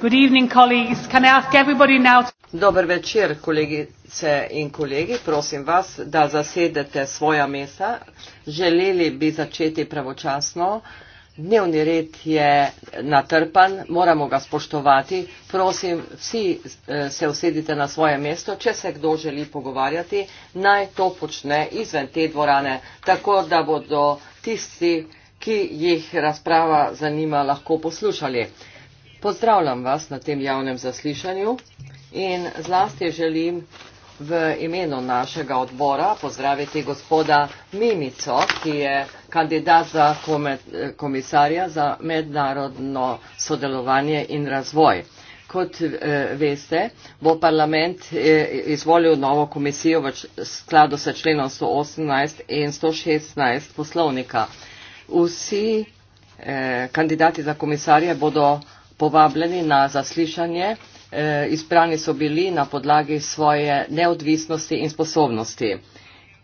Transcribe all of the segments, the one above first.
Good evening, colleagues. Can I ask everybody now to... Dober večer, kolegice in kolegi. Prosim vas, da zasedete svoja mesta. Želeli bi začeti pravočasno. Dnevni red je natrpan, moramo ga spoštovati. Prosim, vsi eh, se usedite na svoje mesto. Če se kdo želi pogovarjati, naj to počne izven te dvorane, tako da bodo tisti, ki jih razprava zanima, lahko poslušali. Pozdravljam vas na tem javnem zaslišanju in zlasti želim v imenu našega odbora pozdraviti gospoda Mimico, ki je kandidat za komisarja za mednarodno sodelovanje in razvoj. Kot eh, veste, bo parlament eh, izvolil novo komisijo v skladu sa členom 118 in 116 poslovnika. Vsi eh, kandidati za komisarje bodo povabljeni na zaslišanje. E, izbrani so bili na podlagi svoje neodvisnosti in sposobnosti.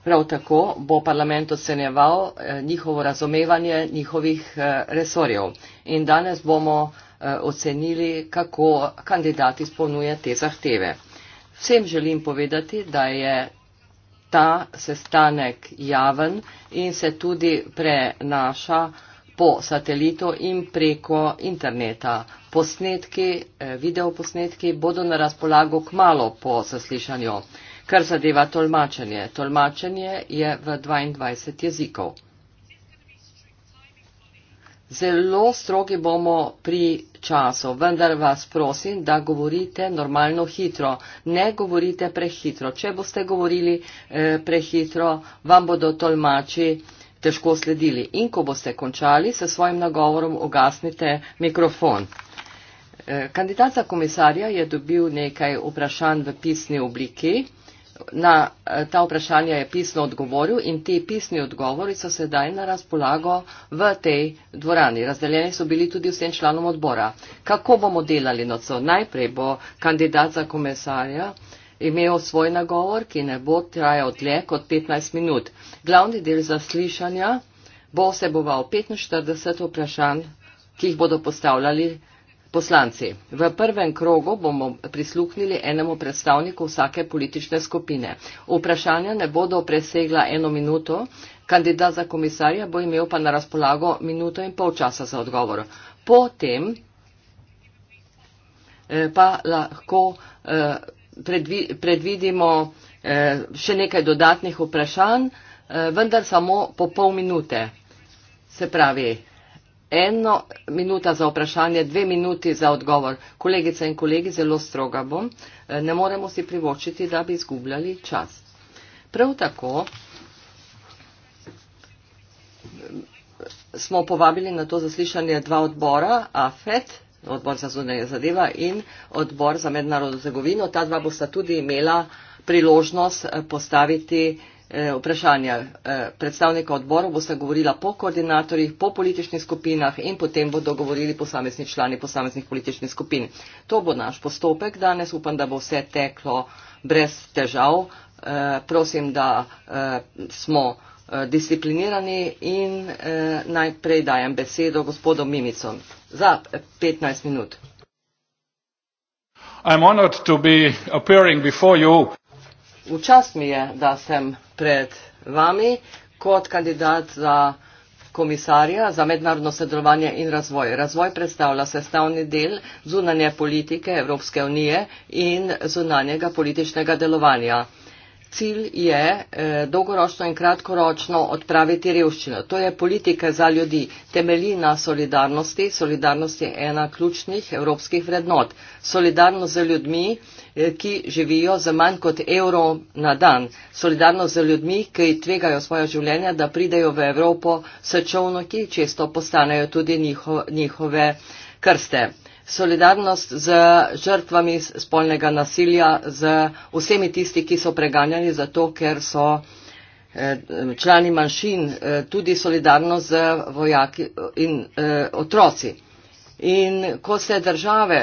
Prav tako bo parlament ocenjeval e, njihovo razumevanje njihovih e, resorjev. In danes bomo ocenili, kako kandidat izpolnjuje te zahteve. Vsem želim povedati, da je ta sestanek javen in se tudi prenaša po satelitu in preko interneta. Posnetki, eh, videoposnetki bodo na razpolago kmalo po zaslišanju, kar zadeva tolmačenje. Tolmačenje je v 22 jezikov. Zelo strogi bomo pri času, vendar vas prosim, da govorite normalno hitro. Ne govorite prehitro. Če boste govorili eh, prehitro, vam bodo tolmači eh, težko sledili. In ko boste končali, se svojim nagovorom ogasnite mikrofon. Eh, kandidat za komisarja je dobil nekaj vprašanj v pisni obliki. Na eh, ta vprašanja je pisno odgovoril in ti pisni odgovori so sedaj na razpolago v tej dvorani. Razdeljeni so bili tudi vsem članom odbora. Kako bomo delali nocoj? Najprej bo kandidat za komisarja uh, imel svoj nagovor, ki ne bo trajal dlje kot 15 minut. Glavni del zaslišanja bo seboval 45 vprašanj, ki jih bodo postavljali poslanci. V prvem krogu bomo prisluhnili enemu predstavniku vsake politične skupine. Vprašanja ne bodo presegla eno minuto, kandidat za komisarja bo imel pa na razpolago minuto in pol časa za odgovor. Potem eh, pa lahko eh, predvidimo eh, še nekaj dodatnih vprašanj, eh, vendar samo po pol minute. Se pravi, eno minuta za vprašanje, dve minuti za odgovor. Kolegice in kolegi, zelo stroga bom, eh, ne moremo si privočiti, da bi izgubljali čas. Prav tako smo povabili na to zaslišanje dva odbora, AFET odbor za zunanje zadeva in odbor za mednarodno zagovino. Ta dva bosta tudi imela priložnost eh, postaviti eh, vprašanja. Eh, predstavnika odboru bosta govorila po koordinatorjih, po političnih skupinah in potem bodo govorili posamezni člani posameznih političnih skupin. To bo naš postopek danes. Upam, da bo vse teklo brez težav. Prosim, da smo disciplinirani in najprej dajem besedo gospodom Mimicom za 15 minut. V čast mi je, da sem pred vami kot kandidat za komisarja za mednarodno sodelovanje in razvoj. Razvoj predstavlja sestavni del zunanje politike Evropske unije in zunanjega političnega delovanja cilj je eh, dolgoročno in kratkoročno odpraviti revščino. To je politika za ljudi, temelji na solidarnosti. Solidarnost je ena ključnih evropskih vrednot. Solidarnost z ljudmi, eh, ki živijo za manj kot evro na dan. Solidarnost z ljudmi, ki tvegajo svoje življenje, da pridejo v Evropo s čovnoki, često postanejo tudi njiho, njihove krste solidarnost z žrtvami spolnega nasilja, z vsemi tisti, ki so preganjani zato, ker so eh, člani manjšin, eh, tudi solidarnost z vojaki eh, in otroci. In ko se države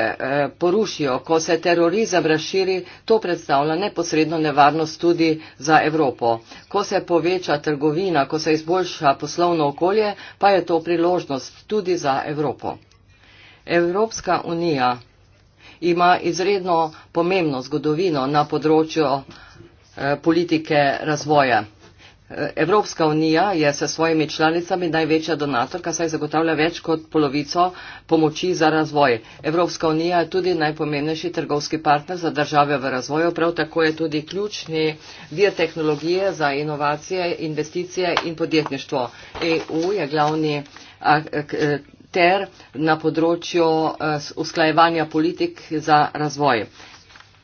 porušijo, ko se terorizem razširi, to predstavlja neposredno nevarnost tudi za Evropo. Ko se poveča trgovina, ko se izboljša poslovno okolje, pa je to priložnost tudi za Evropo. Evropska unija ima izredno pomembno zgodovino na področju eh, politike razvoja. Eh, Evropska unija je s svojimi članicami največja donatorka, saj zagotavlja več kot polovico pomoči za razvoj. Evropska unija je tudi najpomembnejši trgovski partner za države v razvoju, prav tako je tudi ključni vir tehnologije za inovacije, investicije in podjetništvo. EU je glavni eh, ter na področju eh, usklajevanja politik za razvoj.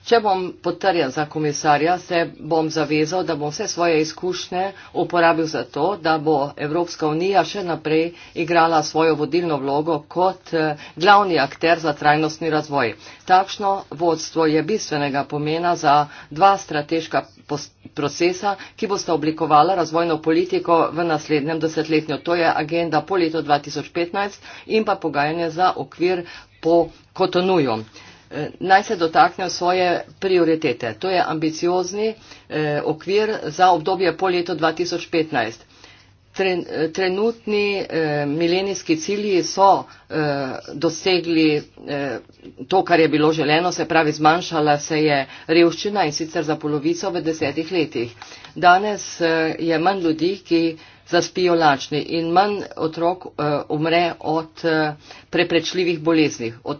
Če bom potrjen za komisarja, se bom zavezal, da bom vse svoje izkušnje uporabil za to, da bo Evropska unija še naprej igrala svojo vodilno vlogo kot eh, glavni akter za trajnostni razvoj. Takšno vodstvo je bistvenega pomena za dva strateška procesa, ki boste oblikovala razvojno politiko v naslednjem desetletju. To je agenda po letu 2015 in pa pogajanje za okvir po kotonujo. Eh, naj se dotaknejo svoje prioritete. To je ambiciozni eh, okvir za obdobje po leto 2015. Trenutni eh, milenijski cilji so dosegli to, kar je bilo želeno, se pravi zmanjšala se je revščina in sicer za polovico v desetih letih. Danes je manj ljudi, ki zaspijo lačni in manj otrok umre od preprečljivih bolezni, od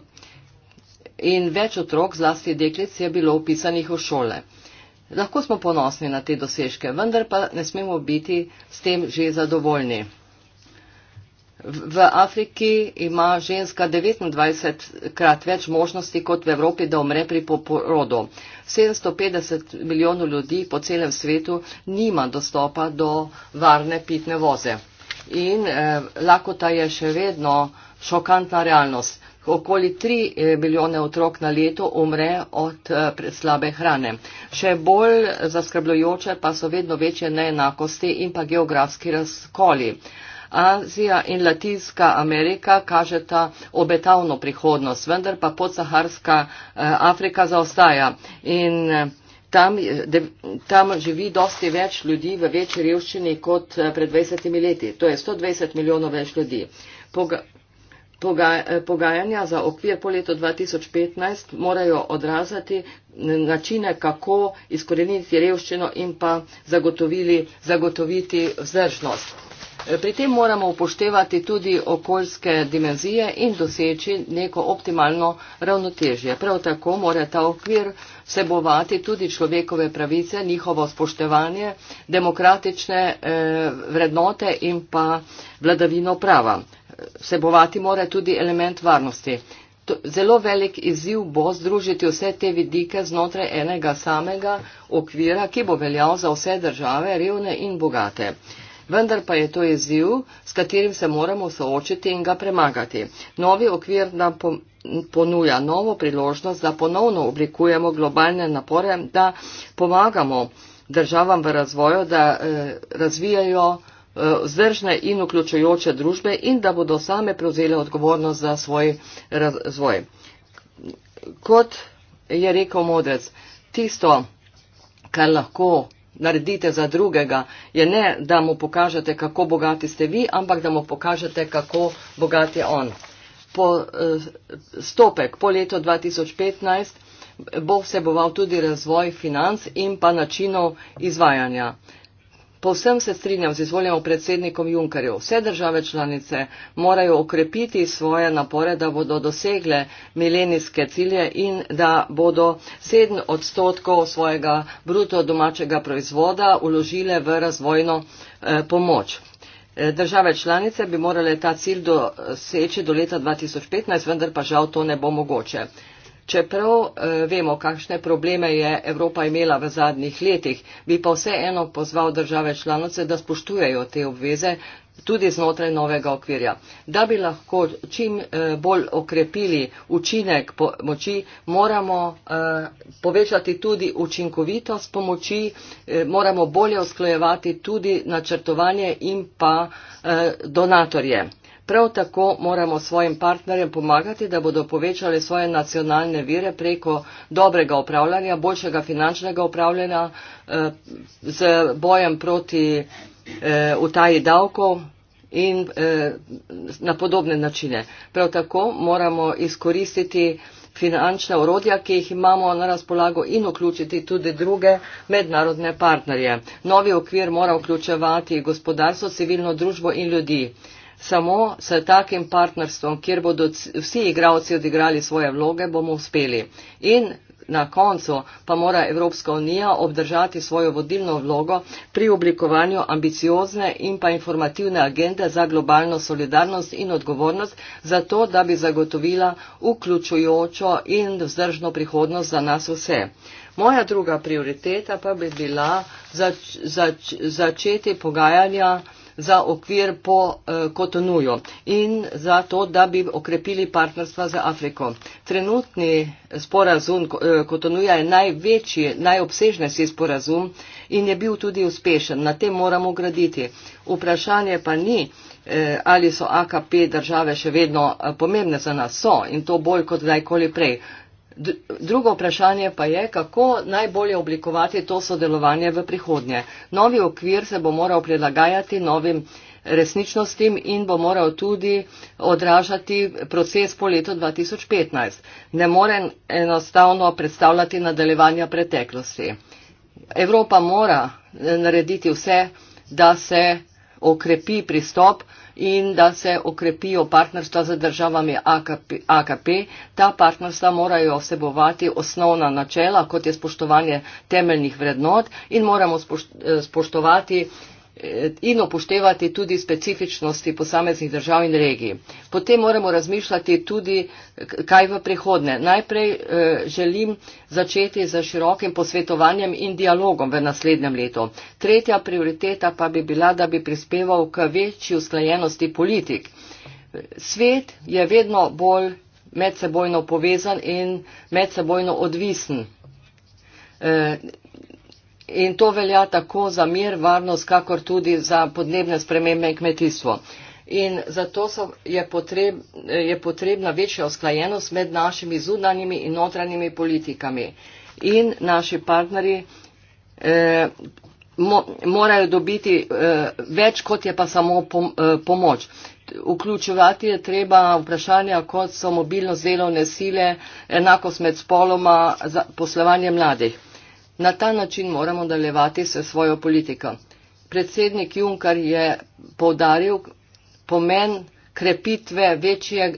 in več otrok, zlasti deklic, je bilo upisanih v šole. Lahko smo ponosni na te dosežke, vendar pa ne smemo biti s tem že zadovoljni. V Afriki ima ženska 29 krat več možnosti kot v Evropi, da umre pri porodu. 750 milijonov ljudi po celem svetu nima dostopa do varne pitne voze. In eh, lakota je še vedno šokantna realnost okoli 3 eh, milijone otrok na leto umre od eh, slabe hrane. Še bolj zaskrbljujoče pa so vedno večje neenakosti in pa geografski razkoli. Azija in Latinska Amerika kažeta obetavno prihodnost, vendar pa podsaharska eh, Afrika zaostaja. In Tam, de, tam živi dosti več ljudi v večji revščini kot pred 20 leti. To je 120 milijonov več ljudi. Poga, Eh, pogajanja za okvir po letu 2015 morajo odrazati načine, kako izkoreniti revščino in pa zagotoviti vzdržnost. Eh, pri tem moramo upoštevati tudi okoljske dimenzije in doseči neko optimalno ravnotežje. Prav tako mora ta okvir vsebovati tudi človekove pravice, njihovo spoštevanje, demokratične eh, vrednote in pa vladavino prava vsebovati mora tudi element varnosti. To, zelo velik izziv bo združiti vse te vidike znotraj enega samega okvira, ki bo veljal za vse države, revne in bogate. Vendar pa je to izziv, s katerim se moramo soočiti in ga premagati. Novi okvir nam ponuja novo priložnost, da ponovno oblikujemo globalne napore, da pomagamo državam v razvoju, da eh, razvijajo Eh, vzdržne in vključujoče družbe in da bodo same prevzele odgovornost za svoj razvoj. Kot je rekel modrec, tisto, kar lahko naredite za drugega, je ne, da mu pokažete, kako bogati ste vi, ampak da mu pokažete, kako bogati je on. Po eh, stopek po letu 2015 bo vseboval tudi razvoj financ in pa načinov izvajanja. Povsem se strinjam z izvoljenim predsednikom Junkerjev. Vse države članice morajo okrepiti svoje napore, da bodo dosegle milenijske cilje in da bodo 7 odstotkov svojega bruto domačega proizvoda uložile v razvojno eh, pomoč. Eh, države članice bi morale ta cilj doseči do leta 2015, vendar pa žal to ne bo mogoče. Čeprav eh, vemo, kakšne probleme je Evropa imela v zadnjih letih, bi pa vseeno pozval države članice, da spoštujejo te obveze tudi znotraj novega okvirja. Da bi lahko čim eh, bolj okrepili učinek pomoči, moramo eh, povečati tudi učinkovitost pomoči, moramo bolje usklajevati tudi načrtovanje in pa donatorje. Prav tako moramo svojim partnerjem pomagati, da bodo povečali svoje nacionalne vire preko dobrega upravljanja, boljšega finančnega upravljanja eh, z bojem proti eh, utaji davkov in eh, na podobne načine. Prav tako moramo izkoristiti finančne urodja, ki jih imamo na razpolago in vključiti tudi druge mednarodne partnerje. Novi okvir mora vključevati gospodarstvo, civilno družbo in ljudi samo s takim partnerstvom, kjer bodo vsi igravci odigrali svoje vloge, bomo uspeli. In na koncu pa mora Evropska unija obdržati svojo vodilno vlogo pri oblikovanju ambiciozne in pa informativne agende za globalno solidarnost in odgovornost, zato da bi zagotovila vključujočo in vzdržno prihodnost za nas vse. Moja druga prioriteta pa bi bila zač, zač, začeti pogajanja za okvir po Kotonuju eh, in za to, da bi okrepili partnerstva z Afriko. Trenutni sporazum Kotonuja eh, je največji, najobsežnejši sporazum in je bil tudi uspešen. Na tem moramo graditi. Vprašanje pa ni, eh, ali so AKP države še vedno pomembne za nas. So in to bolj kot najkoli prej. Drugo vprašanje pa je, kako najbolje oblikovati to sodelovanje v prihodnje. Novi okvir se bo moral prilagajati novim resničnostim in bo moral tudi odražati proces po letu 2015. Ne more enostavno predstavljati nadaljevanja preteklosti. Evropa mora narediti vse, da se okrepi pristop in da se okrepijo partnerstva z državami AKP, AKP. Ta partnerstva morajo vsebovati osnovna načela, kot je spoštovanje temeljnih vrednot in moramo eh, spoštovati in upoštevati tudi specifičnosti posameznih držav in regij. Potem moramo razmišljati tudi, kaj v prihodne. Najprej eh, želim začeti z širokim posvetovanjem in dialogom v naslednjem letu. Tretja prioriteta pa bi bila, da bi prispeval k večji usklajenosti politik. Svet je vedno bolj medsebojno povezan in medsebojno odvisen. Eh, In to velja tako za mir, varnost, kakor tudi za podnebne spremembe in kmetijstvo. In zato so, je, potreb, je potrebna večja usklajenost med našimi zunanjimi in notranjimi politikami. In naši partnerji eh, mo, morajo dobiti eh, več, kot je pa samo pom, eh, pomoč. Vključevati je treba vprašanja, kot so mobilnost delovne sile, enakost med spoloma, poslovanje mladih. Na ta način moramo nadaljevati se svojo politiko. Predsednik Juncker je povdaril pomen krepitve večje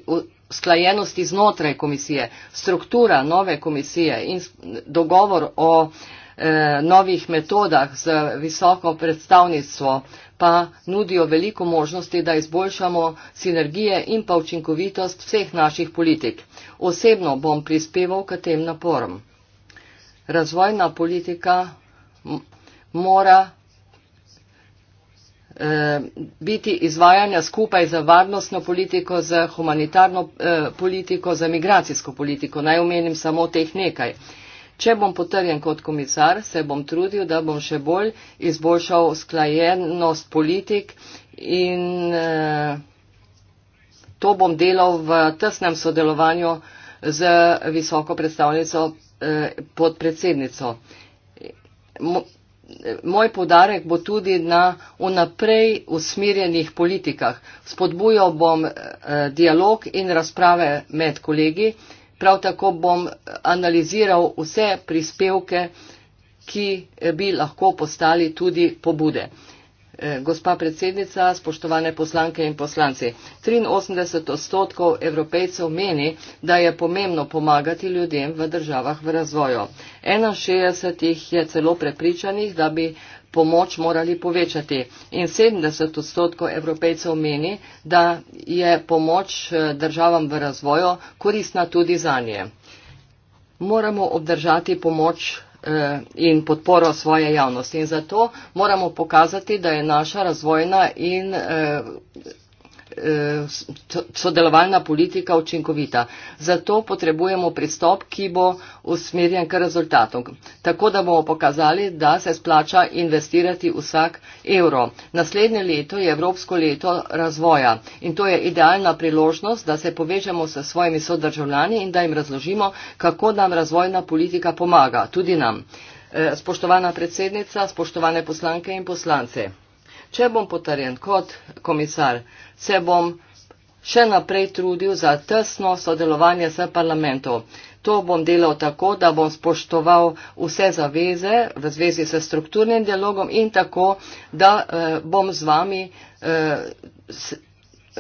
sklajenosti znotraj komisije. Struktura nove komisije in dogovor o eh, novih metodah z visoko predstavnictvo pa nudijo veliko možnosti, da izboljšamo sinergije in pa učinkovitost vseh naših politik. Osebno bom prispeval k tem naporom razvojna politika mora eh, biti izvajanja skupaj za varnostno politiko, za humanitarno eh, politiko, za migracijsko politiko. Naj omenim samo teh nekaj. Če bom potrjen kot komisar, se bom trudil, da bom še bolj izboljšal sklajenost politik in eh, to bom delal v tesnem sodelovanju z visoko predstavnico Eh, podpredsednico. Moj podarek bo tudi na unaprej usmirjenih politikah. Spodbujal bom eh, dialog in razprave med kolegi, prav tako bom eh, analiziral vse prispevke, ki bi lahko postali tudi pobude. Eh, gospa predsednica, spoštovane poslanke in poslanci. 83 odstotkov evropejcev meni, da je pomembno pomagati ljudem v državah v razvoju. 61 jih je celo prepričanih, da bi pomoč morali povečati. In 70 odstotkov evropejcev meni, da je pomoč eh, državam v razvoju koristna tudi za nje. Moramo obdržati pomoč Eh, in podporo svoje javnosti. In zato moramo pokazati, da je naša razvojna in eh, Eh, sodelovalna politika učinkovita. Zato potrebujemo pristop, ki bo usmerjen k rezultatom. Tako da bomo pokazali, da se splača investirati vsak evro. Naslednje leto je Evropsko leto razvoja in to je idealna priložnost, da se povežemo s svojimi sodržavljani in da jim razložimo, kako nam razvojna politika pomaga, tudi nam. Eh, spoštovana predsednica, spoštovane poslanke in poslance. Če bom potrjen kot komisar, se bom še naprej trudil za tesno sodelovanje s parlamentom. To bom delal tako, da bom spoštoval vse zaveze v zvezi s strukturnim dialogom in tako, da eh, bom z vami eh, se,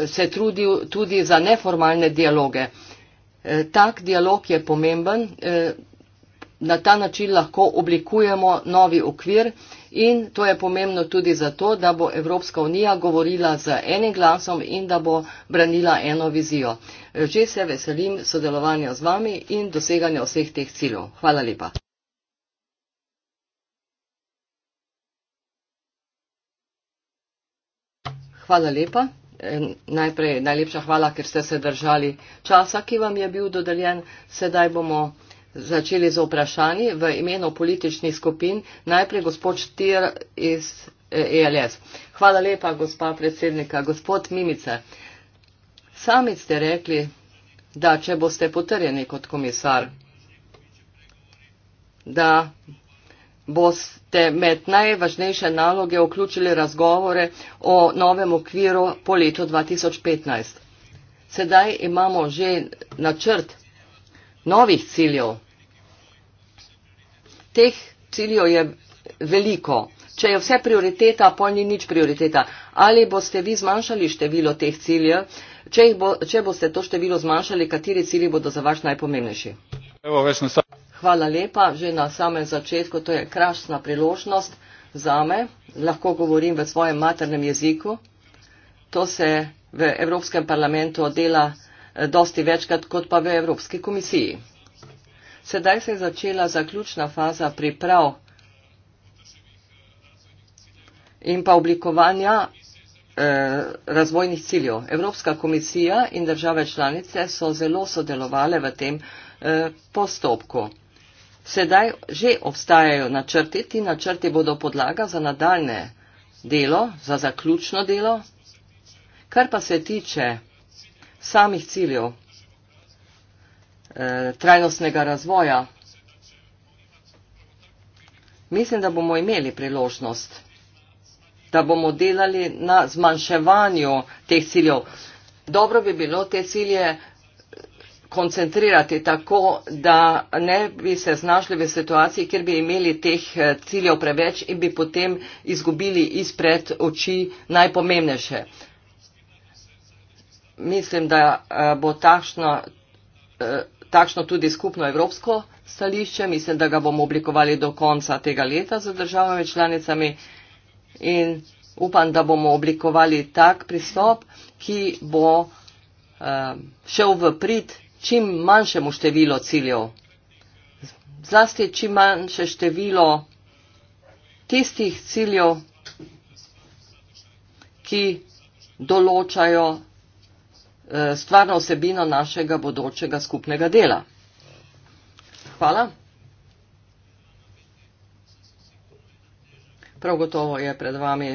se trudil tudi za neformalne dialoge. Eh, tak dialog je pomemben. Eh, na ta način lahko oblikujemo novi okvir. Eh, in to je pomembno tudi zato, da bo Evropska unija govorila z enim glasom in da bo branila eno vizijo. Že se veselim sodelovanja z vami in doseganja vseh teh ciljev. Hvala lepa. Hvala lepa. Najprej najlepša hvala, ker ste se držali časa, ki vam je bil dodeljen. Sedaj bomo začeli z vprašanji v imenu političnih skupin. Najprej gospod Štir iz ELS. Eh, e Hvala lepa, gospa predsednika. Gospod Mimice, sami ste rekli, da če boste potrjeni kot komisar, da boste med najvažnejše naloge vključili razgovore o novem okviru po letu 2015. Sedaj imamo že načrt novih ciljev. Teh ciljev je veliko. Če je vse prioriteta, pa ni nič prioriteta. Ali boste vi zmanjšali število teh ciljev? Če, bo, če boste to število zmanjšali, kateri cilji bodo za vaš najpomembnejši? Evo, Hvala lepa. Že na samem začetku to je krasna priložnost za me. Lahko govorim v svojem maternem jeziku. To se v Evropskem parlamentu dela dosti večkrat kot pa v Evropski komisiji. Sedaj se je začela zaključna faza priprav in pa oblikovanja eh, razvojnih ciljev. Evropska komisija in države članice so zelo sodelovali v tem eh, postopku. Sedaj že obstajajo načrti, ti načrti bodo podlaga za nadaljne delo, za zaključno delo. Kar pa se tiče samih ciljev eh, trajnostnega razvoja. Mislim, da bomo imeli priložnost, da bomo delali na zmanjševanju teh ciljev. Dobro bi bilo te cilje koncentrirati tako, da ne bi se znašli v situaciji, kjer bi imeli teh eh, ciljev preveč in bi potem izgubili izpred oči najpomembnejše mislim, da eh, bo takšno, eh, takšno tudi skupno evropsko stališče. Mislim, da ga bomo oblikovali do konca tega leta z državami članicami in upam, da bomo oblikovali tak pristop, ki bo eh, šel v prid čim manjšemu številu ciljev. Zlasti čim manjše število tistih ciljev, ki določajo Eh, stvarno osebino našega bodočega skupnega dela. Hvala. Prav gotovo je pred vami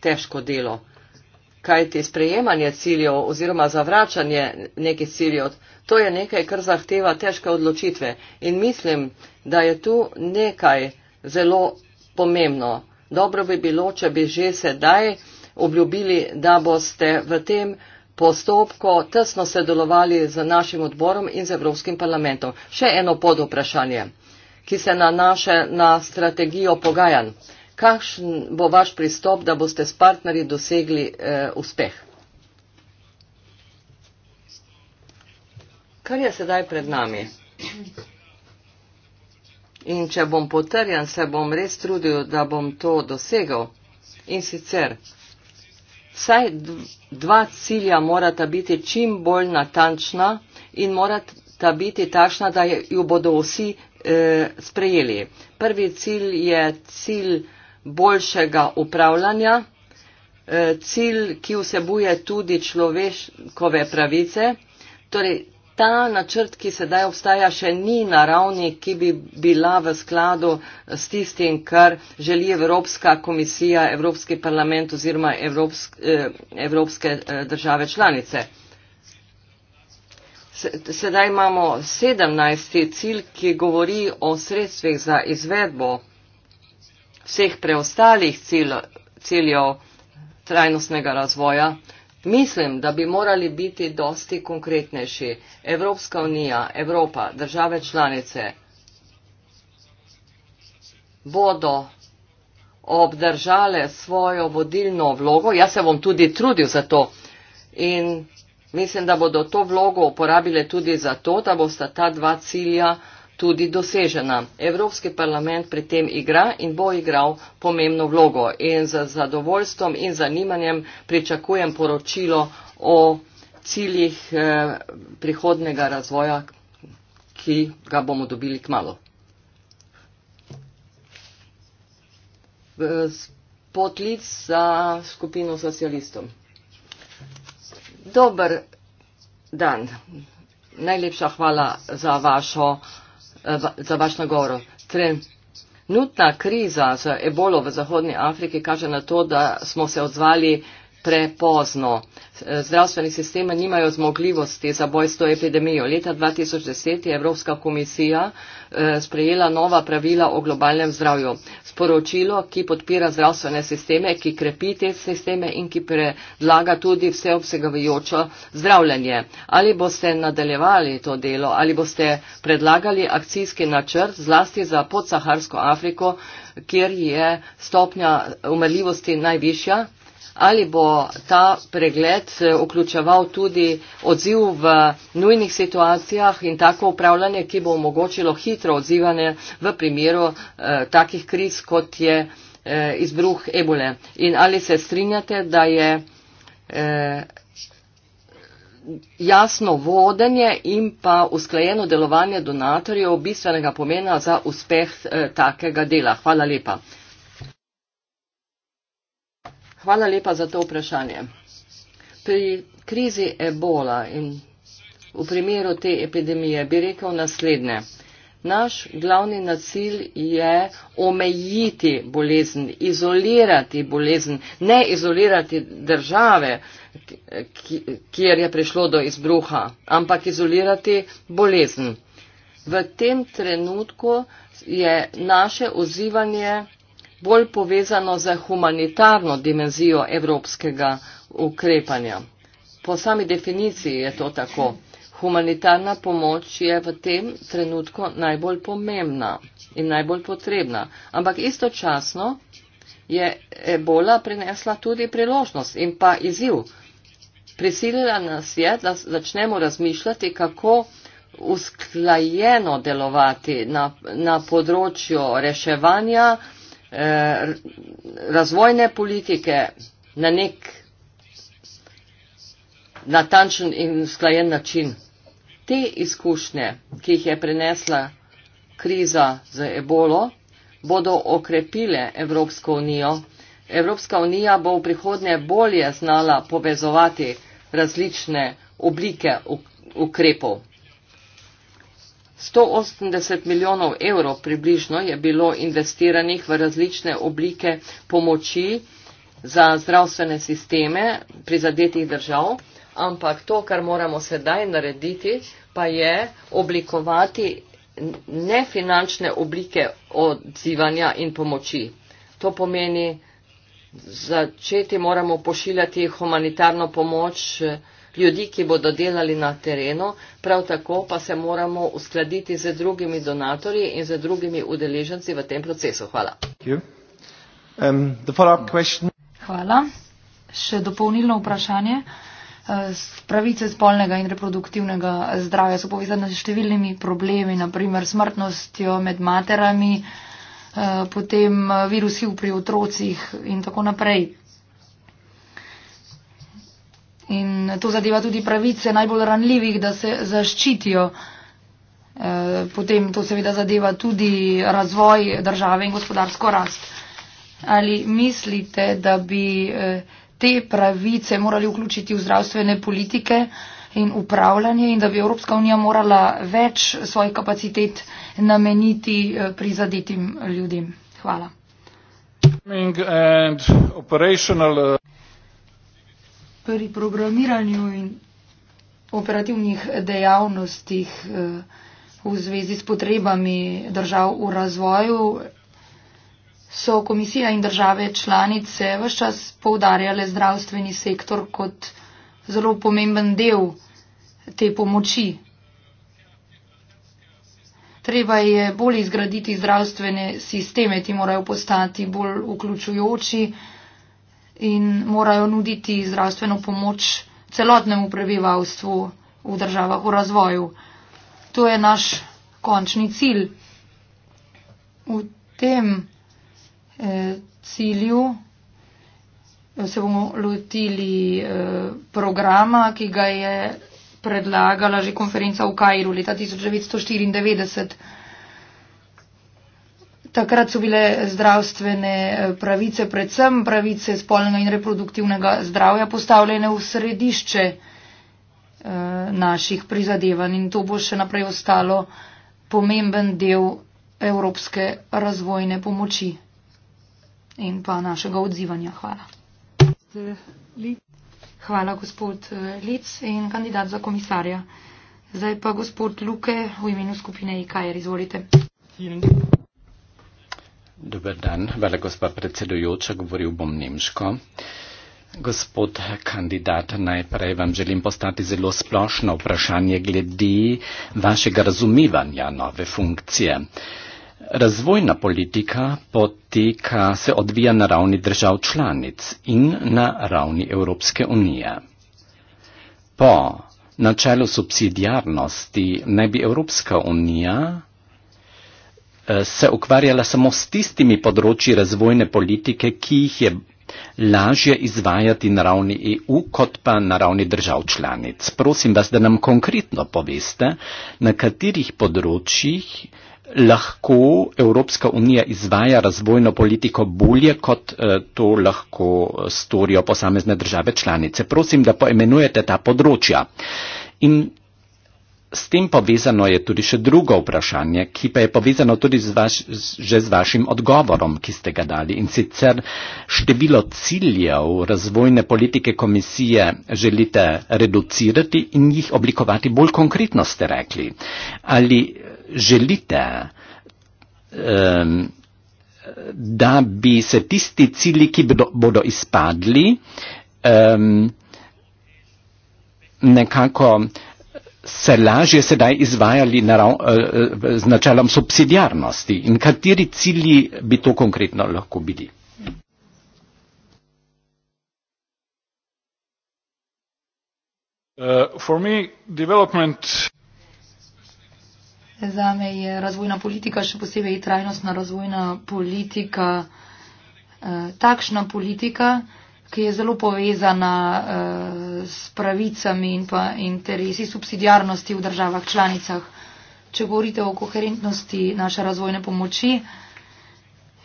težko delo, kajti sprejemanje ciljev oziroma zavračanje nekih ciljev, to je nekaj, kar zahteva težke odločitve. In mislim, da je tu nekaj zelo pomembno. Dobro bi bilo, če bi že sedaj obljubili, da boste v tem postopko tesno sedelovali z našim odborom in z Evropskim parlamentom. Še eno podoprašanje, ki se nanaša na strategijo pogajanj. Kakšen bo vaš pristop, da boste s partnerji dosegli eh, uspeh? Kar je sedaj pred nami? In če bom potrjen, se bom res trudil, da bom to dosegel. In sicer Vsaj dva cilja morata biti čim bolj natančna in morata biti takšna, da jo bodo vsi eh, sprejeli. Prvi cilj je cilj boljšega upravljanja, eh, cilj, ki vsebuje tudi človeškove pravice, torej ta načrt, ki sedaj obstaja, še ni na ravni, ki bi bila v skladu s tistim, kar želi Evropska komisija, Evropski parlament oziroma Evropsk, eh, Evropske eh, države članice. Sedaj imamo 17. cilj, ki govori o sredstvih za izvedbo vseh preostalih cilj, ciljev trajnostnega razvoja. Mislim, da bi morali biti dosti konkretnejši. Evropska unija, Evropa, države članice bodo obdržale svojo vodilno vlogo. Jaz se bom tudi trudil za to. In mislim, da bodo to vlogo uporabile tudi za to, da bosta ta dva cilja tudi dosežena. Evropski parlament pri tem igra in bo igral pomembno vlogo in z zadovoljstvom in zanimanjem pričakujem poročilo o ciljih eh, prihodnega razvoja, ki ga bomo dobili k malu. Podlic za skupino socialistov. Dobar dan. Najlepša hvala za vašo Eh, za vaš nagovor. Torej, Trenutna kriza z ebolo v Zahodnji Afriki kaže na to, da smo se odzvali prepozno. Zdravstveni sistemi nimajo zmogljivosti za boj s to epidemijo. Leta 2010 je Evropska komisija eh, sprejela nova pravila o globalnem zdravju. Sporočilo, ki podpira zdravstvene sisteme, ki krepi te sisteme in ki predlaga tudi vseobsegavajočo zdravljenje. Ali boste nadaljevali to delo, ali boste predlagali akcijski načrt zlasti za podsaharsko Afriko, kjer je stopnja umrljivosti najvišja? ali bo ta pregled eh, vključeval tudi odziv v nujnih situacijah in tako upravljanje, ki bo omogočilo hitro odzivanje v primeru eh, takih kriz, kot je eh, izbruh ebole. In ali se strinjate, da je eh, jasno vodenje in pa usklajeno delovanje donatorjev bistvenega pomena za uspeh eh, takega dela? Hvala lepa. Hvala lepa za to vprašanje. Pri krizi ebola in v primeru te epidemije bi rekel naslednje. Naš glavni nacilj je omejiti bolezen, izolirati bolezen, ne izolirati države, kjer je prišlo do izbruha, ampak izolirati bolezen. V tem trenutku je naše ozivanje bolj povezano za humanitarno dimenzijo evropskega ukrepanja. Po sami definiciji je to tako. Humanitarna pomoč je v tem trenutku najbolj pomembna in najbolj potrebna, ampak istočasno je ebola prinesla tudi priložnost in pa izziv. Prisilila nas je, da začnemo razmišljati, kako usklajeno delovati na, na področju reševanja, Eh, razvojne politike na nek natančen in usklajen način. Te izkušnje, ki jih je prenesla kriza z ebolo, bodo okrepile Evropsko unijo. Evropska unija bo v prihodnje bolje znala povezovati različne oblike ukrepov. 180 milijonov evrov približno je bilo investiranih v različne oblike pomoči za zdravstvene sisteme prizadetih držav, ampak to, kar moramo sedaj narediti, pa je oblikovati nefinančne oblike odzivanja in pomoči. To pomeni, začeti moramo pošiljati humanitarno pomoč, ljudi, ki bodo delali na terenu, prav tako pa se moramo uskladiti z drugimi donatorji in z drugimi udeleženci v tem procesu. Hvala. Um, Hvala. Še dopolnilno vprašanje. Uh, pravice spolnega in reproduktivnega zdravja so povezane s številnimi problemi, naprimer smrtnostjo med materami, uh, potem uh, virusi pri otrocih in tako naprej. In to zadeva tudi pravice najbolj ranljivih, da se zaščitijo. E, potem to seveda zadeva tudi razvoj države in gospodarsko rast. Ali mislite, da bi eh, te pravice morali vključiti v zdravstvene politike in upravljanje in da bi Evropska unija morala več svojih kapacitet nameniti eh, prizadetim ljudem? Hvala. And operational, uh pri programiranju in operativnih dejavnostih eh, v zvezi s potrebami držav v razvoju so komisija in države članice vse čas poudarjale zdravstveni sektor kot zelo pomemben del te pomoči. Treba je bolj izgraditi zdravstvene sisteme, ti morajo postati bolj vključujoči, in morajo nuditi zdravstveno pomoč celotnemu prebivalstvu v državah v razvoju. To je naš končni cilj. V tem eh, cilju eh, se bomo lotili eh, programa, ki ga je predlagala že konferenca v Kairu leta 1994. Takrat so bile zdravstvene eh, pravice, predvsem pravice spolnega in reproduktivnega zdravja, postavljene v središče eh, naših prizadevanj in to bo še naprej ostalo pomemben del evropske razvojne pomoči in pa našega odzivanja. Hvala. Hvala, gospod eh, Lic in kandidat za komisarja. Zdaj pa gospod Luke v imenu skupine IKR. Izvolite. Hvala. Dober dan, vele gospa predsedujoča, govoril bom nemško. Gospod kandidat, najprej vam želim postati zelo splošno vprašanje glede vašega razumivanja nove funkcije. Razvojna politika poteka, se odvija na ravni držav članic in na ravni Evropske unije. Po načelu subsidijarnosti naj bi Evropska unija se ukvarjala samo s tistimi področji razvojne politike, ki jih je lažje izvajati na ravni EU kot pa na ravni držav članic. Prosim vas, da nam konkretno poveste, na katerih področjih lahko Evropska unija izvaja razvojno politiko bolje, kot eh, to lahko storijo posamezne države članice. Prosim, da poimenujete ta področja. In S tem povezano je tudi še drugo vprašanje, ki pa je povezano tudi z vaš, že z vašim odgovorom, ki ste ga dali. In sicer število ciljev razvojne politike komisije želite reducirati in jih oblikovati bolj konkretno, ste rekli. Ali želite, um, da bi se tisti cilji, ki bodo, bodo izpadli, um, nekako se lažje sedaj izvajali narav, eh, eh, z načelom subsidijarnosti in kateri cilji bi to konkretno lahko bili? Za eh, me je razvojna politika, še posebej trajnostna razvojna politika, takšna politika, ki je zelo povezana eh, s pravicami in pa interesi subsidijarnosti v državah članicah. Če govorite o koherentnosti naše razvojne pomoči,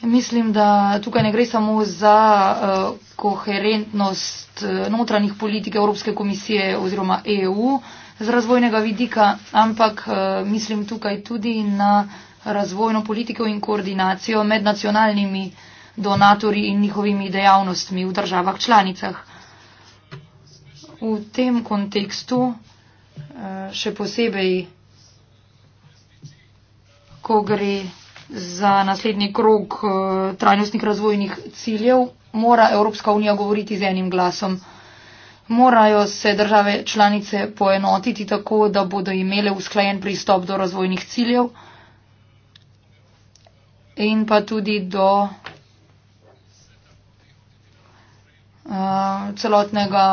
mislim, da tukaj ne gre samo za eh, koherentnost eh, notranjih politik Evropske komisije oziroma EU z razvojnega vidika, ampak mislim tukaj tudi na razvojno politiko in koordinacijo med nacionalnimi donatorji in njihovimi dejavnostmi v državah članicah. V tem kontekstu eh, še posebej, ko gre za naslednji krok eh, trajnostnih razvojnih ciljev, mora Evropska unija govoriti z enim glasom. Morajo se države članice poenotiti tako, da bodo imele usklajen pristop do razvojnih ciljev in pa tudi do Eh, celotnega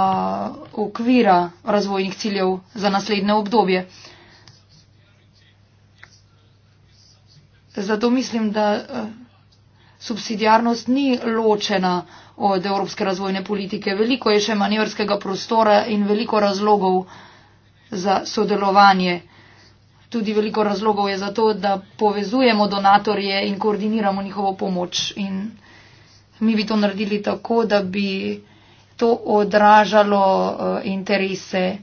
okvira razvojnih ciljev za naslednje obdobje. Zato mislim, da eh, subsidijarnost ni ločena od evropske razvojne politike. Veliko je še manevrskega prostora in veliko razlogov za sodelovanje. Tudi veliko razlogov je za to, da povezujemo donatorje in koordiniramo njihovo pomoč. In mi bi to naredili tako, da bi to odražalo eh, interese eh,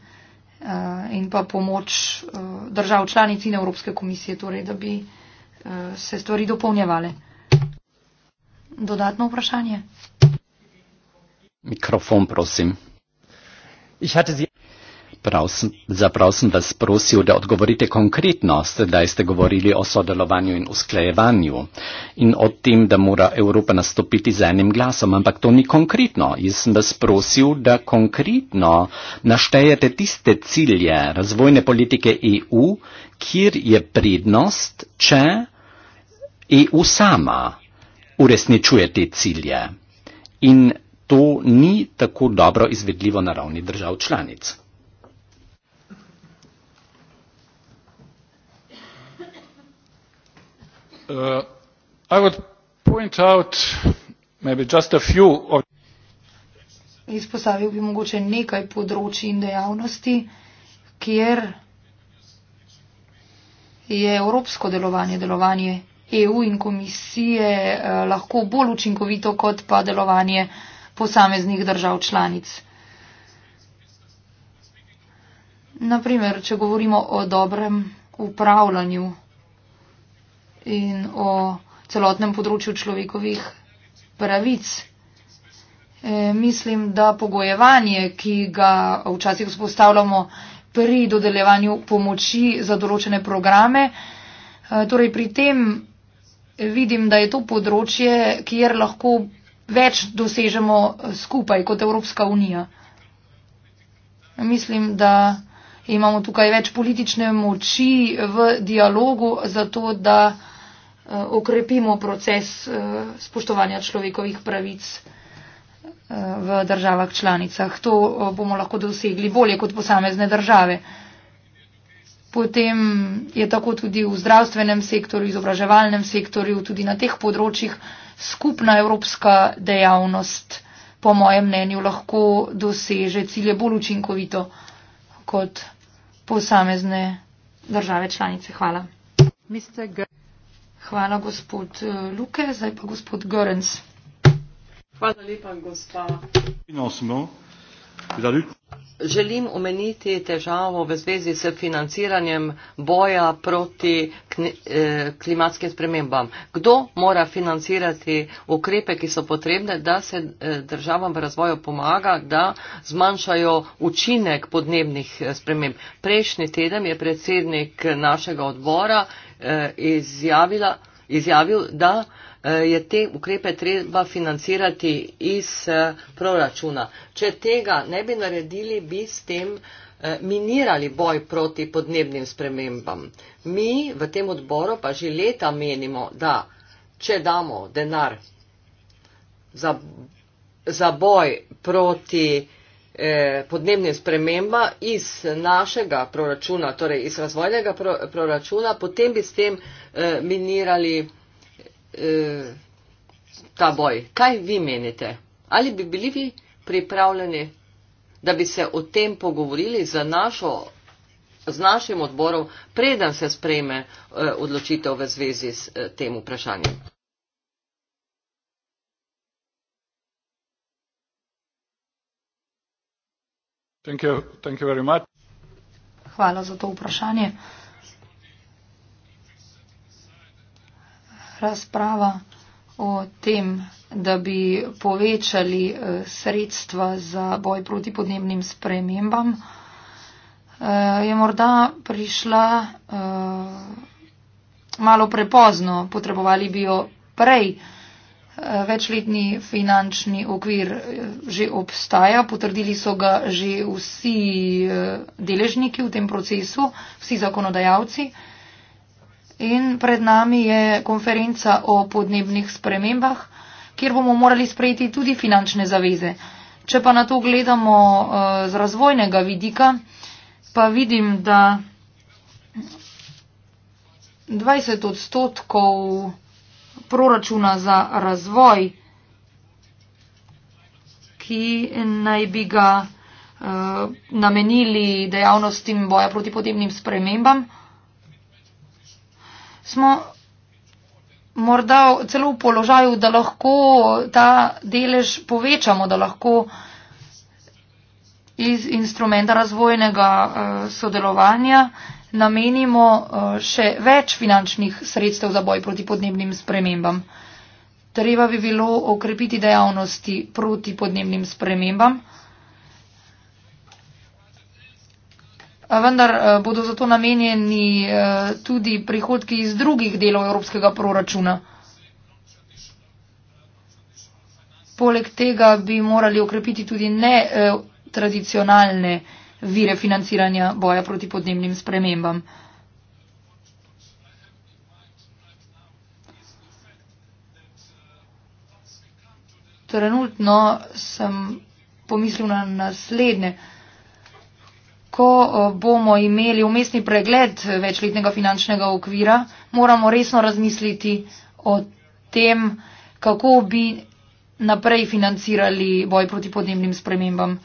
in pa pomoč eh, držav članic in Evropske komisije, torej da bi se stvari dopolnjevale. Dodatno vprašanje. Mikrofon, prosim. Ich hatte Sie Prav sem, zaprav sem vas prosil, da odgovorite konkretno, da ste govorili o sodelovanju in usklajevanju in o tem, da mora Evropa nastopiti z enim glasom, ampak to ni konkretno. Jaz sem vas prosil, da konkretno naštejete tiste cilje razvojne politike EU, kjer je prednost, če EU sama uresničuje te cilje. In to ni tako dobro izvedljivo na ravni držav članic. Uh, i would point out maybe just a few of izpostavil bi mogoče nekaj področij in dejavnosti, kjer je evropsko delovanje, delovanje EU in komisije eh, lahko bolj učinkovito kot pa delovanje posameznih držav članic. Naprimer, če govorimo o dobrem upravljanju in o celotnem področju človekovih pravic. E, mislim, da pogojevanje, ki ga včasih spostavljamo pri dodeljevanju pomoči za določene programe, e, torej pri tem vidim, da je to področje, kjer lahko več dosežemo skupaj kot Evropska unija. Mislim, da imamo tukaj več politične moči v dialogu, zato da. Eh, okrepimo proces eh, spoštovanja človekovih pravic eh, v državah članicah. To bomo lahko dosegli bolje kot posamezne države. Potem je tako tudi v zdravstvenem sektorju, izobraževalnem sektorju, tudi na teh področjih skupna evropska dejavnost, po mojem mnenju, lahko doseže cilje bolj učinkovito kot posamezne države članice. Hvala. Mr. Hvala, gospod eh, Luke. Zdaj pa gospod Görens. Hvala lepa, gospa. Želim omeniti težavo v zvezi s financiranjem boja proti eh, klimatskim spremembam. Kdo mora financirati ukrepe, ki so potrebne, da se eh, državam v razvoju pomaga, da zmanjšajo učinek podnebnih eh, sprememb? Prejšnji teden je predsednik našega odbora izjavila, izjavil, da Eh, je te ukrepe treba financirati iz eh, proračuna. Če tega ne bi naredili, bi s tem eh, minirali boj proti podnebnim spremembam. Mi v tem odboru pa že leta menimo, da če damo denar za, za boj proti eh, podnebnim spremembam iz našega proračuna, torej iz razvojnega pro, proračuna, potem bi s tem eh, minirali eh, ta boj. Kaj vi menite? Ali bi bili vi pripravljeni, da bi se o tem pogovorili za našo. Z našim odborom, preden se sprejme eh, odločitev v zvezi s eh, tem vprašanjem. Thank you, thank you Hvala za to vprašanje. Eh, razprava o tem, da bi povečali eh, sredstva za boj proti podnebnim spremembam, eh, je morda prišla eh, malo prepozno. Potrebovali bi jo prej. Večletni finančni okvir že obstaja, potrdili so ga že vsi deležniki v tem procesu, vsi zakonodajalci. In pred nami je konferenca o podnebnih spremembah, kjer bomo morali sprejeti tudi finančne zaveze. Če pa na to gledamo eh, z razvojnega vidika, pa vidim, da 20 odstotkov proračuna za razvoj, ki naj bi ga eh, namenili dejavnostim boja proti podnebnim spremembam, smo morda celo v položaju, da lahko ta delež povečamo, da lahko iz instrumenta razvojnega eh, sodelovanja namenimo eh, še več finančnih sredstev za boj proti podnebnim spremembam. Treba bi bilo okrepiti dejavnosti proti podnebnim spremembam. vendar eh, bodo zato namenjeni eh, tudi prihodki iz drugih delov evropskega proračuna. Poleg tega bi morali okrepiti tudi netradicionalne eh, vire financiranja boja proti podnebnim spremembam. Trenutno sem pomislil na naslednje ko eh, bomo imeli umestni pregled večletnega finančnega okvira, moramo resno razmisliti o tem, kako bi naprej financirali boj proti podnebnim spremembam.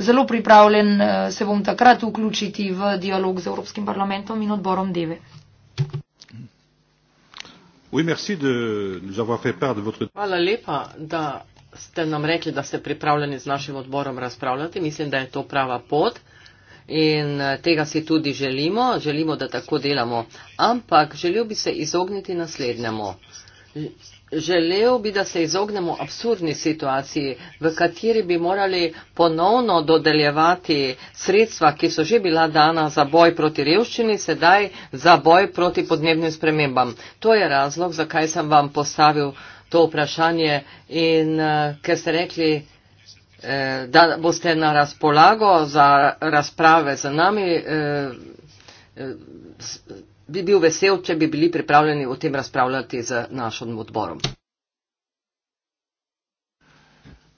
Zelo pripravljen eh, se bom takrat vključiti v dialog z Evropskim parlamentom in odborom DEVE. Hvala lepa, da ste nam rekli, da ste pripravljeni z našim odborom razpravljati. Mislim, da je to prava pot in eh, tega si tudi želimo, želimo, da tako delamo. Ampak želel bi se izogniti naslednjemu. Želel bi, da se izognemo absurdni situaciji, v kateri bi morali ponovno dodeljevati sredstva, ki so že bila dana za boj proti revščini, sedaj za boj proti podnebnim spremembam. To je razlog, zakaj sem vam postavil to vprašanje in eh, ker ste rekli, Eh, da boste na razpolago za razprave z nami. Eh, eh, bi bil vesel, če bi bili pripravljeni o tem razpravljati z našim odborom.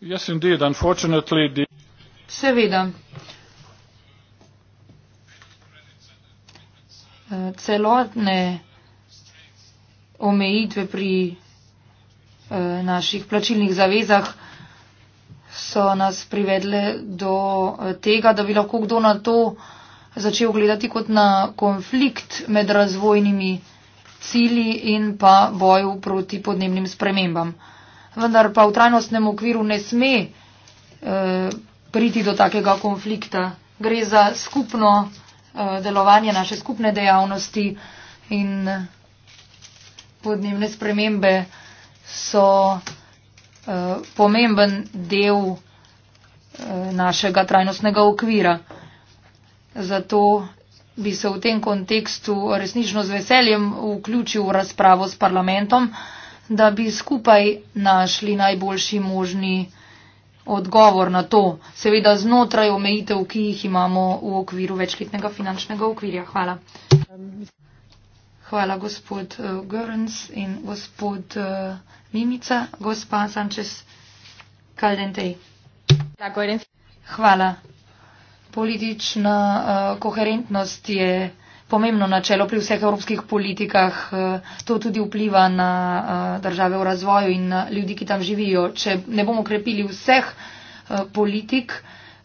Yes, indeed, unfortunately. The... Seveda. Celotne omejitve pri naših plačilnih zavezah so nas privedle do eh, tega, da bi lahko kdo na to začel gledati kot na konflikt med razvojnimi cilji in pa boju proti podnebnim spremembam. Vendar pa v trajnostnem okviru ne sme eh, priti do takega konflikta. Gre za skupno eh, delovanje naše skupne dejavnosti in eh, podnebne spremembe so. Eh, pomemben del eh, našega trajnostnega okvira. Zato bi se v tem kontekstu resnično z veseljem vključil v razpravo s parlamentom, da bi skupaj našli najboljši možni odgovor na to, seveda znotraj omejitev, ki jih imamo v okviru večletnega finančnega okvirja. Hvala. Hvala, gospod uh, eh, Görns in gospod uh, Mimica. Gospa Sančes Kaldentej. Hvala. Politična uh, koherentnost je pomembno načelo pri vseh evropskih politikah. Uh, to tudi vpliva na uh, države v razvoju in na ljudi, ki tam živijo. Če ne bomo krepili vseh uh, politik,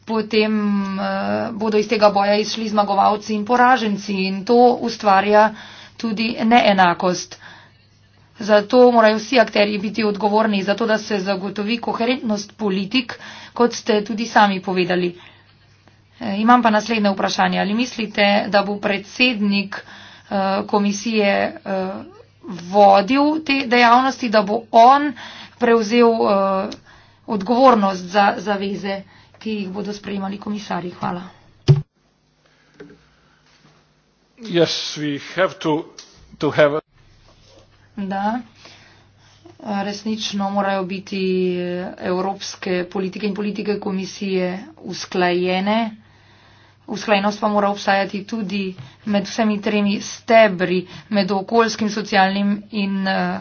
potem uh, bodo iz tega boja izšli zmagovalci in poraženci. In to ustvarja tudi neenakost. Zato morajo vsi akteri biti odgovorni, zato da se zagotovi koherentnost politik, kot ste tudi sami povedali. E, imam pa naslednje vprašanje. Ali mislite, da bo predsednik e, komisije e, vodil te dejavnosti, da bo on prevzel odgovornost za zaveze, ki jih bodo sprejemali komisari? Hvala. Yes, we have to, to have da, resnično morajo biti eh, evropske politike in politike komisije usklajene. Usklajenost pa mora obstajati tudi med vsemi tremi stebri, med okoljskim, socialnim in eh,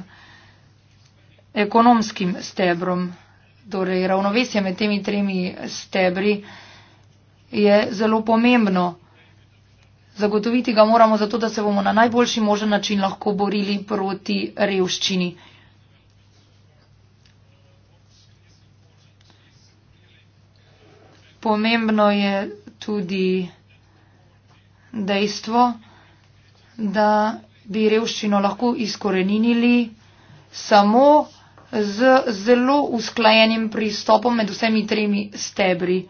ekonomskim stebrom. Torej, ravnovesje med temi tremi stebri je zelo pomembno. Zagotoviti ga moramo zato, da se bomo na najboljši možen način lahko borili proti revščini. Pomembno je tudi dejstvo, da bi revščino lahko izkorenili samo z zelo usklajenim pristopom med vsemi tremi stebri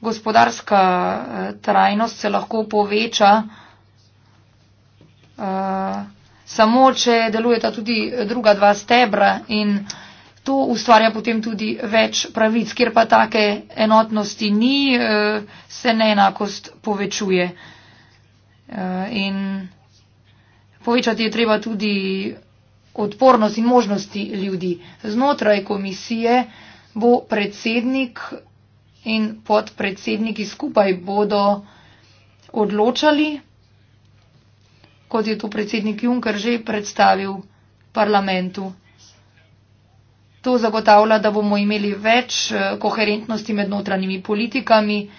gospodarska eh, trajnost se lahko poveča uh, samo, če delujeta tudi druga dva stebra in to ustvarja potem tudi več pravic, kjer pa take enotnosti ni, uh, se neenakost povečuje. Uh, in povečati je treba tudi odpornost in možnosti ljudi. Znotraj komisije bo predsednik in podpredsedniki skupaj bodo odločali, kot je to predsednik Juncker že predstavil parlamentu. To zagotavlja, da bomo imeli več eh, koherentnosti med notranjimi politikami.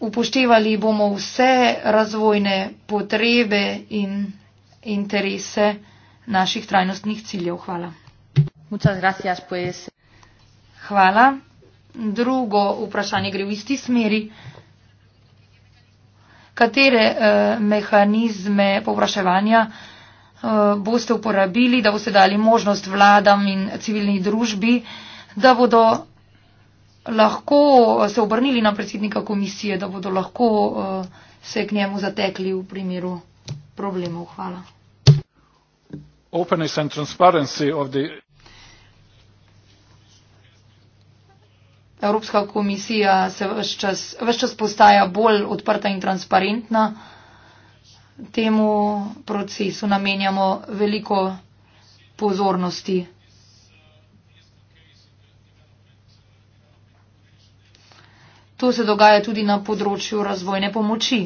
Upoštevali bomo vse razvojne potrebe in interese naših trajnostnih ciljev. Hvala. Muchas gracias, pues, Hvala. Drugo vprašanje gre v isti smeri. Katere eh, mehanizme povpraševanja eh, boste uporabili, da boste dali možnost vladam in civilni družbi, da bodo lahko eh, se obrnili na predsednika komisije, da bodo lahko eh, se k njemu zatekli v primeru problemov? Hvala. Openness and transparency of the Evropska komisija se vse čas, čas postaja bolj odprta in transparentna. Temu procesu namenjamo veliko pozornosti. To se dogaja tudi na področju razvojne pomoči.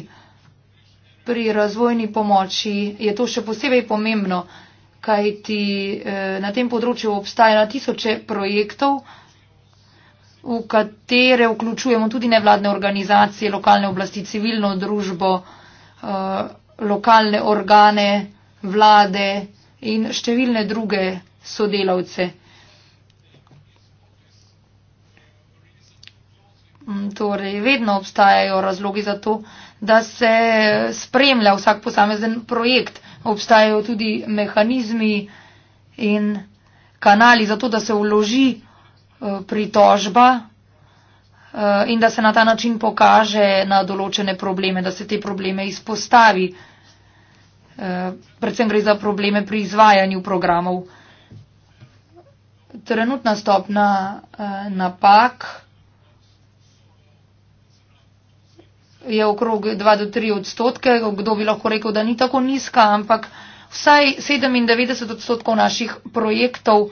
Pri razvojni pomoči je to še posebej pomembno, kajti eh, na tem področju obstaja na tisoče projektov, v katere vključujemo tudi nevladne organizacije, lokalne oblasti, civilno družbo, eh, lokalne organe, vlade in številne druge sodelavce. Mm, torej, vedno obstajajo razlogi za to, da se spremlja vsak posamezen projekt. Obstajajo tudi mehanizmi in kanali za to, da se vloži Eh, pritožba eh, in da se na ta način pokaže na določene probleme, da se te probleme izpostavi. Eh, predvsem gre za probleme pri izvajanju programov. Trenutna stopna napak je okrog 2 do 3 odstotke, kdo bi lahko rekel, da ni tako nizka, ampak vsaj 97 odstotkov naših projektov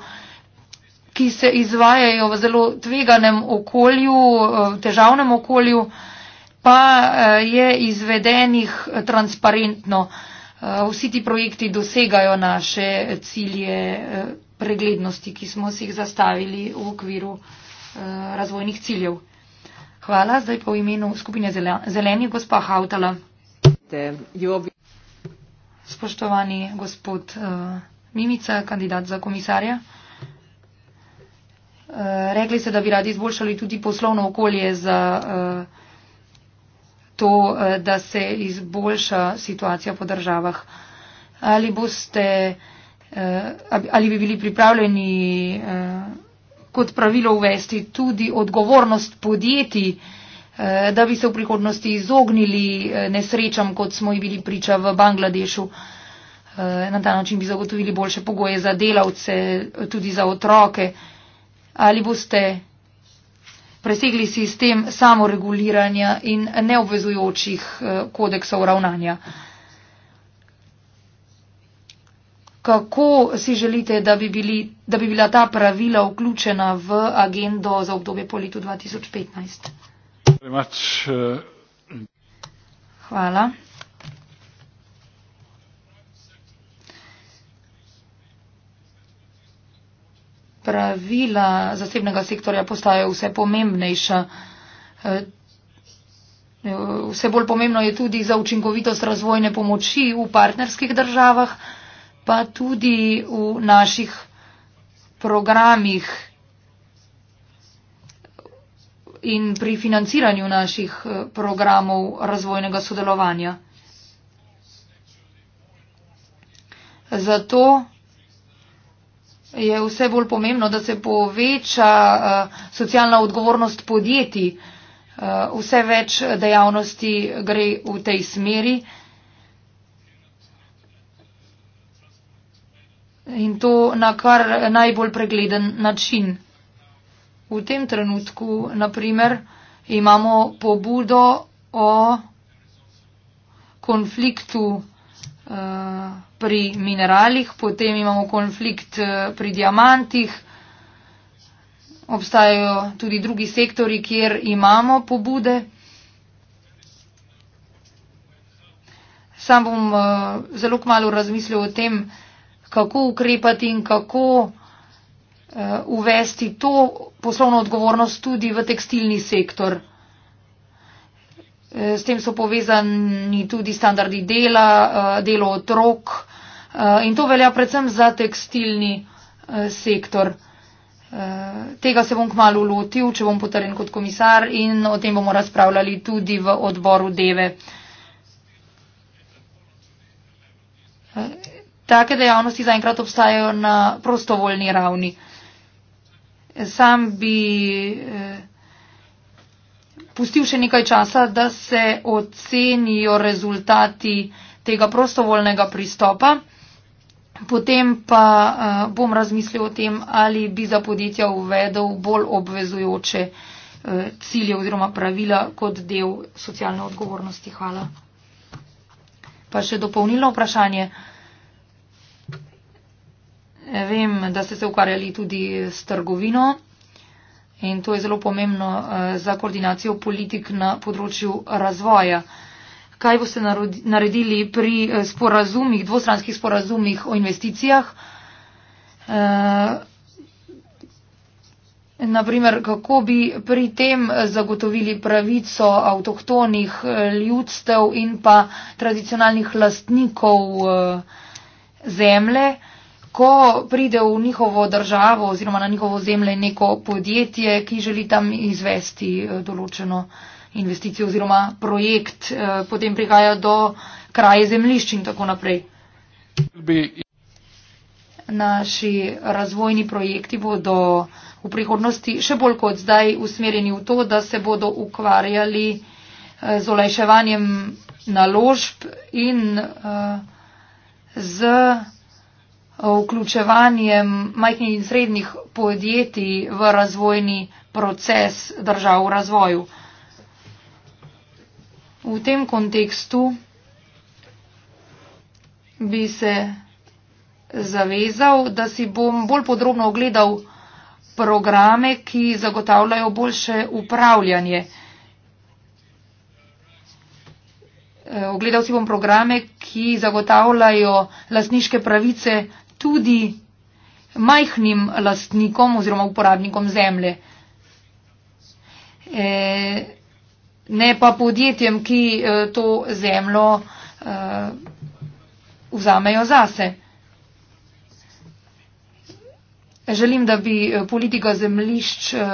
ki se izvajajo v zelo tveganem okolju, eh, težavnem okolju, pa eh, je izvedenih eh, transparentno. Vsi ti projekti dosegajo naše cilje preglednosti, ki smo si jih zastavili v okviru razvojnih ciljev. Hvala. Zdaj pa v imenu skupine zeleni gospa Hautala. Spoštovani gospod Mimica, kandidat za komisarja. Eh, rekli ste, da bi radi izboljšali tudi poslovno okolje za eh, to, eh, da se izboljša situacija po državah. Ali, boste, ali bi bili pripravljeni kot pravilo uvesti tudi odgovornost podjetij, da bi se v prihodnosti izognili nesrečam, kot smo jih bili priča v Bangladešu. Na ta način bi zagotovili boljše pogoje za delavce, tudi za otroke ali boste presegli sistem samoreguliranja in neobvezujočih eh, kodeksov ravnanja. Kako si želite, da bi, bili, da bi bila ta pravila vključena v agendo za obdobje po letu 2015? Eh. Hvala. pravila zasebnega sektorja postajajo vse pomembnejša. E, vse bolj pomembno je tudi za učinkovitost razvojne pomoči v partnerskih državah, pa tudi v naših programih in pri financiranju naših e, programov razvojnega sodelovanja. Zato je vse bolj pomembno, da se poveča eh, socialna odgovornost podjetij. Eh, vse več dejavnosti gre v tej smeri. In to na kar najbolj pregleden način. V tem trenutku, naprimer, imamo pobudo o konfliktu Eh, pri mineralih, potem imamo konflikt eh, pri diamantih, obstajajo tudi drugi sektori, kjer imamo pobude. Sam bom eh, zelo kmalo razmislil o tem, kako ukrepati in kako uvesti to poslovno odgovornost tudi v tekstilni sektor. Eh, s tem so povezani tudi standardi dela, eh, delo otrok eh, in to velja predvsem za tekstilni sektor. Tega se bom kmalo lotil, če bom potrjen kot komisar in o tem bomo razpravljali tudi v odboru Deve. Take dejavnosti zaenkrat obstajajo na prostovoljni ravni. Sam bi pustil še nekaj časa, da se ocenijo rezultati tega prostovoljnega pristopa. Potem pa uh, bom razmislil o tem, ali bi za podjetja uvedel bolj obvezujoče uh, cilje oziroma pravila kot del socialne odgovornosti. Hvala. Pa še dopolnilno vprašanje. Vem, da ste se ukvarjali tudi s trgovino in to je zelo pomembno eh, za koordinacijo politik na področju razvoja. Kaj boste naredili pri eh, sporazumih, dvostranskih sporazumih o investicijah? Eh, Naprimer, kako bi pri tem zagotovili pravico avtohtonih ljudstev in pa tradicionalnih lastnikov zemlje? ko pride v njihovo državo oziroma na njihovo zemlje neko podjetje, ki želi tam izvesti eh, določeno investicijo oziroma projekt, eh, potem prihaja do kraje zemljišč in tako naprej. Naši razvojni projekti bodo v prihodnosti še bolj kot zdaj usmerjeni v to, da se bodo ukvarjali eh, z olajševanjem naložb in uh, z vključevanjem majhnih in srednjih podjetij v razvojni proces držav v razvoju. V tem kontekstu bi se zavezal, da si bom bolj podrobno ogledal programe, ki zagotavljajo boljše upravljanje. Eh, ogledal si bom programe, ki zagotavljajo lasniške pravice tudi majhnim lastnikom oziroma uporabnikom zemlje. E, ne pa podjetjem, ki e, to zemljo e, vzamejo zase. Želim, da bi e, politika zemlišč e,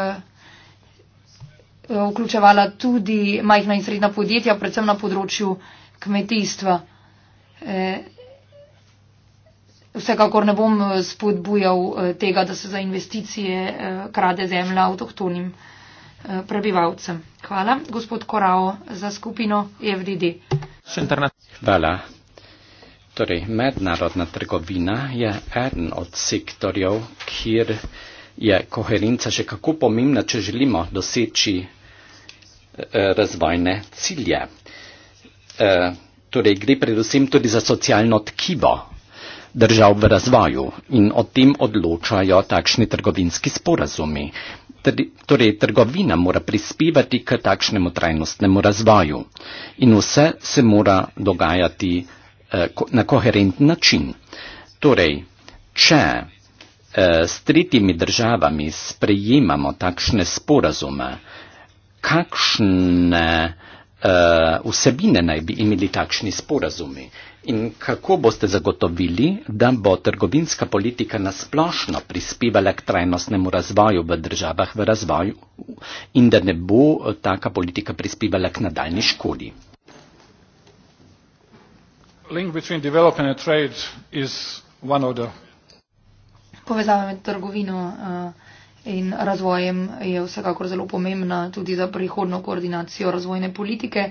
vključevala tudi majhna in srednja podjetja, predvsem na področju kmetijstva. E, vsekakor ne bom eh, spodbujal eh, tega, da se za investicije eh, krade zemlja avtohtonim prebivalcem. Hvala, gospod Korao, za skupino FDD. Hvala. Torej, mednarodna trgovina je eden od sektorjev, kjer je koherenca še kako pomembna, če želimo doseči razvojne cilje. Torej, gre predvsem tudi za socialno tkivo držav v razvoju in o tem odločajo takšni trgovinski sporazumi. Torej, trgovina mora prispevati k takšnemu trajnostnemu razvoju in vse se mora dogajati eh, na koherent način. Torej, če eh, s tretjimi državami sprejemamo takšne sporazume, kakšne eh, vsebine naj bi imeli takšni sporazumi? In kako boste zagotovili, da bo trgovinska politika nasplošno prispevala k trajnostnemu razvoju v državah v razvoju in da ne bo eh, taka politika prispevala k nadaljni škodi? Povezava med trgovino eh, in razvojem je vsekakor zelo pomembna tudi za prihodno koordinacijo razvojne politike.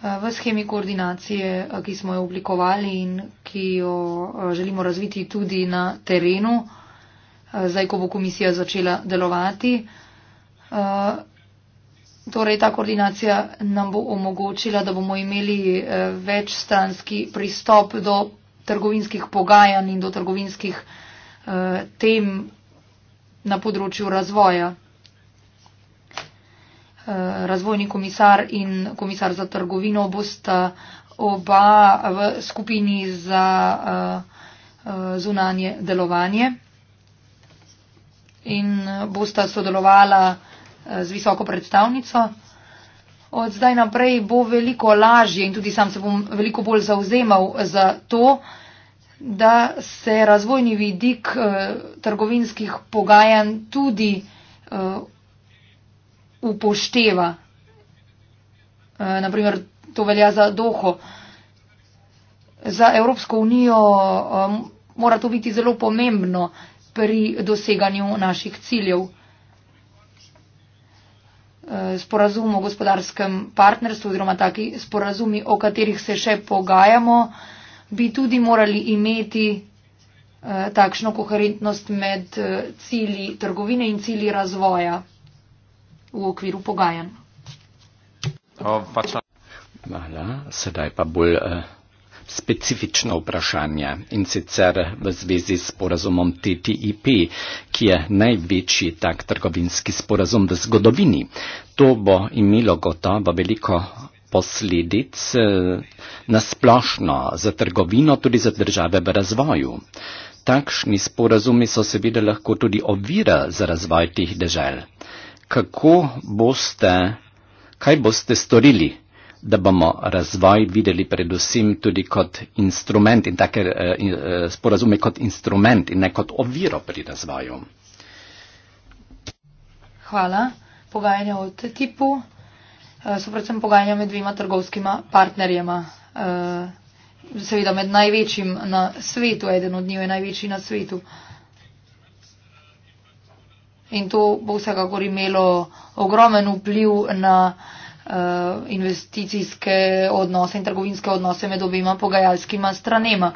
V schemi koordinacije, eh, ki smo jo oblikovali in ki jo eh, želimo razviti tudi na terenu, eh, zdaj, ko bo komisija začela delovati, torej ta koordinacija nam bo omogočila, da bomo imeli večstranski pristop do trgovinskih pogajanj in do trgovinskih tem na področju razvoja. Eh, razvojni komisar in komisar za trgovino bosta oba v skupini za eh, eh, zunanje delovanje in bosta sodelovala z visoko predstavnico. Od zdaj naprej bo veliko lažje in tudi sam se bom veliko bolj zauzemal za to, da se razvojni vidik trgovinskih pogajanj tudi upošteva. Eh, Naprimer, to velja za Doho. Za Evropsko unijo mora to biti zelo pomembno pri doseganju naših ciljev. Eh, sporazum o gospodarskem partnerstvu oziroma taki sporazumi, o katerih se še pogajamo, bi tudi morali imeti eh, takšno koherentnost med cilji trgovine in cilji razvoja v okviru pogajan. Hvala. Sedaj pa bolj eh, specifično vprašanje in sicer v zvezi s porazumom TTIP, ki je največji tak trgovinski sporazum v zgodovini. To bo imelo gotovo veliko posledic eh, nasplošno za trgovino, tudi za države v razvoju. Takšni sporazumi so seveda lahko tudi ovira za razvoj teh držav kako boste, kaj boste storili, da bomo razvoj videli predvsem tudi kot instrument in take eh, eh, sporazume kot instrument in ne kot oviro pri razvoju. Hvala. Pogajanja o TTIP-u eh, so predvsem pogajanja med dvima trgovskima partnerjema. Seveda med največjim na svetu, eden od njih je največji na svetu in to bo vsekakor imelo ogromen vpliv na uh, investicijske odnose in trgovinske odnose med obima pogajalskima stranema.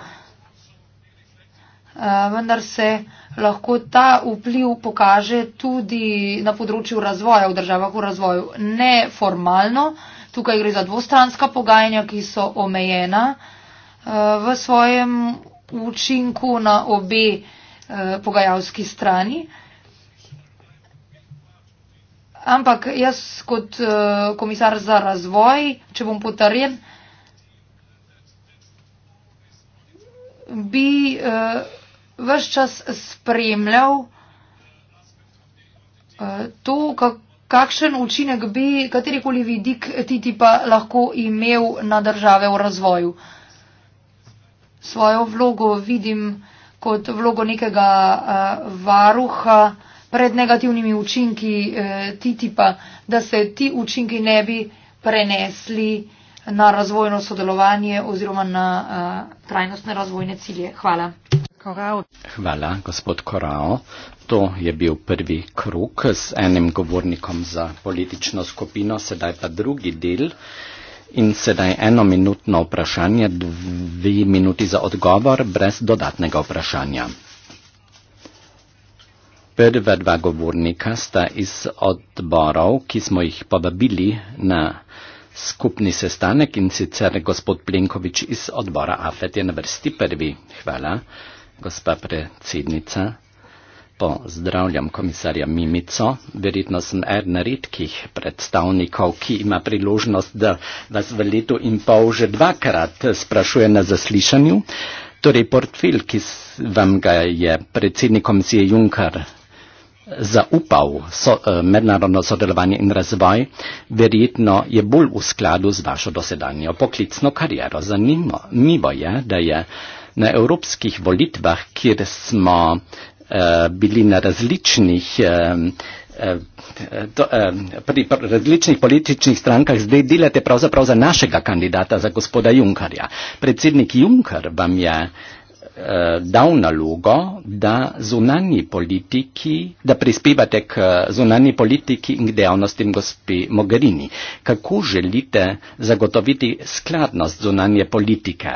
Eh, vendar se lahko ta vpliv pokaže tudi na področju razvoja v državah v razvoju. Ne formalno, tukaj gre za dvostranska pogajanja, ki so omejena eh, v svojem učinku na obe pogajalski strani. Ampak jaz kot uh, komisar za razvoj, če bom potrjen, bi uh, eh, vse čas spremljal uh, to, kako. Kakšen učinek bi katerikoli vidik TTIP-a lahko imel na države v razvoju? Svojo vlogo vidim kot vlogo nekega uh, varuha uh, pred negativnimi učinki eh, TTIP-a, da se ti učinki ne bi prenesli na razvojno sodelovanje oziroma na eh, trajnostne razvojne cilje. Hvala. Korao. Hvala, gospod Korao. To je bil prvi krok s enim govornikom za politično skupino, sedaj pa drugi del. In sedaj eno minutno vprašanje, dve minuti za odgovor, brez dodatnega vprašanja. Prva dva govornika sta iz odborov, ki smo jih povabili na skupni sestanek in sicer gospod Plenkovič iz odbora AFET je na vrsti prvi. Hvala, gospa predsednica. Pozdravljam komisarja Mimico. Verjetno sem eden redkih predstavnikov, ki ima priložnost, da vas v letu in pol že dvakrat sprašuje na zaslišanju. Torej, portfelj, ki vam ga je predsednik komisije Junkar zaupal so, eh, mednarodno sodelovanje in razvoj, verjetno je bolj v skladu z vašo dosedanjo poklicno kariero. Zanimivo je, da je na evropskih volitvah, kjer smo eh, bili na različnih, eh, eh, eh to, eh, pri različnih političnih strankah, zdaj delate pravzaprav za našega kandidata, za gospoda Junkarja. Predsednik Junkar vam je eh, Eh, dal nalogo, da zunanji politiki, da prispevate k eh, zunanji politiki in k dejavnostim gospe Mogherini. Kako želite zagotoviti skladnost zunanje politike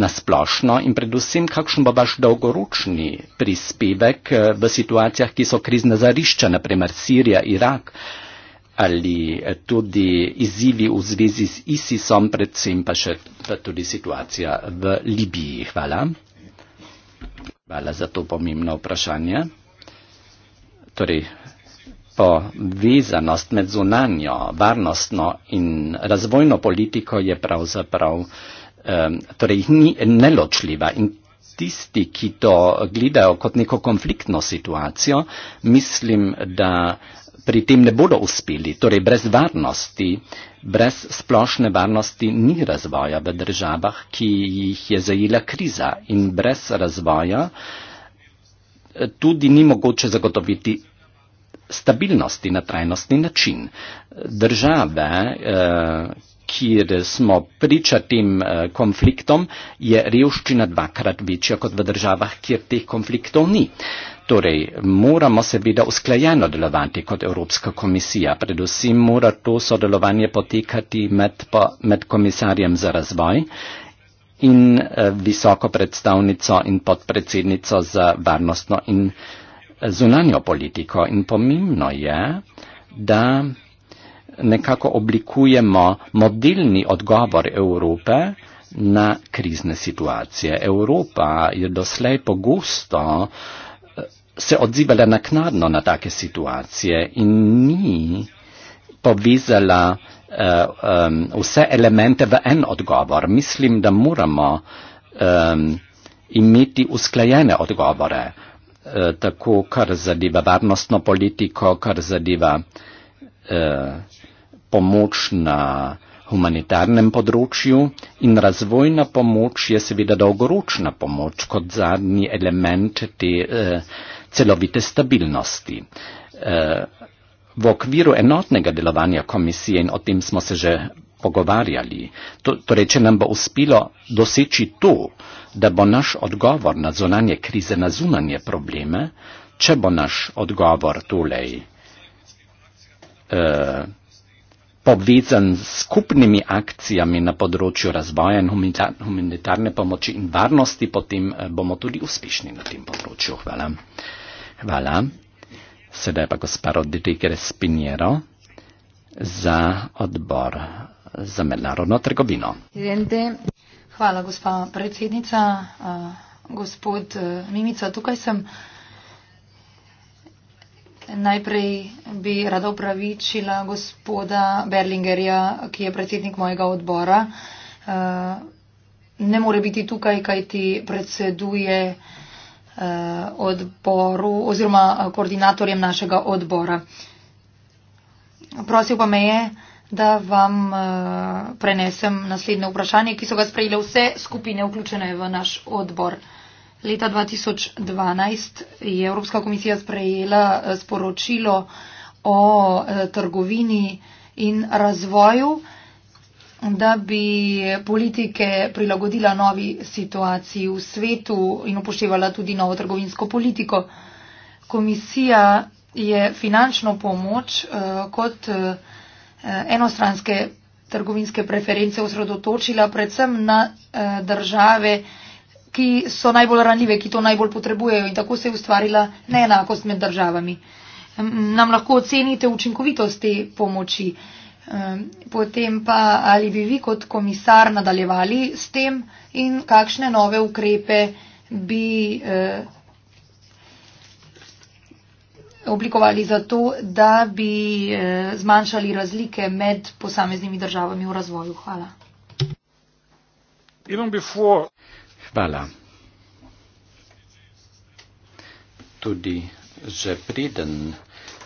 na splošno in predvsem kakšen bo vaš dolgoročni prispevek eh, v situacijah, ki so krizna zarišča, naprimer Sirija, Irak ali tudi izzivi v zvezi z ISISom, predvsem pa še pa tudi situacija v Libiji. Hvala. Hvala za to pomembno vprašanje. Torej, povezanost med zunanjo, varnostno in razvojno politiko je pravzaprav um, torej ni neločljiva in tisti, ki to gledajo kot neko konfliktno situacijo, mislim, da pri tem ne bodo uspeli. Torej, brez varnosti, brez splošne varnosti ni razvoja v državah, ki jih je zajela kriza in brez razvoja eh, tudi ni mogoče zagotoviti stabilnosti na trajnostni način. Države, eh, kjer smo priča tem eh, konfliktom, je revščina dvakrat večja kot v državah, kjer teh konfliktov ni. Torej, moramo seveda usklajeno delovati kot Evropska komisija. Predvsem mora to sodelovanje potekati med, po, med komisarjem za razvoj in eh, visoko predstavnico in podpredsednico za varnostno in eh, zunanjo politiko. In pomembno je, da nekako oblikujemo modelni odgovor Evrope na krizne situacije. Evropa je doslej pogosto uh, se odzivala naknadno na take situacije in ni povezala uh, um, vse elemente v en odgovor. Mislim, da moramo um, imeti usklajene odgovore, uh, tako kar zadeva varnostno politiko, kar zadeva uh, pomoč na humanitarnem področju in razvojna pomoč je seveda dolgoročna pomoč kot zadnji element te uh, celovite stabilnosti. Eh, v okviru enotnega delovanja komisije in o tem smo se že pogovarjali, torej če nam bo uspelo doseči to, da bo naš odgovor na zonanje krize na zunanje probleme, če bo naš odgovor tulej eh, povezan s skupnimi akcijami na področju razvoja in humanitarne pomoči in varnosti, potem eh, bomo tudi uspešni na tem področju. Hvala. Hvala. Sedaj pa gospa Rodriguez Pinjero za odbor za mednarodno trgovino. Presidente. Hvala, gospa predsednica. Gospod e, Mimica, tukaj sem. Najprej bi rada upravičila gospoda Berlingerja, ki je predsednik mojega odbora. E, ne more biti tukaj, kajti predseduje Eh, odboru oziroma koordinatorjem našega odbora. Prosil pa me je, da vam eh, prenesem naslednje vprašanje, ki so ga sprejele vse skupine vključene v naš odbor. Leta 2012 je Evropska komisija sprejela eh, sporočilo o trgovini in razvoju da bi politike prilagodila novi situaciji v svetu in upoštevala tudi novo trgovinsko politiko. Komisija je finančno pomoč eh, kot eh, enostranske trgovinske preference osredotočila predvsem na eh, države, ki so najbolj ranljive, ki to najbolj potrebujejo in tako se je ustvarila neenakost med državami. Nam lahko ocenite učinkovitost te pomoči. Ehm, potem pa ali bi vi kot komisar nadaljevali s tem in kakšne nove ukrepe bi eh, oblikovali za to, da bi eh, zmanjšali razlike med posameznimi državami v razvoju. Hvala. Hvala. Tudi že preden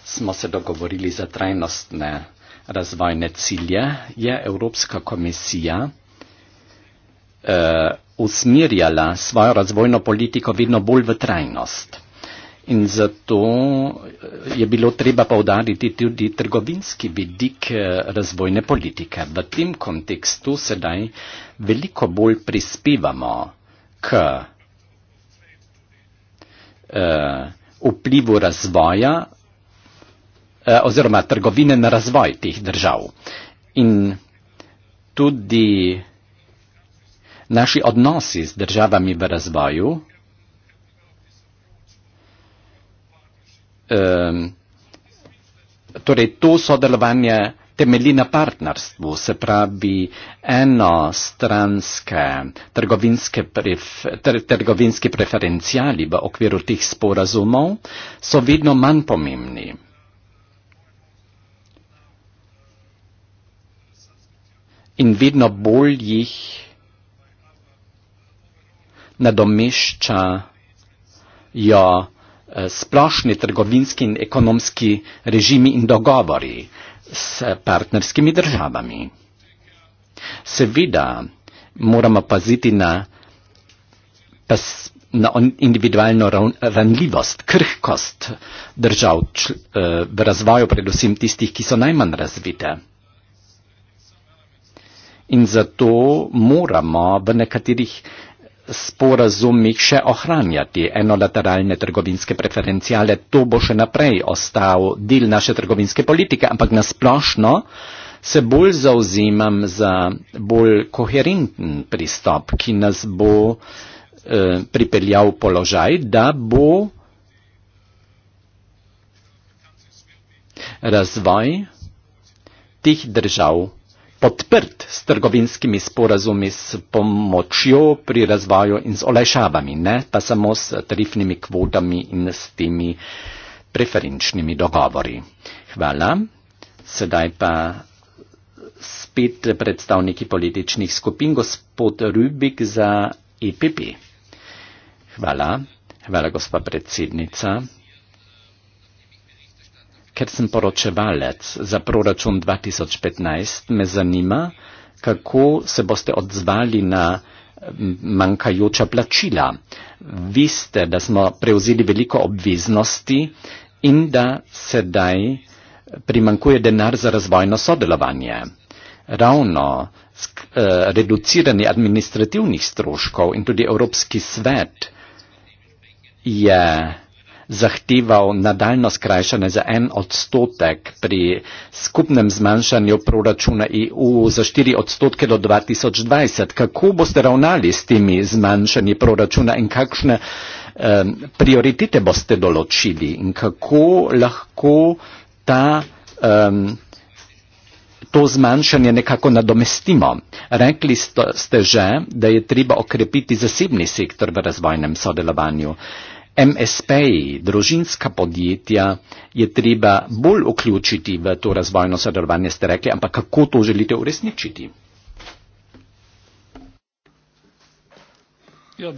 smo se dogovorili za trajnostne razvojne cilje je Evropska komisija uh, eh, usmirjala svojo razvojno politiko vedno bolj v trajnost. In zato eh, je bilo treba povdariti tudi trgovinski vidik eh, razvojne politike. V tem kontekstu sedaj veliko bolj prispevamo k uh, vplivu razvoja Eh, oziroma trgovine na razvoj teh držav. In tudi naši odnosi z državami v razvoju um, Torej, to sodelovanje temelji na partnerstvu, se pravi enostranske trgovinske pref, tr, trgovinski preferencijali v okviru teh sporazumov so vedno manj pomembni. in vedno bolj jih nadomeščajo eh, splošni trgovinski in ekonomski režimi in dogovori s partnerskimi državami. Seveda moramo paziti na, pas, na individualno ranljivost, krhkost držav čl, eh, v razvoju, predvsem tistih, ki so najmanj razvite in zato moramo v nekaterih sporazumih še ohranjati enolateralne trgovinske preferencijale. To bo še naprej ostal del naše trgovinske politike, ampak nasplošno se bolj zauzimam za bolj koherenten pristop, ki nas bo eh, pripeljal v položaj, da bo razvoj teh držav podprt s trgovinskimi sporazumi s pomočjo pri razvoju in z olajšavami, ne pa samo s tarifnimi kvotami in s temi preferenčnimi dogovori. Hvala. Sedaj pa spet predstavniki političnih skupin, gospod Rubik za EPP. Hvala. Hvala, gospa predsednica. Ker sem poročevalec za proračun 2015, me zanima, kako se boste odzvali na manjkajoča plačila. Vi ste, da smo prevzeli veliko obveznosti in da sedaj primankuje denar za razvojno sodelovanje. Ravno sk, eh, reduciranje administrativnih stroškov in tudi Evropski svet je. Yeah zahteval nadaljno skrajšanje za en odstotek pri skupnem zmanjšanju proračuna EU za 4 odstotke do 2020. Kako boste ravnali s temi zmanjšanji proračuna in kakšne um, prioritete boste določili in kako lahko ta, um, to zmanjšanje nekako nadomestimo? Rekli ste že, da je treba okrepiti zasebni sektor v razvojnem sodelovanju. MSP-ji, družinska podjetja, je treba bolj vključiti v to razvojno sodelovanje, ste rekli, ampak kako to želite uresničiti? Ja,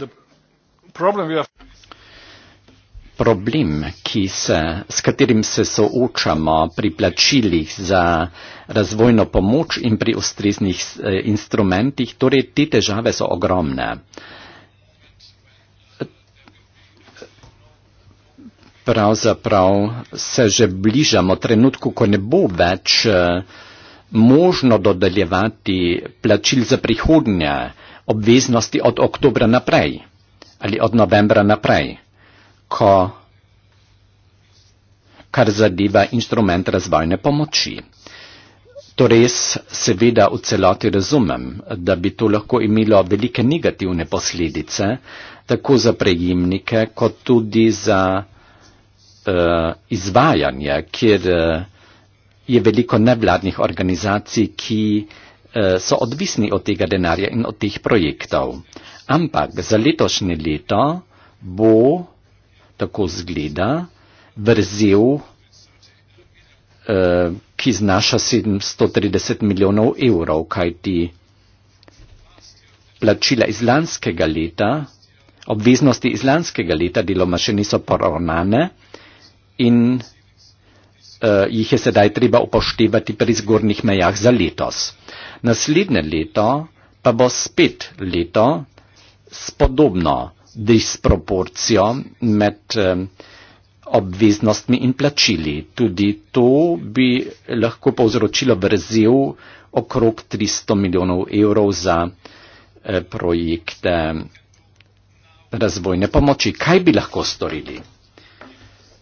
Problem, ki se, s katerim se soočamo pri plačilih za razvojno pomoč in pri ustreznih eh, instrumentih, torej te težave so ogromne. Eh, pravzaprav se že bližamo trenutku, ko ne bo več eh, možno dodeljevati plačil za prihodnje obveznosti od oktobra naprej ali od novembra naprej, ko, kar zadeva instrument razvojne pomoči. To res seveda v celoti razumem, da bi to lahko imelo velike negativne posledice, tako za prejemnike, kot tudi za uh, eh, izvajanje, kjer uh, je veliko nevladnih organizacij, ki uh, so odvisni od tega denarja in od teh projektov. Ampak za letošnje leto bo, tako zgleda, vrzel, uh, ki znaša 730 milijonov evrov, kajti plačila iz lanskega leta, obveznosti iz lanskega leta deloma še niso poravnane in uh, jih je sedaj treba upoštevati pri zgornjih mejah za letos. Naslednje leto pa bo spet leto s podobno disproporcijo med um, obveznostmi in plačili. Tudi to bi lahko povzročilo brzel okrog 300 milijonov evrov za eh, projekte razvojne pomoči. Kaj bi lahko storili?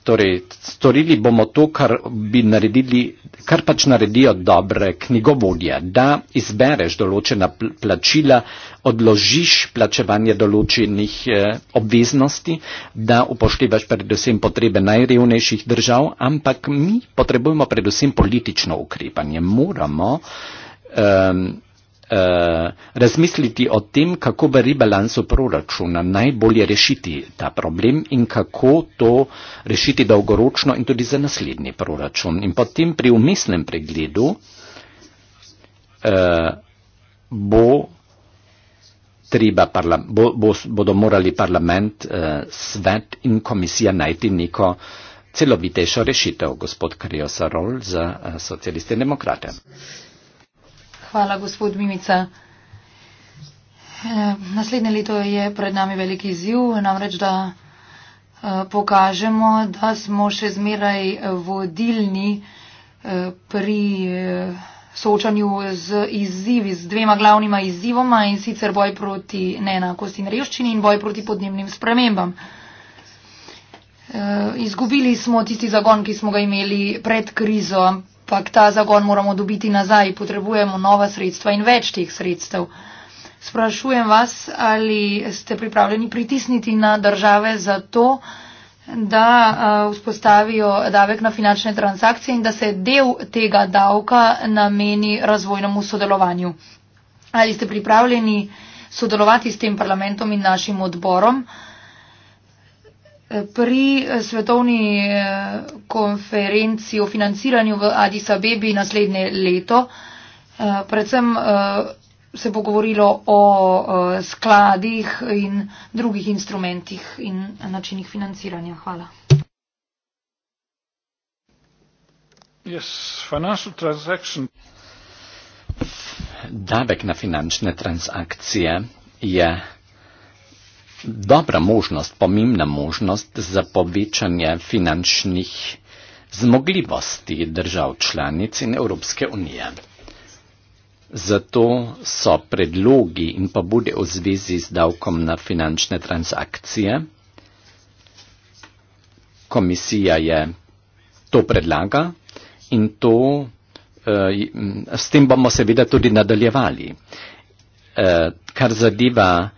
torej storili bomo to, kar bi naredili, kar pač naredijo dobre knjigovodje, da izbereš določena plačila, odložiš plačevanje določenih eh, obveznosti, da upoštevaš predvsem potrebe najrevnejših držav, ampak mi potrebujemo predvsem politično ukrepanje. Moramo eh, Eh, razmisliti o tem, kako v rebalansu proračuna najbolje rešiti ta problem in kako to rešiti dolgoročno in tudi za naslednji proračun. In potem pri umestnem pregledu uh, bo treba, parla, bo, bo, bodo morali parlament, uh, svet in komisija najti neko celovitejšo rešitev, gospod Kriosarol za uh, socialiste in demokrate. Hvala, gospod Mimica. Eh, naslednje leto je pred nami velik izziv, namreč da eh, pokažemo, da smo še zmeraj vodilni eh, pri soočanju z izzivi, z dvema glavnima izzivoma in sicer boj proti neenakosti in revščini in boj proti podnebnim spremembam. Izgubili smo tisti zagon, ki smo ga imeli pred krizo, ampak ta zagon moramo dobiti nazaj, potrebujemo nova sredstva in več teh sredstev. Sprašujem vas, ali ste pripravljeni pritisniti na države za to, da uh, vzpostavijo davek na finančne transakcije in da se del tega davka nameni razvojnemu sodelovanju. Ali ste pripravljeni sodelovati s tem parlamentom in našim odborom? Pri eh, svetovni eh, konferenci o financiranju v Addis Abebi naslednje leto eh, predvsem se bo govorilo o skladih in drugih instrumentih in načinih financiranja. Hvala. Davek na finančne transakcije je dobra možnost, pomembna možnost za povečanje finančnih zmogljivosti držav članic in Evropske unije. Zato so predlogi in pobude v zvezi z davkom na finančne transakcije. Komisija je to predlaga in to, eh, s tem bomo seveda tudi nadaljevali. Eh, kar zadeva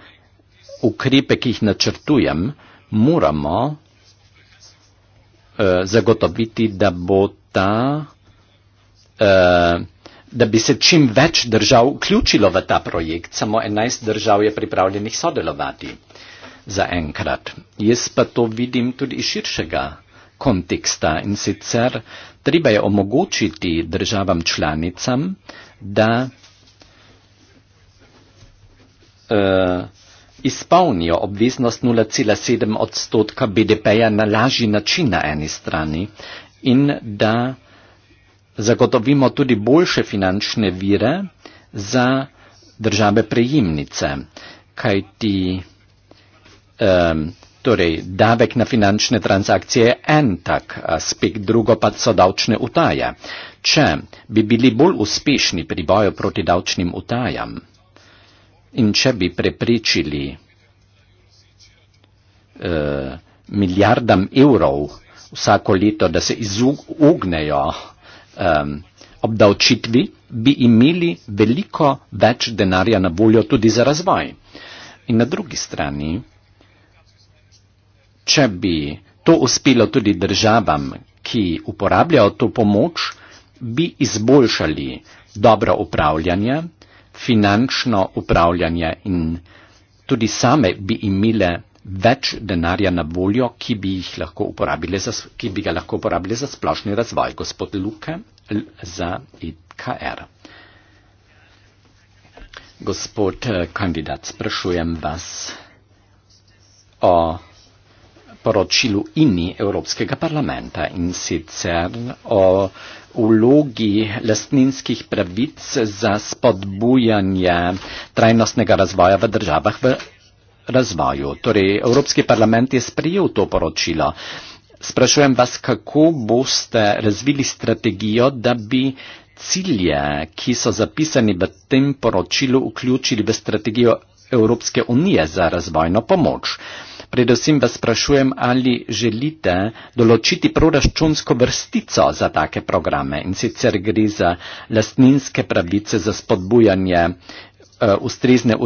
ukrepe, ki jih načrtujem, moramo uh, zagotoviti, da bo ta, uh, da bi se čim več držav vključilo v ta projekt. Samo 11 držav je pripravljenih sodelovati za enkrat. Jaz pa to vidim tudi iz širšega konteksta in sicer treba je omogočiti državam članicam, da uh, izpolnijo obveznost 0,7 odstotka BDP-ja na lažji način na eni strani in da zagotovimo tudi boljše finančne vire za države prejemnice, kajti um, torej, davek na finančne transakcije je en tak aspekt, drugo pa so davčne utaje. Če bi bili bolj uspešni pri boju proti davčnim utajam, In če bi prepričili eh, milijardam evrov vsako leto, da se izognejo eh, obdavčitvi, bi imeli veliko več denarja na voljo tudi za razvoj. In na drugi strani, če bi to uspelo tudi državam, ki uporabljajo to pomoč, bi izboljšali dobro upravljanje finančno upravljanje in tudi same bi imele več denarja na voljo, ki bi, za, ki bi ga lahko uporabili za splošni razvoj. Gospod Luke za IKR. Gospod eh, kandidat, sprašujem vas o poročilu INI Evropskega parlamenta in sicer o vlogi lastninskih pravic za spodbujanje trajnostnega razvoja v državah v razvoju. Torej, Evropski parlament je sprejel to poročilo. Sprašujem vas, kako boste razvili strategijo, da bi cilje, ki so zapisani v tem poročilu, vključili v strategijo Evropske unije za razvojno pomoč. Predvsem vas sprašujem, ali želite določiti proračunsko vrstico za take programe in sicer gre za lastninske pravice za spodbujanje uh, ustrezne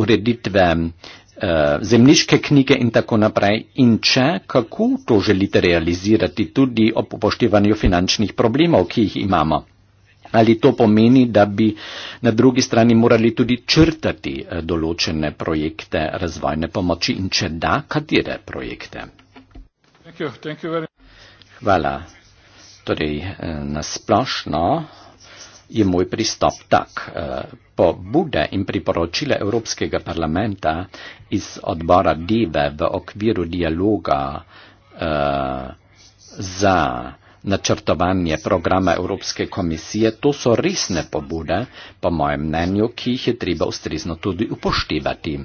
ureditve uh, zemljiške knjige in tako naprej. In če, kako to želite realizirati tudi ob upoštevanju finančnih problemov, ki jih imamo? ali to pomeni, da bi na drugi strani morali tudi črtati eh, določene projekte razvojne pomoči in če da, katere projekte? Thank you. Thank you very... Hvala. Torej, eh, nasplošno je moj pristop tak. Eh, pobude in priporočile Evropskega parlamenta iz odbora DIVE v okviru dialoga uh, za načrtovanje programa Evropske komisije, to so resne pobude, po mojem mnenju, ki jih je treba ustrezno tudi upoštevati.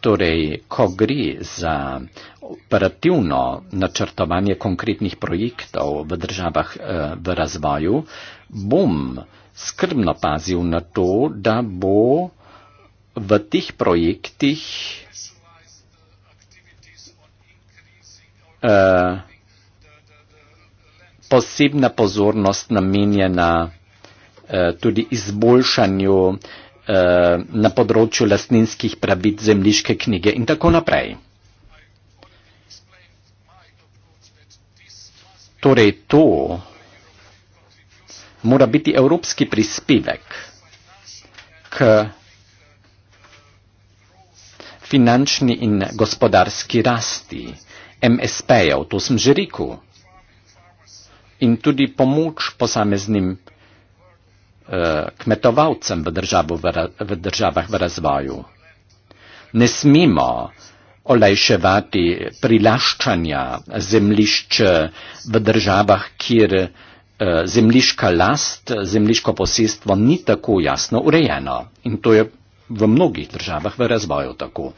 Torej, ko gre za operativno načrtovanje konkretnih projektov v državah eh, v razvoju, bom skrbno pazil na to, da bo v teh projektih eh, posebna pozornost namenjena eh, tudi izboljšanju eh, na področju lastninskih pravic zemljiške knjige in tako naprej. Torej to mora biti evropski prispevek k finančni in gospodarski rasti MSP-jev, to sem že rekel in tudi pomoč posameznim eh, kmetovalcem v, državu, v državah v razvoju. Ne smemo olajševati prilaščanja zemljišč v državah, kjer eh, zemljiška last, zemljiško posestvo ni tako jasno urejeno. In to je v mnogih državah v razvoju tako.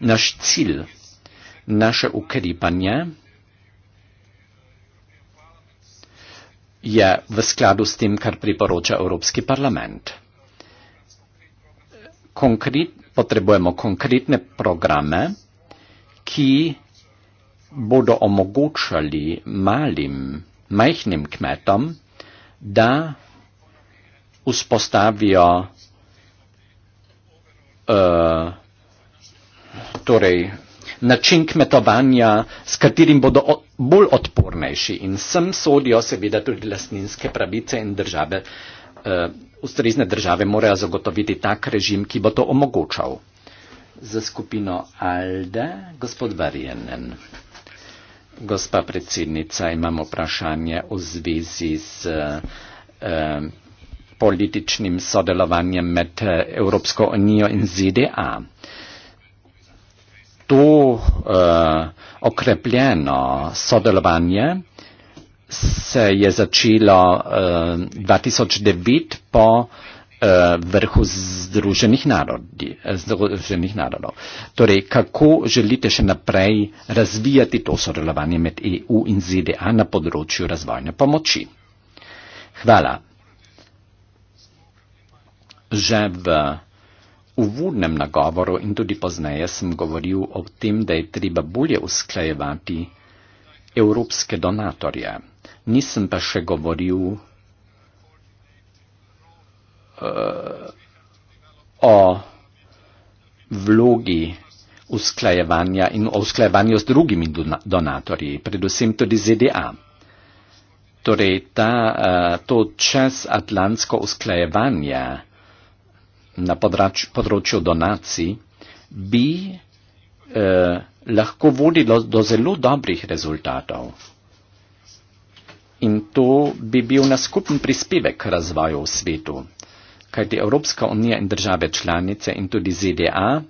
Naš cilj, naše ukrepanje, je v skladu s tem, kar priporoča Evropski parlament. Konkret, potrebujemo konkretne programe, ki bodo omogočali malim, majhnim kmetom, da vzpostavijo uh, torej, način kmetovanja, s katerim bodo bolj odpornejši. In sem sodijo seveda tudi lastninske pravice in države, eh, ustrezne države morajo zagotoviti tak režim, ki bo to omogočal. Za skupino Alde, gospod Varjenen. Gospa predsednica, imam vprašanje v zvezi z eh, političnim sodelovanjem med eh, Evropsko unijo in ZDA. Eh, to uh, okrepljeno sodelovanje se je začelo uh, eh, 2009 po uh, vrhu Združenih, narodi, Združenih narodov. Torej, kako želite še naprej razvijati to sodelovanje med EU in ZDA na področju razvojne pomoči? Hvala. Že v uvodnem nagovoru in tudi pozneje sem govoril o tem, da je treba bolje usklajevati evropske donatorje. Nisem pa še govoril uh, o vlogi usklajevanja in o usklajevanju z drugimi donatorji, predvsem tudi ZDA. Torej, ta, uh, to čezatlantsko usklajevanje na podrač, področju donacij, bi eh, lahko vodilo do zelo dobrih rezultatov. In to bi bil nas skupen prispevek k razvoju v svetu, kajti Evropska unija in države članice in tudi ZDA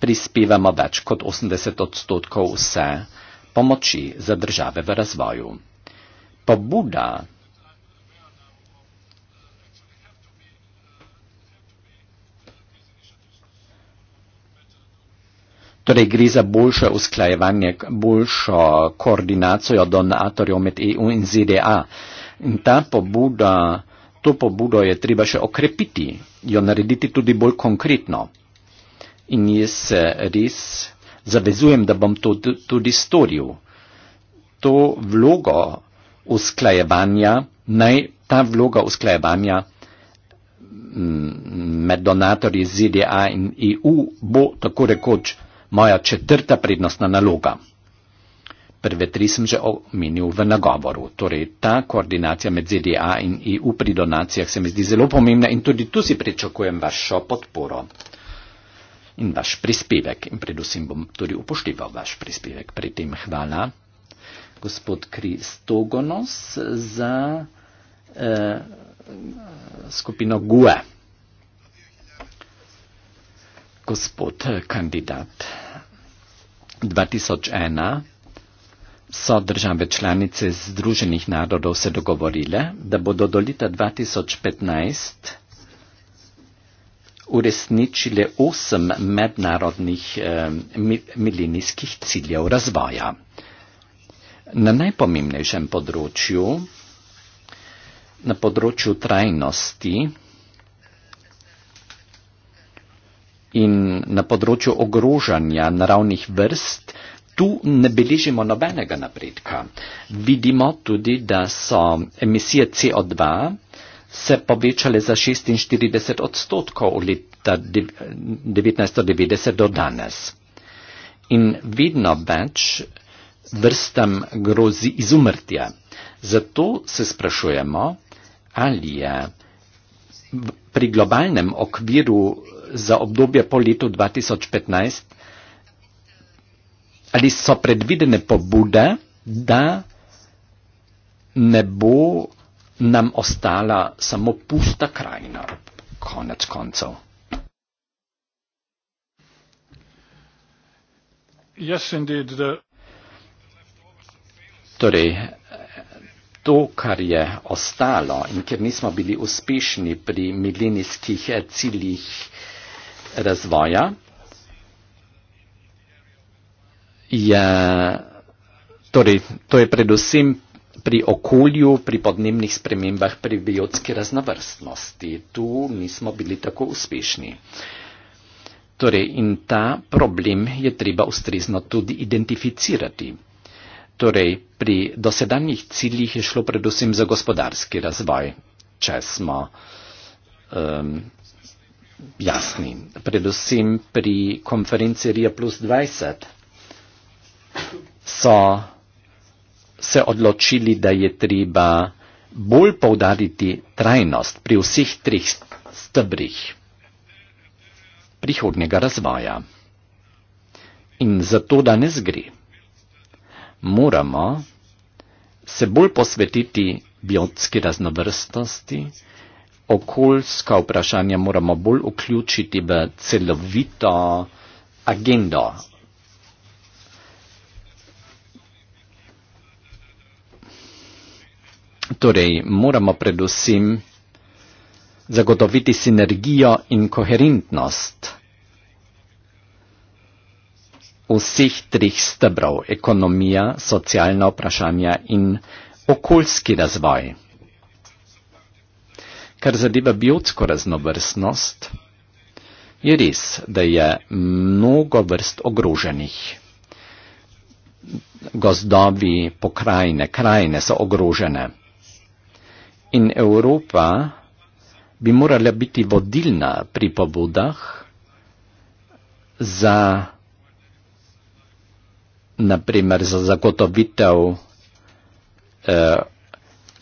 prispevamo več kot 80 odstotkov vse pomoči za države v razvoju. Pobuda Torej gre za boljše usklajevanje, boljšo koordinacijo donatorjev med EU in ZDA. In ta pobuda, to pobudo je treba še okrepiti, jo narediti tudi bolj konkretno. In jaz se res zavezujem, da bom to tudi storil. To vlogo usklajevanja, naj ta vloga usklajevanja med donatorji ZDA in EU bo tako rekoč moja četrta prednostna naloga. Prve tri sem že omenil v nagovoru. Torej, ta koordinacija med ZDA in EU pri donacijah se mi zdi zelo pomembna in tudi tu si pričakujem vašo podporo in vaš prispevek. In predvsem bom tudi upošteval vaš prispevek. Pri tem hvala gospod Kristogonos za eh, skupino GUE gospod eh, kandidat. 2001 so države članice Združenih narodov se dogovorile, da bodo do leta 2015 uresničile osem mednarodnih eh, milenijskih ciljev razvoja. Na najpomembnejšem področju, na področju trajnosti, in na področju ogrožanja naravnih vrst, tu ne beležimo nobenega napredka. Vidimo tudi, da so emisije CO2 se povečale za 46 odstotkov od leta 1990 do danes. In vedno več vrstam grozi izumrtje. Zato se sprašujemo, ali je pri globalnem okviru za obdobje po letu 2015? Ali so predvidene pobude, da ne bo nam ostala samo pusta krajina, konec koncev? Yes, indeed, the... Torej, to, kar je ostalo in ker nismo bili uspešni pri milenijskih ciljih, razvoja je, torej, to je predvsem pri okolju, pri podnebnih spremembah, pri biotski raznovrstnosti. Tu nismo bili tako uspešni. Torej, in ta problem je treba ustrezno tudi identificirati. Torej, pri dosedanjih ciljih je šlo predvsem za gospodarski razvoj, če smo um, jasni, predvsem pri konferenci Rija plus 20 so se odločili, da je treba bolj povdariti trajnost pri vseh treh stebrih prihodnega razvoja. In zato danes gre. Moramo se bolj posvetiti biotski raznovrstnosti, okoljska vprašanja moramo bolj vključiti v celovito agendo. Torej, moramo predvsem zagotoviti sinergijo in koherentnost vseh treh stebrov, ekonomija, socialna vprašanja in okoljski razvoj kar zadeva biotsko raznovrstnost, je res, da je mnogo vrst ogroženih. Gozdovi, pokrajine, krajine so ogrožene. In Evropa bi morala biti vodilna pri pobudah za naprimer za zagotovitev eh,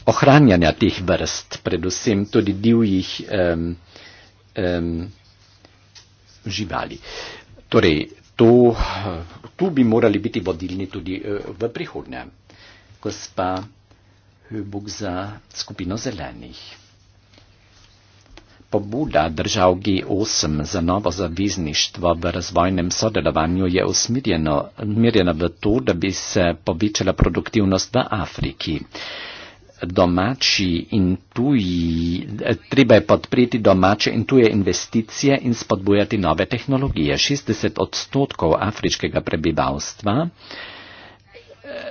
ohranjanja teh vrst, predvsem tudi divjih um, um, živali. Torej, to, tu bi morali biti vodilni tudi uh, v prihodnje. Gospa Hübuk za skupino zelenih. Pobuda držav G8 za novo zavezništvo v razvojnem sodelovanju je usmerjena v to, da bi se povečala produktivnost v Afriki domači in tuji, treba je podpreti domače in tuje investicije in spodbujati nove tehnologije. 60 odstotkov afriškega prebivalstva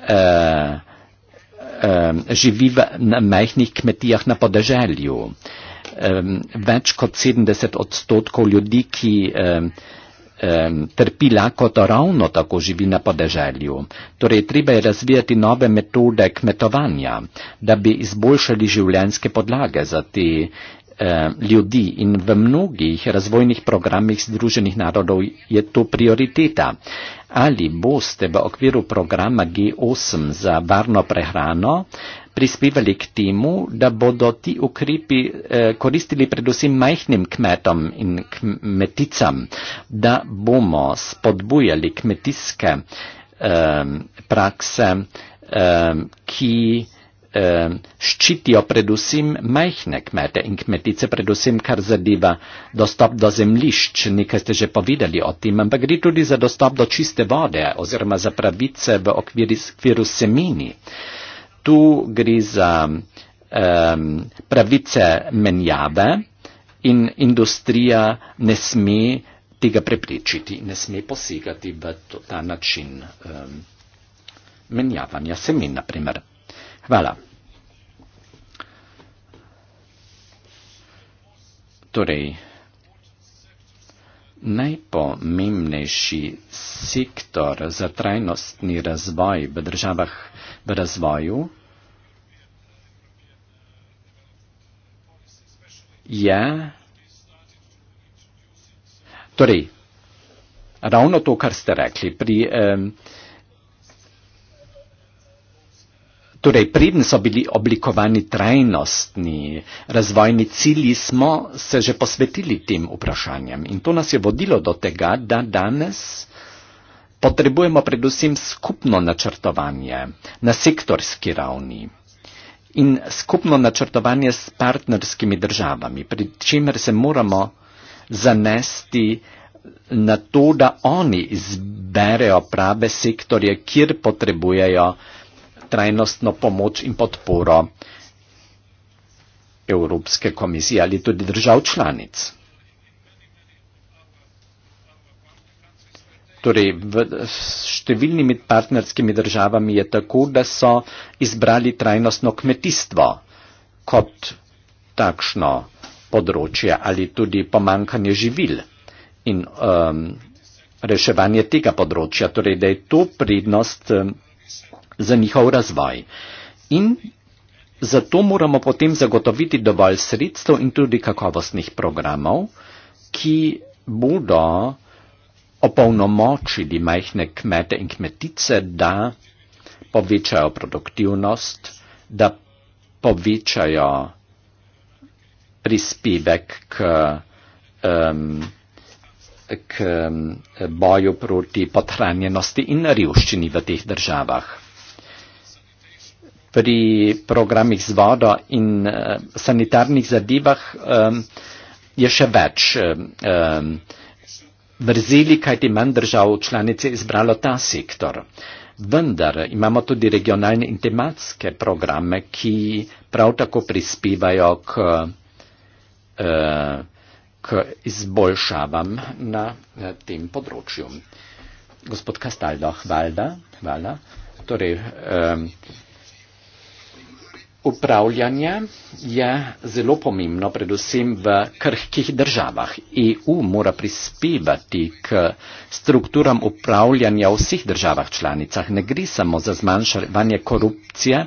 eh, eh, živi v majhnih kmetijah na podeželju. Eh, več kot 70 odstotkov ljudi, ki eh, trpi lakoto ravno tako živi na podeželju. Torej, treba je razvijati nove metode kmetovanja, da bi izboljšali življenjske podlage za te ljudi in v mnogih razvojnih programih Združenih narodov je to prioriteta. Ali boste v okviru programa G8 za varno prehrano prispevali k temu, da bodo ti ukrepi eh, koristili predvsem majhnim kmetom in kmeticam, da bomo spodbujali kmetijske eh, prakse, eh, ki eh, ščitijo predvsem majhne kmete in kmetice, predvsem kar zadeva dostop do zemlišč, nekaj ste že povedali o tem, ampak gre tudi za dostop do čiste vode oziroma za pravice v okviru semeni. Eh, tu gre za um, pravice menjave in industrija ne sme tega preprečiti, ne sme posegati v to, ta način um, menjavanja semen, naprimer. Hvala. Torej, najpomembnejši sektor za trajnostni razvoj v državah v razvoju, je, torej, ravno to, kar ste rekli, pri, eh, torej, preden so bili oblikovani trajnostni razvojni cilji, smo se že posvetili tem vprašanjem in to nas je vodilo do tega, da danes eh, potrebujemo predvsem skupno načrtovanje na sektorski ravni in skupno načrtovanje s partnerskimi državami, pri čemer se moramo zanesti na to, da oni izberejo prave sektorje, kjer potrebujejo trajnostno pomoč in podporo Evropske komisije ali tudi držav članic. Torej, v, s številnimi partnerskimi državami je tako, da so izbrali trajnostno kmetijstvo kot takšno področje ali tudi pomankanje živil in um, reševanje tega področja, torej da je to prednost um, za njihov razvoj. In zato moramo potem zagotoviti dovolj sredstev in tudi kakovostnih programov, ki bodo opolnomočili majhne kmete in kmetice, da povečajo produktivnost, da povečajo prispevek k, um, k boju proti potranjenosti in revščini v teh državah. Pri programih z vodo in uh, sanitarnih zadevah um, je še več. Um, vrzeli, kaj ti manj držav članice izbralo ta sektor. Vendar imamo tudi regionalne in tematske programe, ki prav tako prispevajo k, eh, k izboljšavam na tem področju. Gospod Kastaldo, hvala. hvala. Torej, eh, upravljanje je zelo pomembno, predvsem v krhkih državah. EU mora prispevati k strukturam upravljanja v vseh državah članicah. Ne gre samo za zmanjšanje korupcije,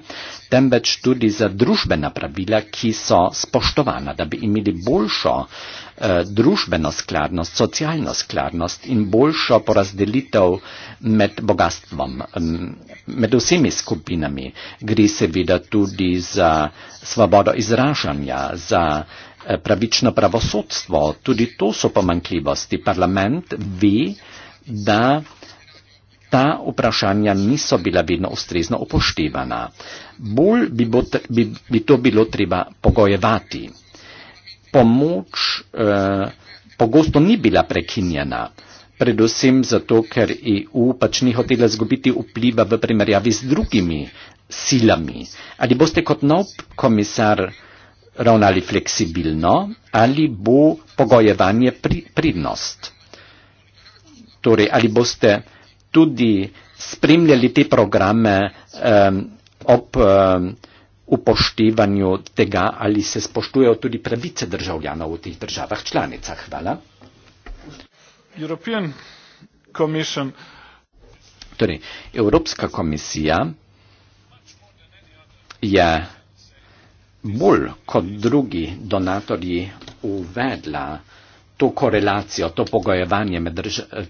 temveč tudi za družbena pravila, ki so spoštovana, da bi imeli boljšo uh, Eh, družbeno skladnost, socialno skladnost in boljšo porazdelitev med bogatstvom, med vsemi skupinami. Gre seveda tudi za svobodo izražanja, za eh, pravično pravosodstvo. Tudi to so pomankljivosti. Parlament ve, da ta vprašanja niso bila vedno ustrezno upoštevana. Bolj bi, bo, bi, bi to bilo treba pogojevati pomoč eh, pogosto ni bila prekinjena, predvsem zato, ker EU pač ni hotela zgubiti vpliva v primerjavi z drugimi silami. Ali boste kot nov komisar ravnali fleksibilno ali bo pogojevanje pri, pridnost? Torej, ali boste tudi spremljali te programe eh, ob. Eh, upoštevanju tega, ali se spoštujejo tudi pravice državljanov v teh državah članicah. Hvala. Torej, Evropska komisija je bolj kot drugi donatorji uvedla uh, to korelacijo, to pogojevanje med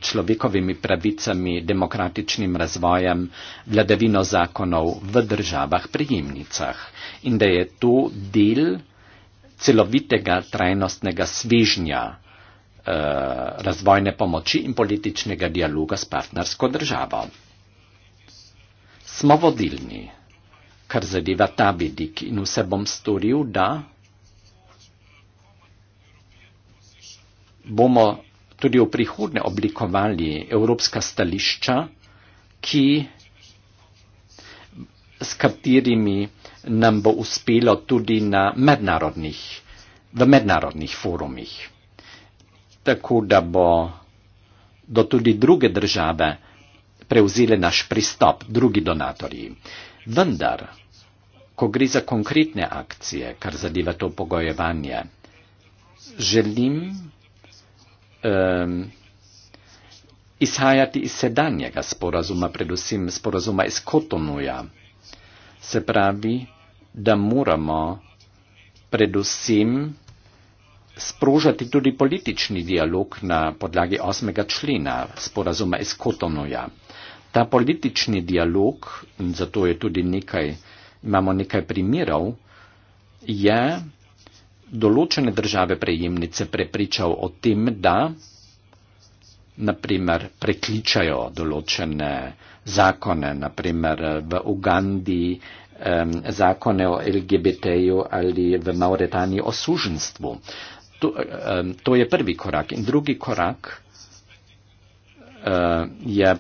človekovimi pravicami, demokratičnim razvojem, vladavino zakonov v državah prijemnicah in da je to del celovitega trajnostnega svežnja eh, razvojne pomoči in političnega dialoga s partnersko državo. Smo vodilni, kar zadeva ta vidik in vse bom storil, da. bomo tudi v prihodnje oblikovali evropska stališča, ki, s katerimi nam bo uspelo tudi na mednarodnih, v mednarodnih forumih. Tako da bo do tudi druge države prevzeli naš pristop, drugi donatorji. Vendar, ko gre za konkretne akcije, kar zadeva to pogojevanje, želim um, izhajati iz sedanjega sporazuma, predvsem sporazuma iz Kotonuja. Se pravi, da moramo predvsem sprožati tudi politični dialog na podlagi osmega člena sporazuma iz Kotonuja. Ta politični dialog, in zato je tudi nekaj, imamo nekaj primerov, je določene države prejemnice prepričal o tem, da naprimer prekličajo določene zakone, naprimer v Ugandiji um, zakone o LGBT-ju ali v Mauretaniji o suženstvu. To, um, to je prvi korak. In drugi korak eh, je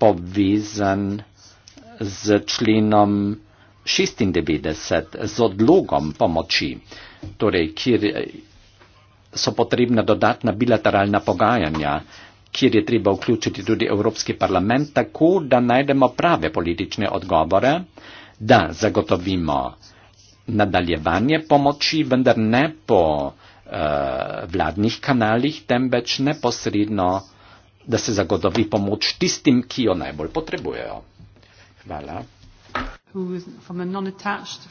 povezan z členom 96, z odlogom pomoči torej, kjer so potrebna dodatna bilateralna pogajanja, kjer je treba vključiti tudi Evropski parlament, tako da najdemo prave politične odgovore, da zagotovimo nadaljevanje pomoči, vendar ne po uh, vladnih kanalih, temveč neposredno, da se zagotovi pomoč tistim, ki jo najbolj potrebujejo. Hvala. Who is from a non-attached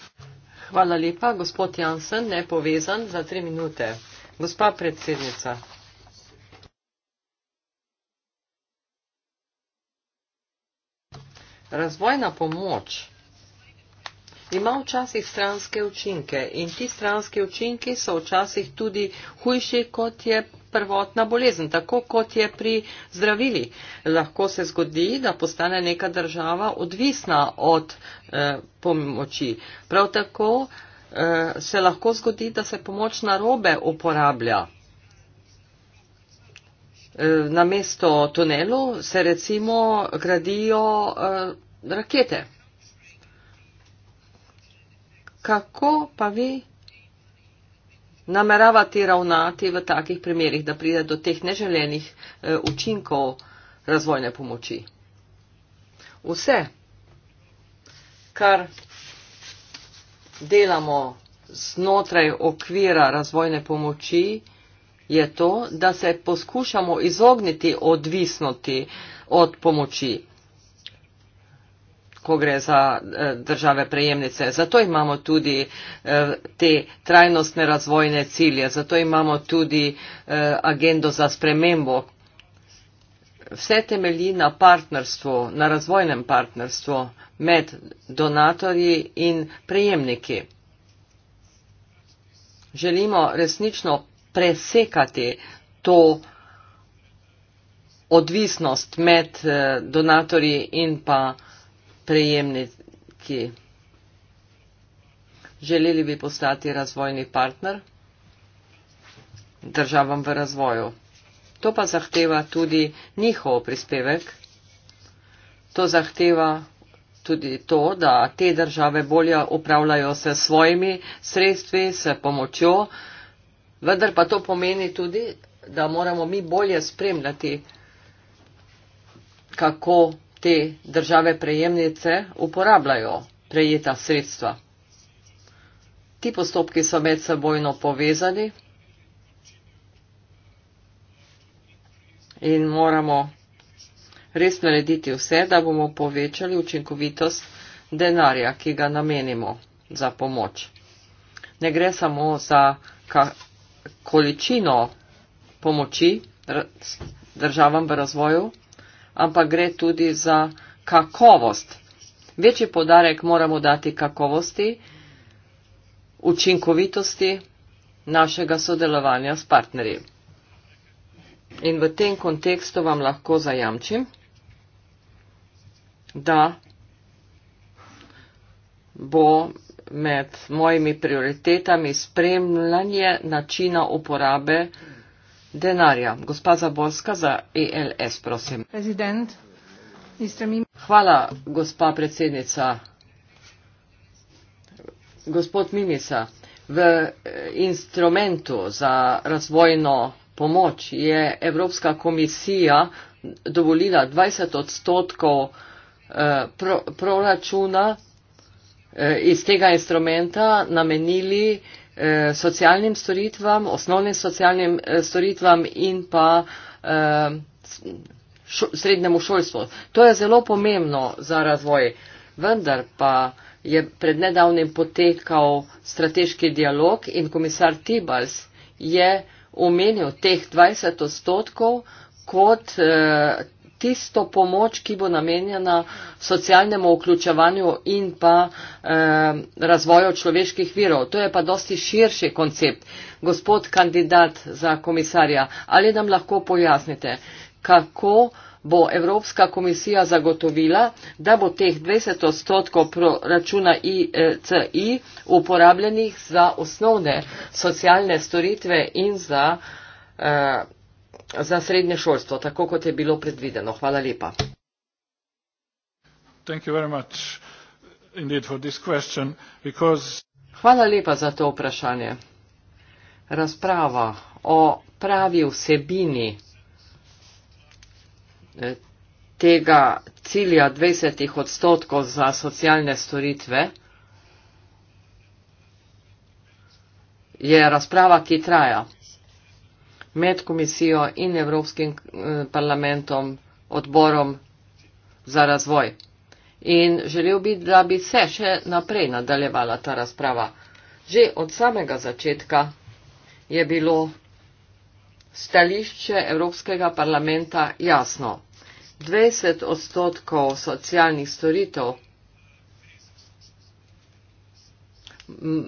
Hvala lepa, gospod Jansen, nepovezan za tri minute. Gospa predsednica. Razvojna pomoč ima včasih stranske učinke in ti stranske učinki so včasih tudi hujši, kot je prvotna bolezen, tako kot je pri zdravili. Lahko se zgodi, da postane neka država odvisna od eh, pomoči. Prav tako eh, se lahko zgodi, da se pomoč narobe uporablja. Eh, Na mesto tunelu se recimo gradijo eh, rakete. Kako pa vi nameravati ravnati v takih primerih, da pride do teh neželenih eh, učinkov razvojne pomoči. Vse, kar delamo znotraj okvira razvojne pomoči, je to, da se poskušamo izogniti odvisnosti od pomoči ko gre za eh, države prejemnice. Zato imamo tudi eh, te trajnostne razvojne cilje, zato imamo tudi eh, agendo za spremembo. Vse temelji na partnerstvu, na razvojnem partnerstvu med donatorji in prejemniki. Želimo resnično presekati to odvisnost med donatorji in pa prejemniki prejemniki. Želeli bi postati razvojni partner državam v razvoju. To pa zahteva tudi njihov prispevek. To zahteva tudi to, da te države bolje upravljajo se svojimi sredstvi, se pomočjo, vendar pa to pomeni tudi, da moramo mi bolje spremljati, kako te države prejemnice uporabljajo prejeta sredstva. Ti postopki so medsebojno povezani in moramo res narediti vse, da bomo povečali učinkovitost denarja, ki ga namenimo za pomoč. Ne gre samo za količino pomoči državam v razvoju, ampak gre tudi za kakovost. Večji podarek moramo dati kakovosti, učinkovitosti našega sodelovanja s partnerji. In v tem kontekstu vam lahko zajamčim, da bo med mojimi prioritetami spremljanje načina uporabe denarja. Gospa Zaborska za ELS, prosim. Prezident, Hvala, gospa predsednica. Gospod Mimica, v eh, instrumentu za razvojno pomoč je Evropska komisija dovolila 20 odstotkov eh, proračuna eh, iz tega instrumenta namenili Eh, socialnim storitvam, osnovnim socialnim eh, storitvam in pa eh, srednjemu šolstvu. To je zelo pomembno za razvoj, vendar pa je pred nedavnim potekal strateški dialog in komisar Tibals je omenil teh 20 odstotkov kot tisto pomoč, ki bo namenjena socialnemu vključevanju in pa eh, razvoju človeških virov. To je pa dosti širši koncept. Gospod kandidat za komisarja, ali nam lahko pojasnite, kako bo Evropska komisija zagotovila, da bo teh 20 odstotkov računa ICI e uporabljenih za osnovne socialne storitve in za eh, za srednje šolstvo, tako kot je bilo predvideno. Hvala lepa. Hvala lepa za to vprašanje. Razprava o pravi vsebini eh, tega cilja 20 odstotkov za socialne storitve je razprava, ki traja med komisijo in Evropskim eh, parlamentom, odborom za razvoj. In želel bi, da bi se še naprej nadaljevala ta razprava. Že od samega začetka je bilo stališče Evropskega parlamenta jasno. 20 odstotkov socialnih storitev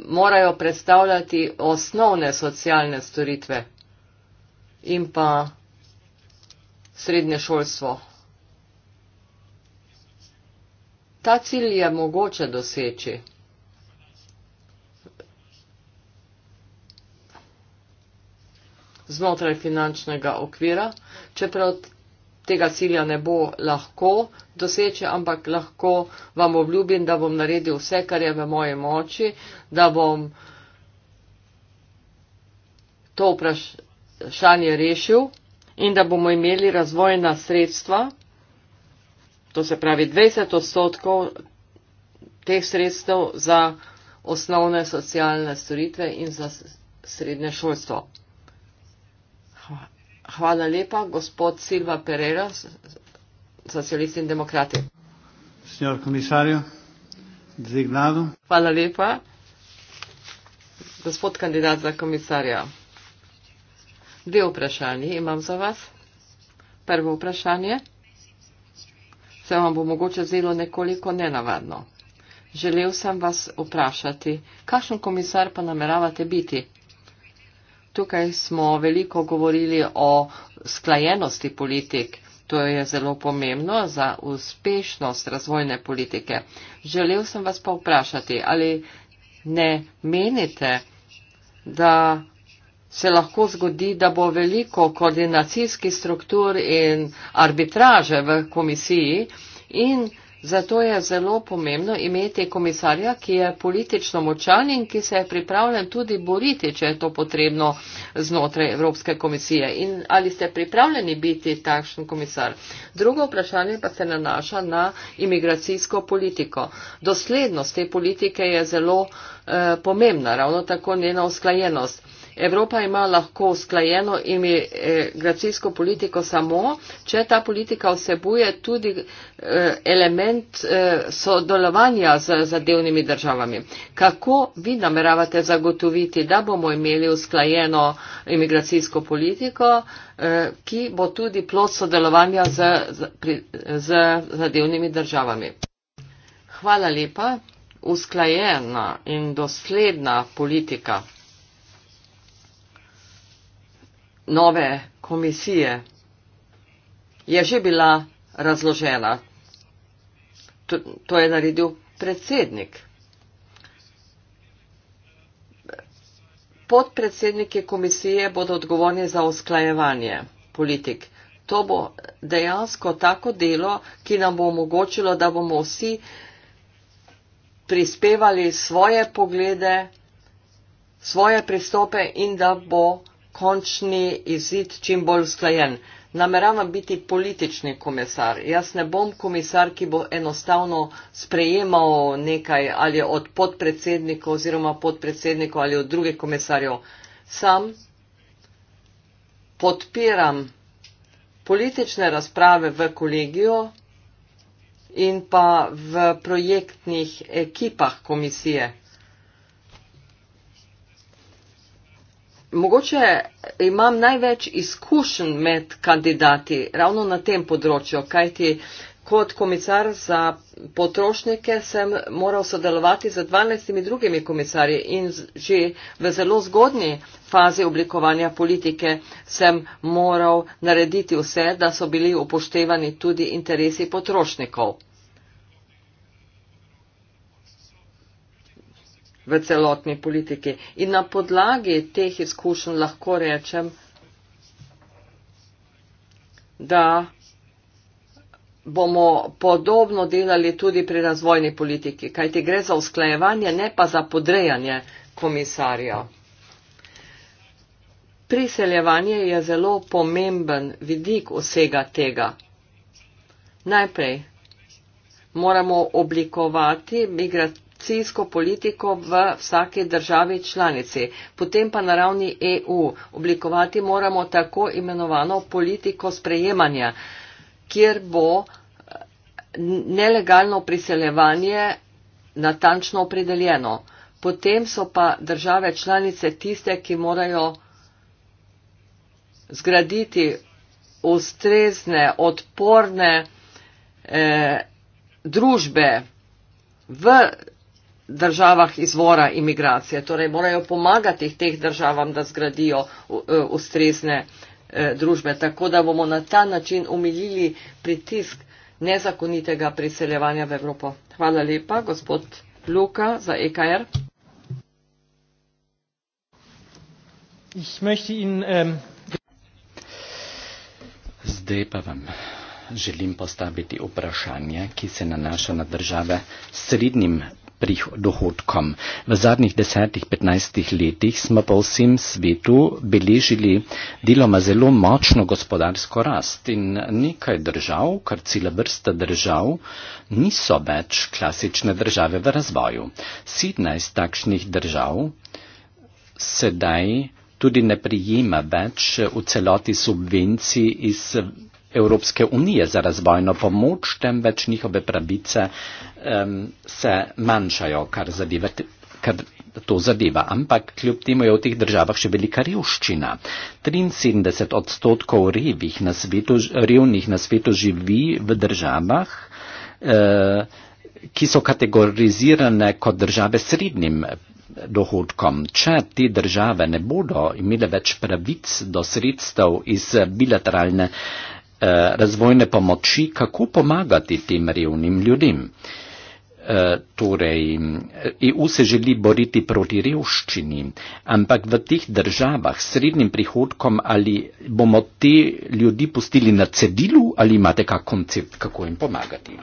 morajo predstavljati osnovne socialne storitve in pa srednje šolstvo. Ta cilj je mogoče doseči. znotraj finančnega okvira, čeprav tega cilja ne bo lahko doseči, ampak lahko vam obljubim, da bom naredil vse, kar je v moji moči, da bom to vprašal vprašanje rešil in da bomo imeli razvojna sredstva, to se pravi 20 odstotkov teh sredstev za osnovne socialne storitve in za srednje šolstvo. Hvala lepa, gospod Silva Pereira, socialisti in demokrati. Senjor komisarju, zignado. Hvala lepa, gospod kandidat za komisarja. Dve vprašanje imam za vas. Prvo vprašanje. Se vam bo mogoče zelo nekoliko nenavadno. Želel sem vas vprašati, kakšen komisar pa nameravate biti? Tukaj smo veliko govorili o sklajenosti politik. To je zelo pomembno za uspešnost razvojne politike. Želel sem vas pa vprašati, ali ne menite, da se lahko zgodi, da bo veliko koordinacijskih struktur in arbitraže v komisiji in zato je zelo pomembno imeti komisarja, ki je politično močan in ki se je pripravljen tudi boriti, če je to potrebno znotraj Evropske komisije. In ali ste pripravljeni biti takšen komisar? Drugo vprašanje pa se nanaša na imigracijsko politiko. Doslednost te politike je zelo eh, pomembna, ravno tako njena usklajenost. Evropa ima lahko usklajeno imigracijsko politiko samo, če ta politika vsebuje tudi eh, element eh, sodelovanja z zadevnimi državami. Kako vi nameravate zagotoviti, da bomo imeli usklajeno imigracijsko politiko, eh, ki bo tudi plod sodelovanja z, z, z zadevnimi državami? Hvala lepa. Usklajena in dosledna politika. nove komisije je že bila razložena. To, to je naredil predsednik. Podpredsedniki komisije bodo odgovorni za usklajevanje politik. To bo dejansko tako delo, ki nam bo omogočilo, da bomo vsi prispevali svoje poglede, svoje pristope in da bo končni izid čim bolj usklajen. Nameravam biti politični komisar. Jaz ne bom komisar, ki bo enostavno sprejemal nekaj ali od podpredsednikov oziroma podpredsednikov ali od drugih komisarjev. Sam podpiram politične razprave v kolegiju in pa v projektnih ekipah komisije. mogoče imam največ izkušenj med kandidati ravno na tem področju, kajti kot komisar za potrošnike sem moral sodelovati z 12 drugimi komisarji in že v zelo zgodnji fazi oblikovanja politike sem moral narediti vse, da so bili upoštevani tudi interesi potrošnikov. v celotni politiki. In na podlagi teh izkušenj lahko rečem, da bomo podobno delali tudi pri razvojni politiki, kajti gre za usklajevanje, ne pa za podrejanje komisarja. Priseljevanje je zelo pomemben vidik vsega tega. Najprej moramo oblikovati migracijo migracijsko politiko v vsaki državi članici, potem pa na ravni EU. Oblikovati moramo tako imenovano politiko sprejemanja, kjer bo eh, nelegalno priseljevanje natančno opredeljeno. Potem so pa države članice tiste, ki morajo zgraditi ustrezne, odporne eh, družbe v državah izvora imigracije. Torej morajo pomagati teh državam, da zgradijo e, ustrezne e, družbe. Tako da bomo na ta način umilili pritisk nezakonitega priseljevanja v Evropo. Hvala lepa, gospod Luka za EKR. Ähm, Zdaj pa vam želim postaviti vprašanje, ki se nanaša na države s srednjim prihodkom. V zadnjih desetih, petnajstih letih smo pa vsem svetu beležili deloma zelo močno gospodarsko rast in nekaj držav, kar cela vrsta držav, niso več klasične države v razvoju. Sedemnajst takšnih držav sedaj tudi ne prijema več v celoti subvencij iz Evropske unije za razvojno pomoč, temveč njihove pravice um, se manjšajo, kar, zadeva, kar to zadeva. Ampak kljub temu je v teh državah še velika revščina. 73 odstotkov revih na svetu, revnih na svetu živi v državah, uh, ki so kategorizirane kot države srednjim. Dohodkom. Če te države ne bodo imele več pravic do sredstev iz bilateralne eh, Eh, razvojne pomoči, kako pomagati tem revnim ljudem. Eh, torej, EU se želi boriti proti revščini, ampak v teh državah s srednjim prihodkom ali bomo te ljudi pustili na cedilu ali imate kak koncept, kako jim pomagati?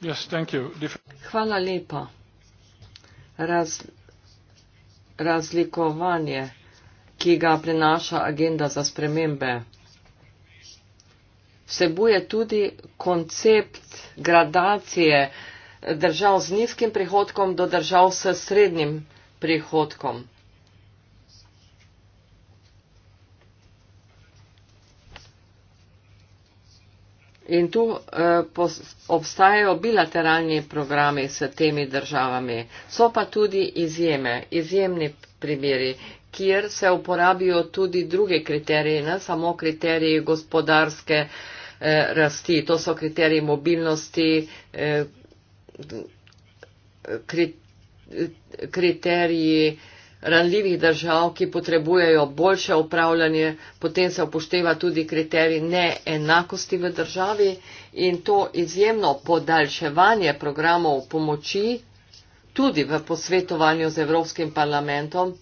Yes, Hvala lepa. Raz, razlikovanje ki ga prinaša agenda za spremembe. Vsebuje tudi koncept gradacije držav z nizkim prihodkom do držav s srednjim prihodkom. In tu eh, obstajajo bilateralni programi s temi državami. So pa tudi izjeme, izjemni primeri kjer se uporabijo tudi druge kriterije, ne samo kriteriji gospodarske eh, rasti, to so kriteriji mobilnosti, eh, kri, kriteriji ranljivih držav, ki potrebujejo boljše upravljanje, potem se upošteva tudi kriterij neenakosti v državi in to izjemno podaljševanje programov pomoči, tudi v posvetovanju z Evropskim parlamentom,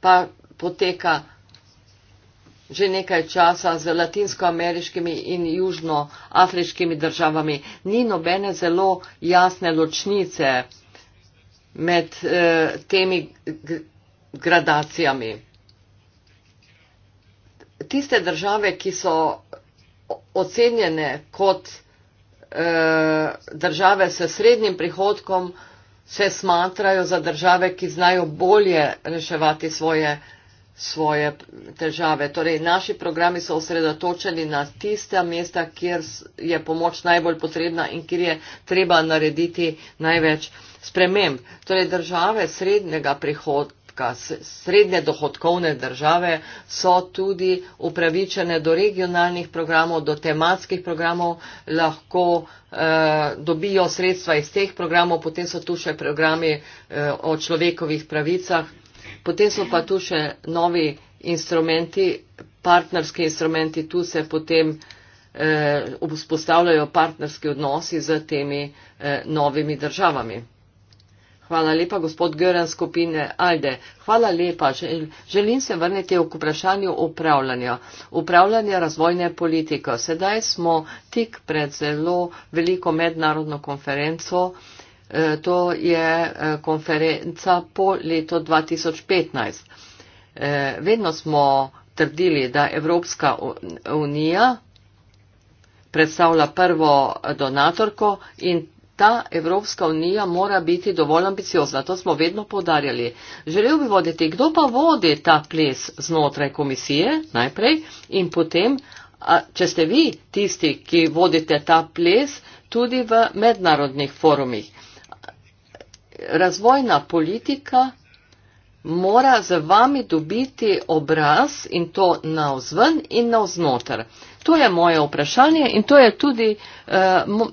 pa poteka že nekaj časa z latinskoameriškimi in južnoafriškimi državami. Ni nobene zelo jasne ločnice med eh, temi gradacijami. Tiste države, ki so ocenjene kot eh, države s srednjim prihodkom, eh, se smatrajo za države, ki znajo bolje reševati svoje, svoje težave. Torej, naši programi so osredotočeni na tista mesta, kjer je pomoč najbolj potrebna in kjer je treba narediti največ sprememb. Torej, države srednjega prihoda dohodka. Srednje dohodkovne države so tudi upravičene do regionalnih programov, do tematskih programov, lahko eh, dobijo sredstva iz teh programov, potem so tu še programi eh, o človekovih pravicah, potem so pa tu še novi instrumenti, partnerski instrumenti, tu se potem eh, vzpostavljajo partnerski odnosi z temi eh, novimi državami. Hvala lepa, gospod Göran skupine Alde. Hvala lepa. Želim se vrniti v vprašanju upravljanja. Upravljanje razvojne politike. Sedaj smo tik pred zelo veliko mednarodno konferenco. E, to je e, konferenca po leto 2015. E, vedno smo trdili, da Evropska unija predstavlja prvo donatorko in ta Evropska unija mora biti dovolj ambiciozna, to smo vedno povdarjali. Želel bi voditi, kdo pa vodi ta ples znotraj komisije najprej in potem, če ste vi tisti, ki vodite ta ples, tudi v mednarodnih forumih. Razvojna politika mora z vami dobiti obraz in to navzven in navznoter. To je moje vprašanje in to je tudi uh,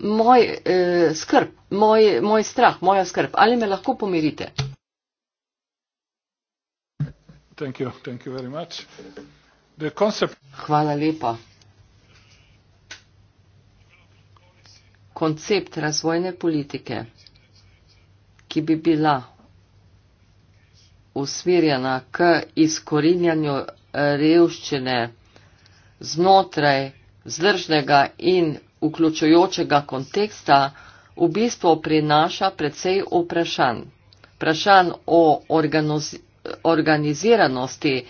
moj uh, skrb, moj, moj strah, moja skrb. Ali me lahko pomirite? Thank you. Thank you concept... Hvala lepa. Koncept razvojne politike, ki bi bila usmerjena k izkorinjanju revščine, znotraj zdržnega in vključujočega konteksta v bistvu prinaša precej vprašanj. Vprašanj o organiziranosti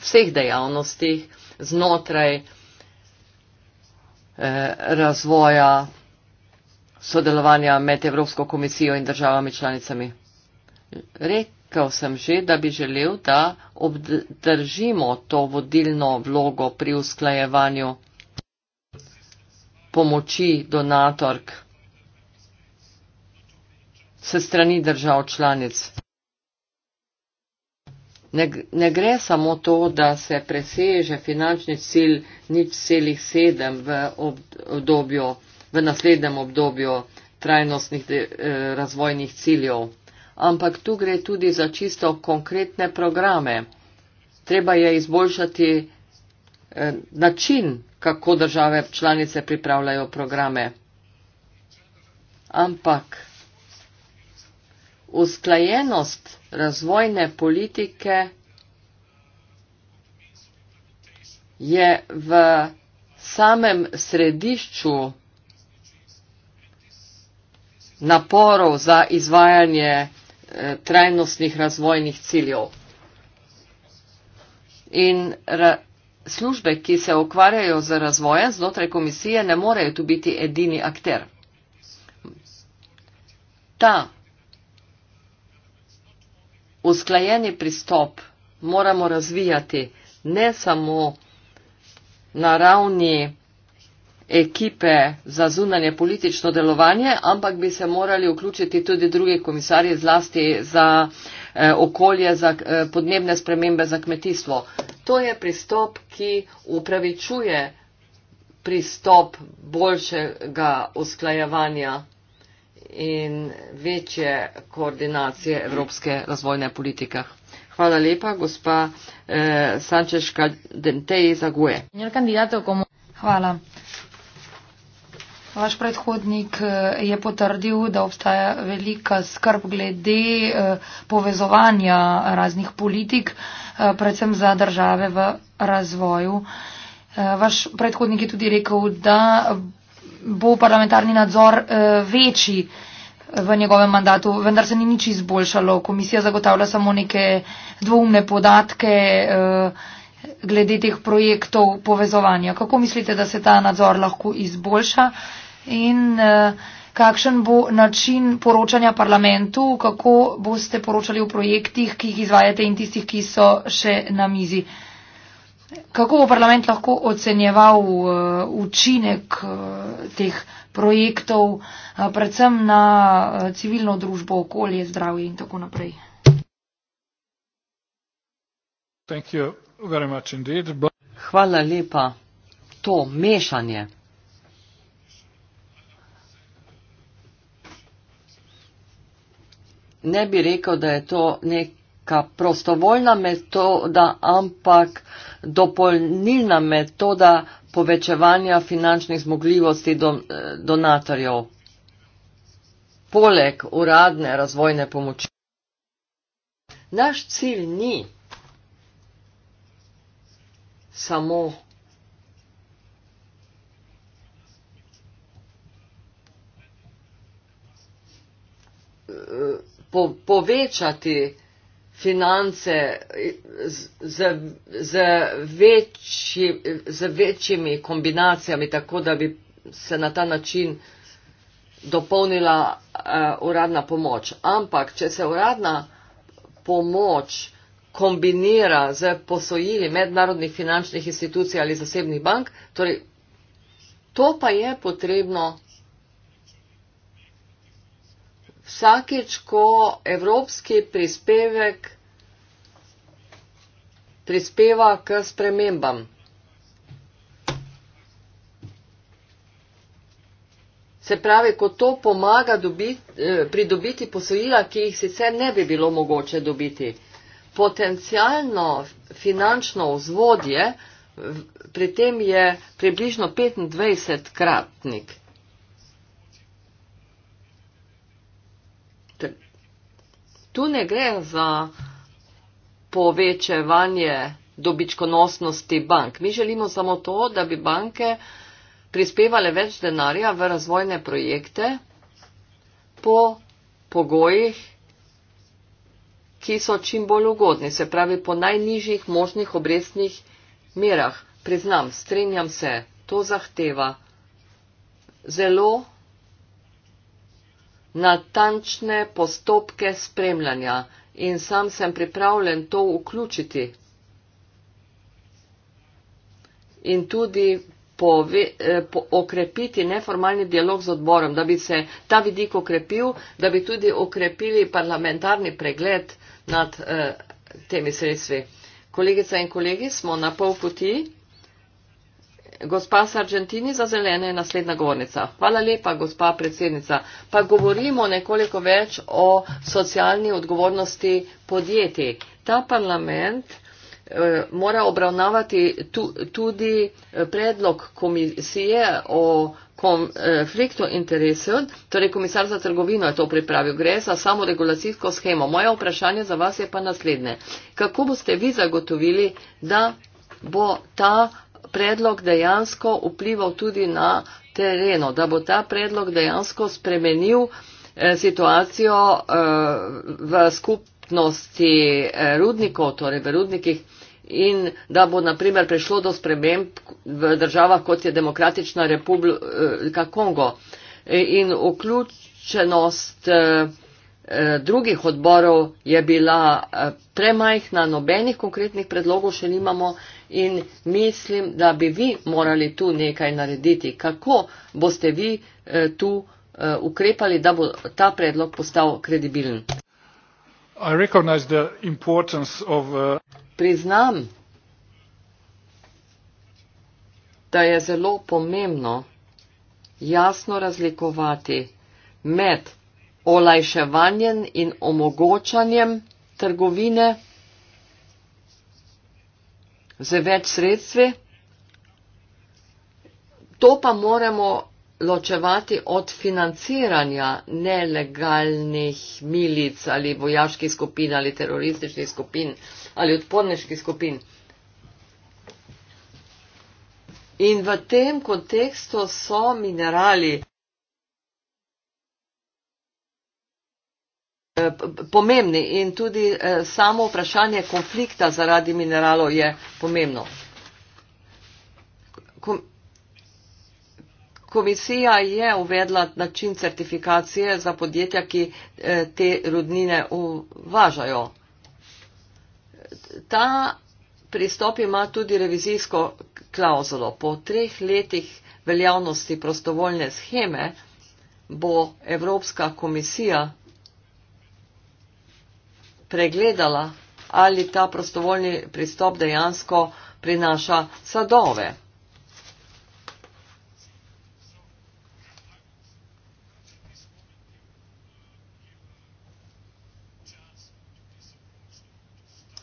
vseh dejavnostih znotraj eh, razvoja sodelovanja med Evropsko komisijo in državami članicami. Red, rekel sem že, da bi želel, da obdržimo to vodilno vlogo pri usklajevanju pomoči donatork se strani držav članic. Ne, ne gre samo to, da se preseže finančni cilj nič celih sedem v obdobju, v naslednjem obdobju trajnostnih de, eh, razvojnih ciljev ampak tu gre tudi za čisto konkretne programe. Treba je izboljšati eh, način, kako države članice pripravljajo programe. Ampak usklajenost razvojne politike je v samem središču naporov za izvajanje Eh, trajnostnih razvojnih ciljev. In službe, ki se ukvarjajo z razvojem znotraj komisije, ne morejo tu biti edini akter. Ta usklajeni pristop moramo razvijati ne samo na ravni ekipe za zunanje politično delovanje, ampak bi se morali vključiti tudi drugi komisarji zlasti za eh, okolje, za eh, podnebne spremembe, za kmetijstvo. To je pristop, ki upravičuje pristop boljšega usklajevanja in večje koordinacije evropske razvojne politike. Hvala lepa, gospa eh, Sančeška Dentei Zague. Hvala. Vaš predhodnik eh, je potrdil, da obstaja velika skrb glede eh, povezovanja raznih politik, eh, predvsem za države v razvoju. Vaš predhodnik je tudi rekel, da bo parlamentarni nadzor večji v njegovem mandatu, vendar se ni nič izboljšalo. Komisija zagotavlja samo neke dvoumne podatke glede teh projektov povezovanja. Kako mislite, da se ta nadzor lahko izboljša in eh, kakšen bo način poročanja parlamentu, kako boste poročali o projektih, ki jih izvajate in tistih, ki so še na mizi. Kako bo parlament lahko ocenjeval eh, učinek eh, teh projektov, predvsem na civilno družbo, okolje, zdravje in tako naprej? Hvala lepa. To mešanje. Ne bi rekel, da je to neka prostovoljna metoda, ampak dopolnilna metoda povečevanja finančnih zmogljivosti donatorjev. Poleg uradne razvojne pomoči. Naš cilj ni samo po, povečati finance z, z, z, večji, z večjimi kombinacijami, tako da bi se na ta način dopolnila uh, uradna pomoč. Ampak, če se uradna pomoč uh, kombinira z posojili mednarodnih finančnih institucij ali zasebnih bank. Torej, to pa je potrebno vsakeč, ko evropski prispevek prispeva k spremembam. Se pravi, ko to pomaga dobiti, eh, pridobiti posojila, ki jih sicer ne bi bilo mogoče dobiti potencijalno finančno vzvodje pri tem je približno 25 kratnik. Tu ne gre za povečevanje dobičkonosnosti bank. Mi želimo samo to, da bi banke prispevale več denarja v razvojne projekte po pogojih, ki so čim bolj ugodni, se pravi po najnižjih možnih obrestnih merah. Priznam, strenjam se, to zahteva zelo natančne postopke spremljanja in sam sem pripravljen to vključiti. In tudi pove, eh, po, okrepiti neformalni dialog z odborom, da bi se ta vidik okrepil, da bi tudi okrepili parlamentarni pregled nad eh, temi sredstvi. Kolegice in kolegi, smo na pol poti. Gospa s Argentini za zelene je naslednja govornica. Hvala lepa, gospa predsednica. Pa govorimo nekoliko več o socialni odgovornosti podjetij. Ta parlament eh, mora obravnavati tudi eh, predlog komisije o konfliktu interesov, torej komisar za trgovino je to pripravil, gre za samo regulacijsko schemo. Moje vprašanje za vas je pa naslednje. Kako boste vi zagotovili, da bo ta predlog dejansko vplival tudi na tereno, da bo ta predlog dejansko spremenil eh, situacijo eh, v skupnosti eh, rudnikov, torej v rudnikih? in da bo na primer prišlo do sprememb v državah, kot je Demokratična republika eh, Kongo. In vključenost eh, eh, drugih odborov je bila premajhna, nobenih konkretnih predlogov še nimamo in mislim, da bi vi morali tu nekaj narediti. Kako boste vi tu ukrepali, da bo ta predlog postal kredibilen? I recognize the importance of uh, priznam, da je zelo pomembno jasno razlikovati med olajševanjem in omogočanjem trgovine z več sredstvi. To pa moramo ločevati od financiranja nelegalnih milic ali vojaških skupin ali terorističnih skupin ali odporniških skupin. In v tem kontekstu so minerali eh, pomembni in tudi eh, samo vprašanje konflikta zaradi mineralov je pomembno. Komisija je uvedla način certifikacije za podjetja, ki eh, te rudnine uvažajo ta pristop ima tudi revizijsko klauzulo. Po treh letih veljavnosti prostovoljne scheme bo Evropska komisija pregledala, ali ta prostovoljni pristop dejansko prinaša sadove.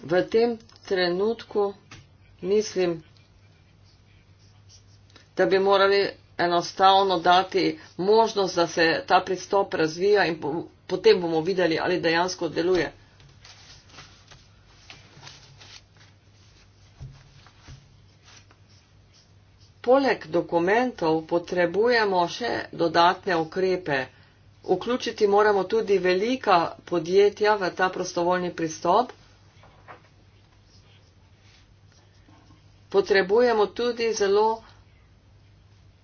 v tem trenutku mislim, da bi morali enostavno dati možnost, da se ta pristop razvija in potem bomo videli, ali dejansko deluje. Poleg dokumentov potrebujemo še dodatne ukrepe. Vključiti moramo tudi velika podjetja v ta prostovoljni pristop. potrebujemo tudi zelo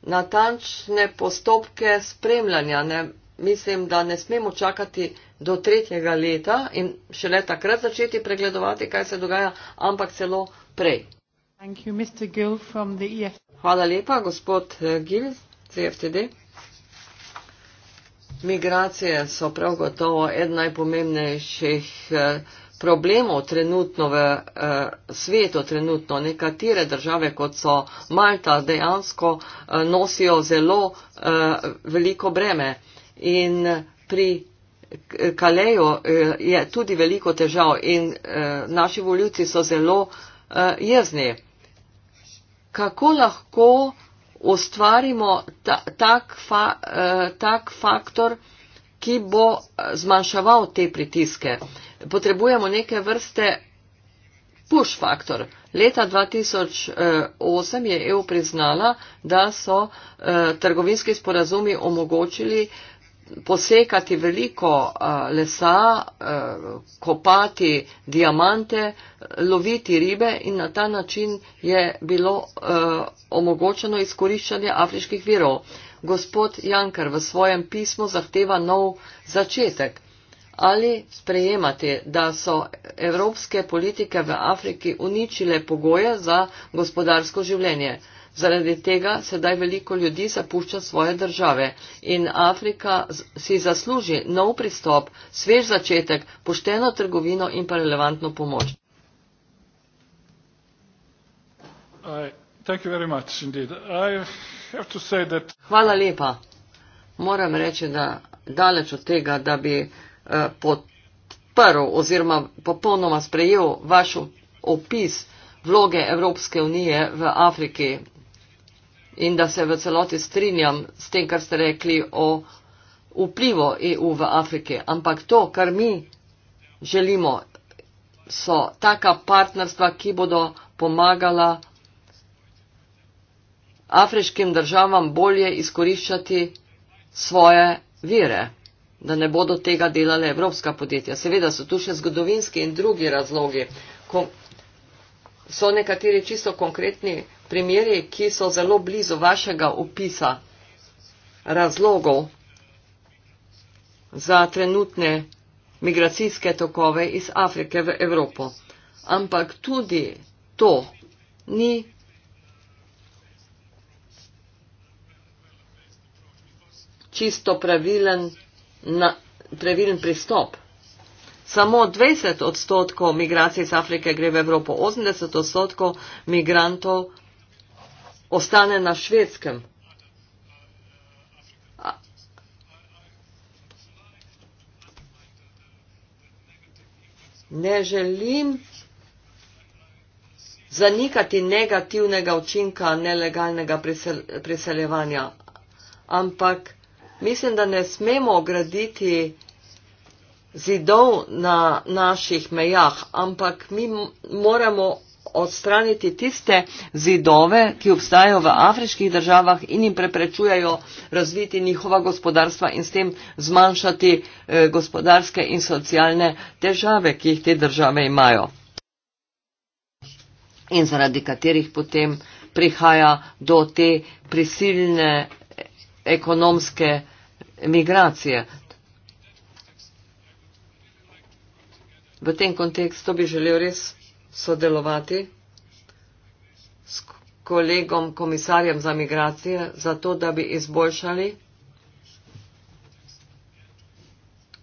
natančne postopke spremljanja. Ne? Mislim, da ne smemo čakati do tretjega leta in šele takrat začeti pregledovati, kaj se dogaja, ampak celo prej. You, e Hvala lepa, gospod eh, Gil, CFTD. E Migracije so prav gotovo eden najpomembnejših. Uh, problemov trenutno v uh, svetu, trenutno nekatere države, kot so Malta, dejansko uh, nosijo zelo uh, veliko breme. In pri Kaleju uh, je tudi veliko težav in uh, naši voljivci so zelo uh, jezni. Kako lahko ustvarimo ta, tak, fa, uh, tak faktor, ki bo zmanjševal te pritiske? Uh, potrebujemo neke vrste push faktor. Leta 2008 eh, je EU priznala, da so eh, trgovinski sporazumi omogočili posekati veliko eh, lesa, kopati diamante, loviti ribe in na ta način je bilo omogočeno izkoriščanje afriških virov. Gospod Jankar v svojem pismu zahteva nov začetek. Ali sprejemate, da so evropske politike v Afriki uničile pogoje za gospodarsko življenje? Zaradi tega sedaj veliko ljudi zapušča svoje države in Afrika si zasluži nov pristop, svež začetek, pošteno trgovino in pa relevantno pomoč. Hvala lepa. Moram reči, da daleč od tega, da bi Eh, podprl oziroma popolnoma sprejel vaš opis vloge Evropske unije v Afriki in da se v celoti strinjam s tem, kar ste rekli o vplivo EU v Afriki. Ampak to, kar mi želimo, so taka partnerstva, ki bodo pomagala afriškim državam bolje izkoriščati svoje vire da ne bodo tega delale evropska podjetja. Seveda so tu še zgodovinski in drugi razlogi. Ko so nekateri čisto konkretni primeri, ki so zelo blizu vašega opisa razlogov za trenutne migracijske tokove iz Afrike v Evropo. Ampak tudi to ni čisto pravilen na previden pristop. Samo 20 odstotkov migracije iz Afrike gre v Evropo, 80 odstotkov migrantov ostane na švedskem. Ne želim zanikati negativnega učinka nelegalnega prisel, priseljevanja, ampak Mislim, da ne smemo graditi zidov na naših mejah, ampak mi moramo odstraniti tiste zidove, ki obstajajo v afriških državah in jim preprečujajo razviti njihova gospodarstva in s tem zmanjšati eh, gospodarske in socialne težave, ki jih te države imajo. In zaradi katerih potem prihaja do te prisilne ekonomske težave migracije. V tem kontekstu bi želel res sodelovati s kolegom komisarjem za migracije, zato da bi izboljšali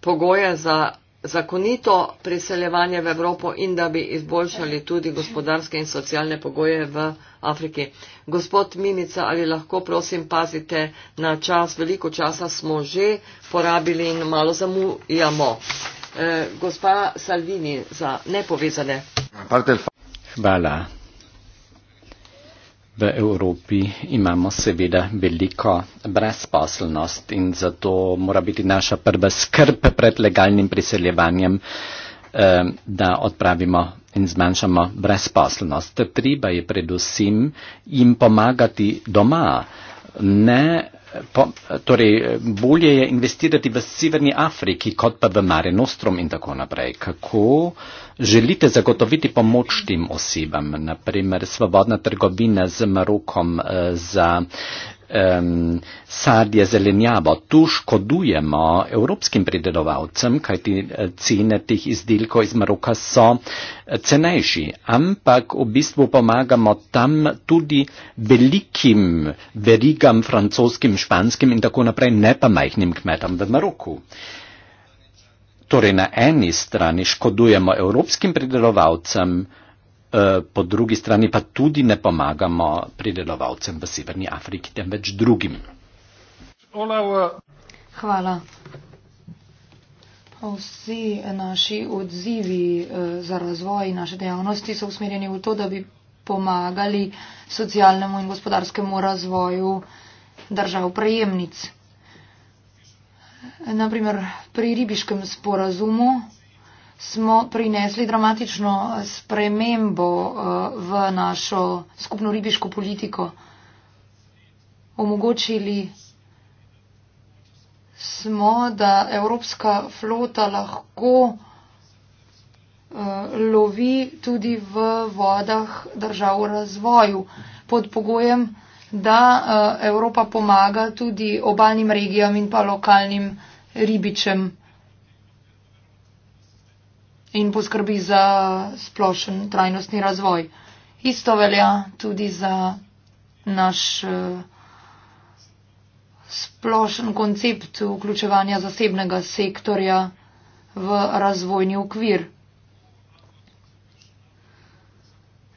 pogoje za zakonito priseljevanje v Evropo in da bi izboljšali tudi gospodarske in socialne pogoje v Afriki. Gospod Mimica, ali lahko prosim pazite na čas, veliko časa smo že porabili in malo zamujamo. Eh, gospa Salvini za nepovezane. Hvala. V Evropi imamo seveda veliko brezposelnost in zato mora biti naša prva skrb pred legalnim priseljevanjem, eh, da odpravimo in zmanjšamo brezposelnost. Treba je predvsem jim pomagati doma. Ne, po, torej, bolje je investirati v Severni Afriki, kot pa v Mare Nostrum in tako naprej. Kako? Želite zagotoviti pomoč tem osebam, naprimer svobodna trgovina z Marokom eh, za um, sadje zelenjavo. Tu škodujemo evropskim pridelovalcem, kajti eh, cene teh izdelkov iz Maroka so eh, cenejši, ampak v bistvu pomagamo tam tudi velikim verigam, francoskim, španskim in tako naprej, ne pa majhnim kmetom v Maroku. Torej na eni strani škodujemo evropskim pridelovalcem, eh, po drugi strani pa tudi ne pomagamo pridelovalcem v Severni Afriki, temveč drugim. Hvala. Vsi naši odzivi eh, za razvoj naše dejavnosti so usmerjeni v to, da bi pomagali socialnemu in gospodarskemu razvoju držav prejemnic. Naprimer, pri ribiškem sporazumu smo prinesli dramatično spremembo eh, v našo skupno ribiško politiko. Omogočili smo, da evropska flota lahko eh, lovi tudi v vodah držav v razvoju pod pogojem, da eh, Evropa pomaga tudi obalnim regijam in pa lokalnim ribičem in poskrbi za splošen trajnostni razvoj. Isto velja tudi za naš eh, splošen koncept vključevanja zasebnega sektorja v razvojni ukvir.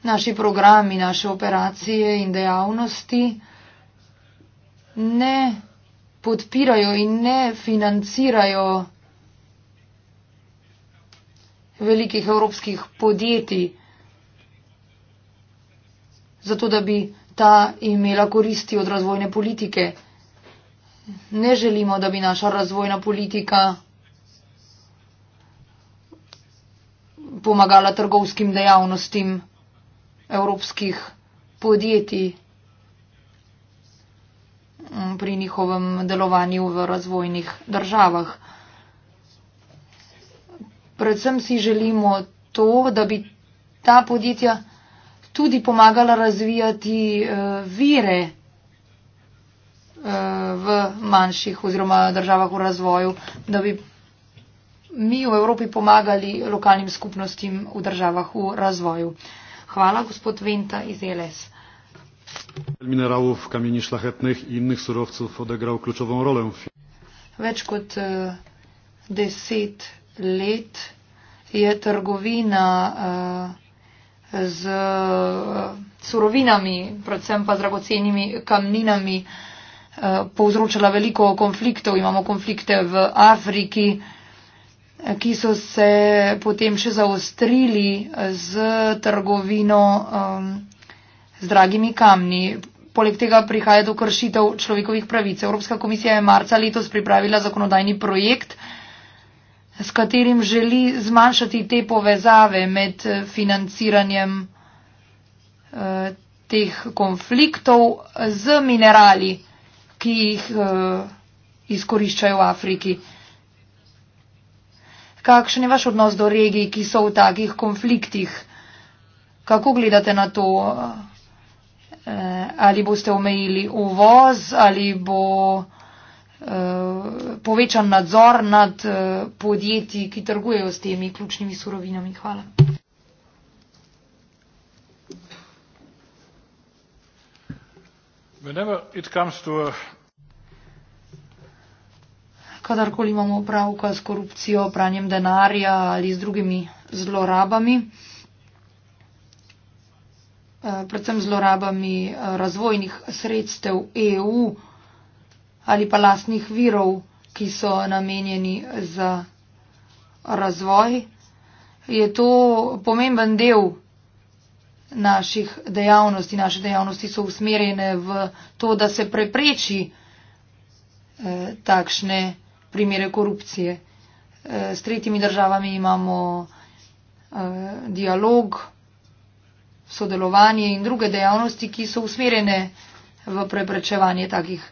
naši programi, naše operacije in dejavnosti ne podpirajo in ne financirajo velikih evropskih podjetij, zato da bi ta imela koristi od razvojne politike. Ne želimo, da bi naša razvojna politika pomagala trgovskim dejavnostim evropskih podjetij mm, pri njihovem delovanju v razvojnih državah. Predvsem si želimo to, da bi ta podjetja tudi pomagala razvijati eh, vire eh, v manjših oziroma državah v razvoju, da bi mi v Evropi pomagali lokalnim skupnostim v državah v razvoju. Hvala, gospod Venta iz LS. Mineralov, kamenih šlahetnih in drugih surovcev odigral ključovno rolo. Več kot uh, deset let je trgovina uh, z uh, surovinami, predvsem pa z dragocenimi kamninami, uh, povzročala veliko konfliktov. Imamo konflikte v Afriki ki so se potem še zaostrili z trgovino um, z dragimi kamni. Poleg tega prihaja do kršitev človekovih pravic. Evropska komisija je marca letos pripravila zakonodajni projekt, s katerim želi zmanjšati te povezave med financiranjem uh, teh konfliktov z minerali, ki jih uh, izkoriščajo v Afriki. Kakšen je vaš odnos do regij, ki so v takih konfliktih? Kako gledate na to? E, ali boste omejili uvoz, ali bo e, povečan nadzor nad e, podjetji, ki trgujejo s temi ključnimi surovinami? Hvala. Whenever it comes to a kadarkoli imamo opravka s korupcijo, pranjem denarja ali z drugimi zlorabami, eh, predvsem zlorabami eh, razvojnih sredstev EU ali pa lastnih virov, ki so namenjeni za razvoj, je to pomemben del naših dejavnosti. Naše dejavnosti so usmerjene v to, da se prepreči eh, takšne primere korupcije. Eh, s tretjimi državami imamo eh, dialog, sodelovanje in druge dejavnosti, ki so usmerjene v preprečevanje takih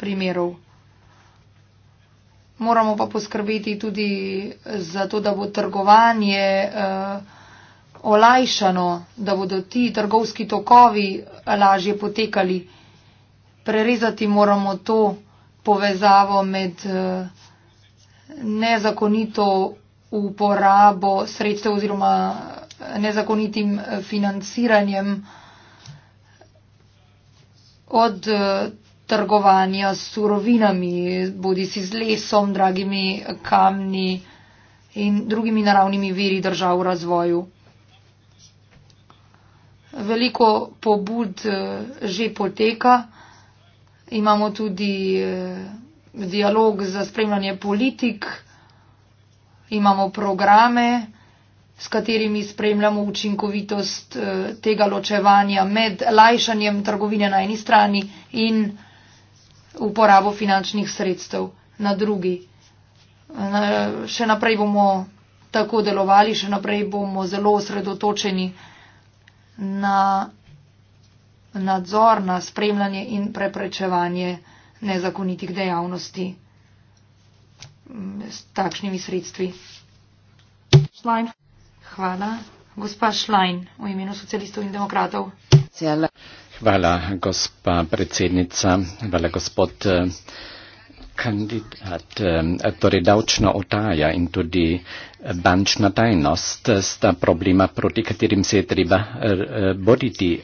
primerov. Moramo pa poskrbeti tudi za to, da bo trgovanje eh, olajšano, da bodo ti trgovski tokovi lažje potekali. Prerezati moramo to povezavo med eh, nezakonito uporabo sredstev oziroma eh, nezakonitim eh, financiranjem od trgovanja s surovinami, bodi si z lesom, dragimi kamni in drugimi naravnimi viri držav v razvoju. Veliko pobud že poteka imamo tudi eh, dialog za spremljanje politik, imamo programe, s katerimi spremljamo učinkovitost eh, tega ločevanja med lajšanjem trgovine na eni strani in uporabo finančnih sredstev na drugi. Na, še naprej bomo tako delovali, še naprej bomo zelo osredotočeni na nadzor na spremljanje in preprečevanje nezakonitih dejavnosti mm, s takšnimi sredstvi. Schlein. Hvala. Gospa Šlajn, v imenu socialistov in demokratov. Hvala, gospa predsednica. Hvala, gospod eh, kandidat. Eh, torej, davčna otaja in tudi eh, bančna tajnost sta problema, proti katerim se je treba boriti.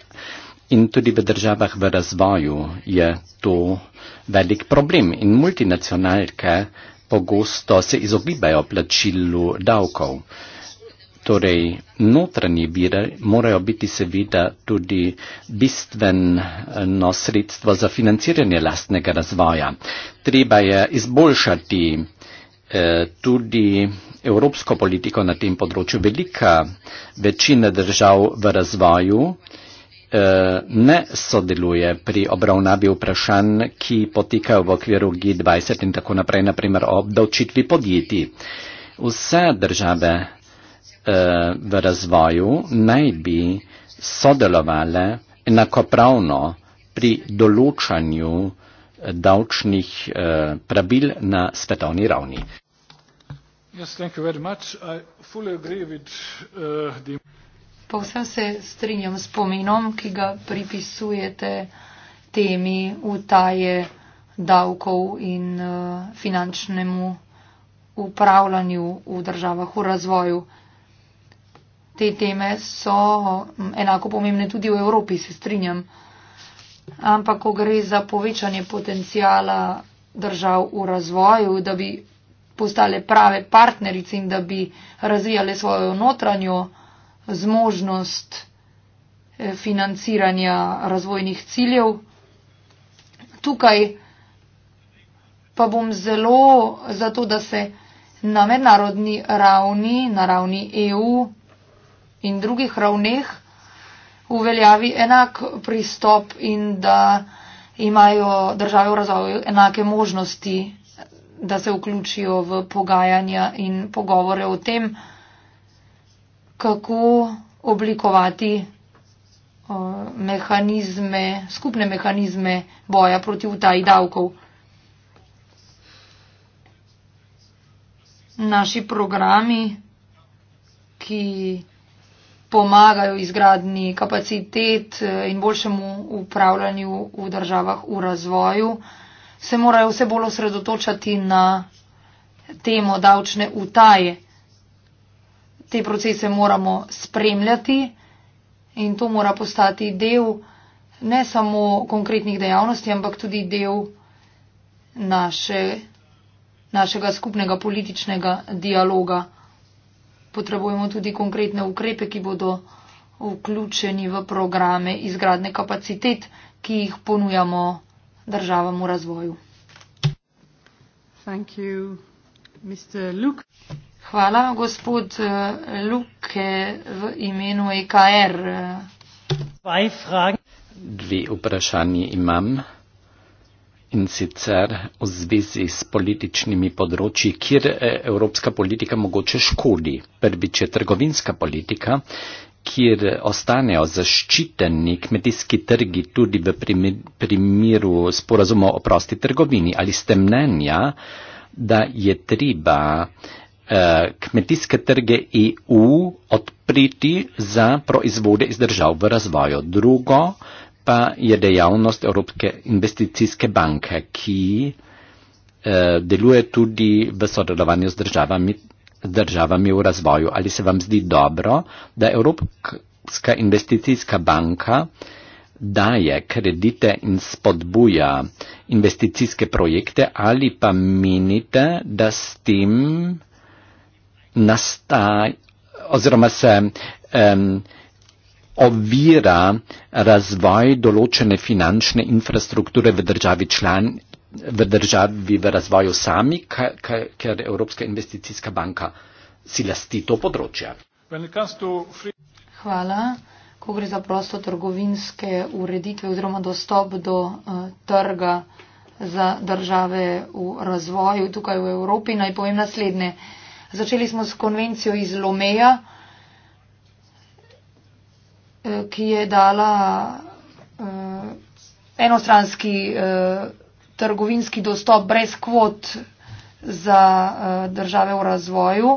In tudi v državah v razvoju je to velik problem. In multinacionalke pogosto se izogibajo plačilu davkov. Torej, notranji vire morajo biti seveda tudi bistveno sredstvo za financiranje lastnega razvoja. Treba je izboljšati eh, tudi evropsko politiko na tem področju. Velika večina držav v razvoju eh, Eh, ne sodeluje pri obravnavi vprašanj, ki potikajo v okviru G20 in tako naprej, naprimer o obdavčitvi podjetij. Vse države eh, v razvoju naj bi sodelovale enakopravno pri določanju eh, davčnih pravil na svetovni ravni. Yes, thank you very much. I fully agree with uh, the Povsem se strinjam s pomenom, ki ga pripisujete temi utaje davkov in eh, finančnemu upravljanju v državah v razvoju. Te teme so mm, enako pomembne tudi v Evropi, se strinjam. Ampak, ko gre za povečanje potencijala držav v razvoju, da bi postale prave partnerice in da bi razvijale svojo notranjo zmožnost eh, financiranja razvojnih ciljev. Tukaj pa bom zelo zato, da se na mednarodni ravni, na ravni EU in drugih ravneh uveljavi enak pristop in da imajo države v razvoju enake možnosti, da se vključijo v pogajanja in pogovore o tem, kako oblikovati eh, mehanizme, skupne mehanizme boja proti utaji davkov. Naši programi, ki pomagajo izgradni kapacitet eh, in boljšemu upravljanju v državah v razvoju, se morajo vse bolj osredotočati na temo davčne utaje te procese moramo spremljati in to mora postati del ne samo konkretnih dejavnosti, ampak tudi del naše, našega skupnega političnega dialoga. Potrebujemo tudi konkretne ukrepe, ki bodo vključeni v programe izgradne kapacitet, ki jih ponujamo državam v razvoju. Thank you, Mr. Luke. Hvala, gospod eh, Luke, v imenu EKR. Dve vprašanje imam in sicer v zvezi s političnimi področji, kjer eh, evropska politika mogoče škodi. Prvič je trgovinska politika, kjer eh, ostanejo zaščiteni kmetijski trgi tudi v primeru sporazuma o prosti trgovini. Ali ste mnenja, da je treba Eh, kmetijske trge EU odpriti za proizvode iz držav v razvoju. Drugo pa je dejavnost Evropske investicijske banke, ki eh, deluje tudi v sodelovanju z državami, državami v razvoju. Ali se vam zdi dobro, da Evropska investicijska banka daje kredite in spodbuja investicijske projekte ali pa menite, da s tem nastaj, oziroma se um, ovira razvoj določene finančne infrastrukture v državi član, v državi v razvoju sami, ker Evropska investicijska banka si lasti to področje. Hvala. Ko gre za prosto trgovinske ureditve oziroma dostop do uh, trga za države v razvoju tukaj v Evropi, naj povem naslednje. Uh, Začeli smo s konvencijo iz Lomeja, eh, ki je dala eh, enostranski eh, trgovinski dostop brez kvot za države v razvoju.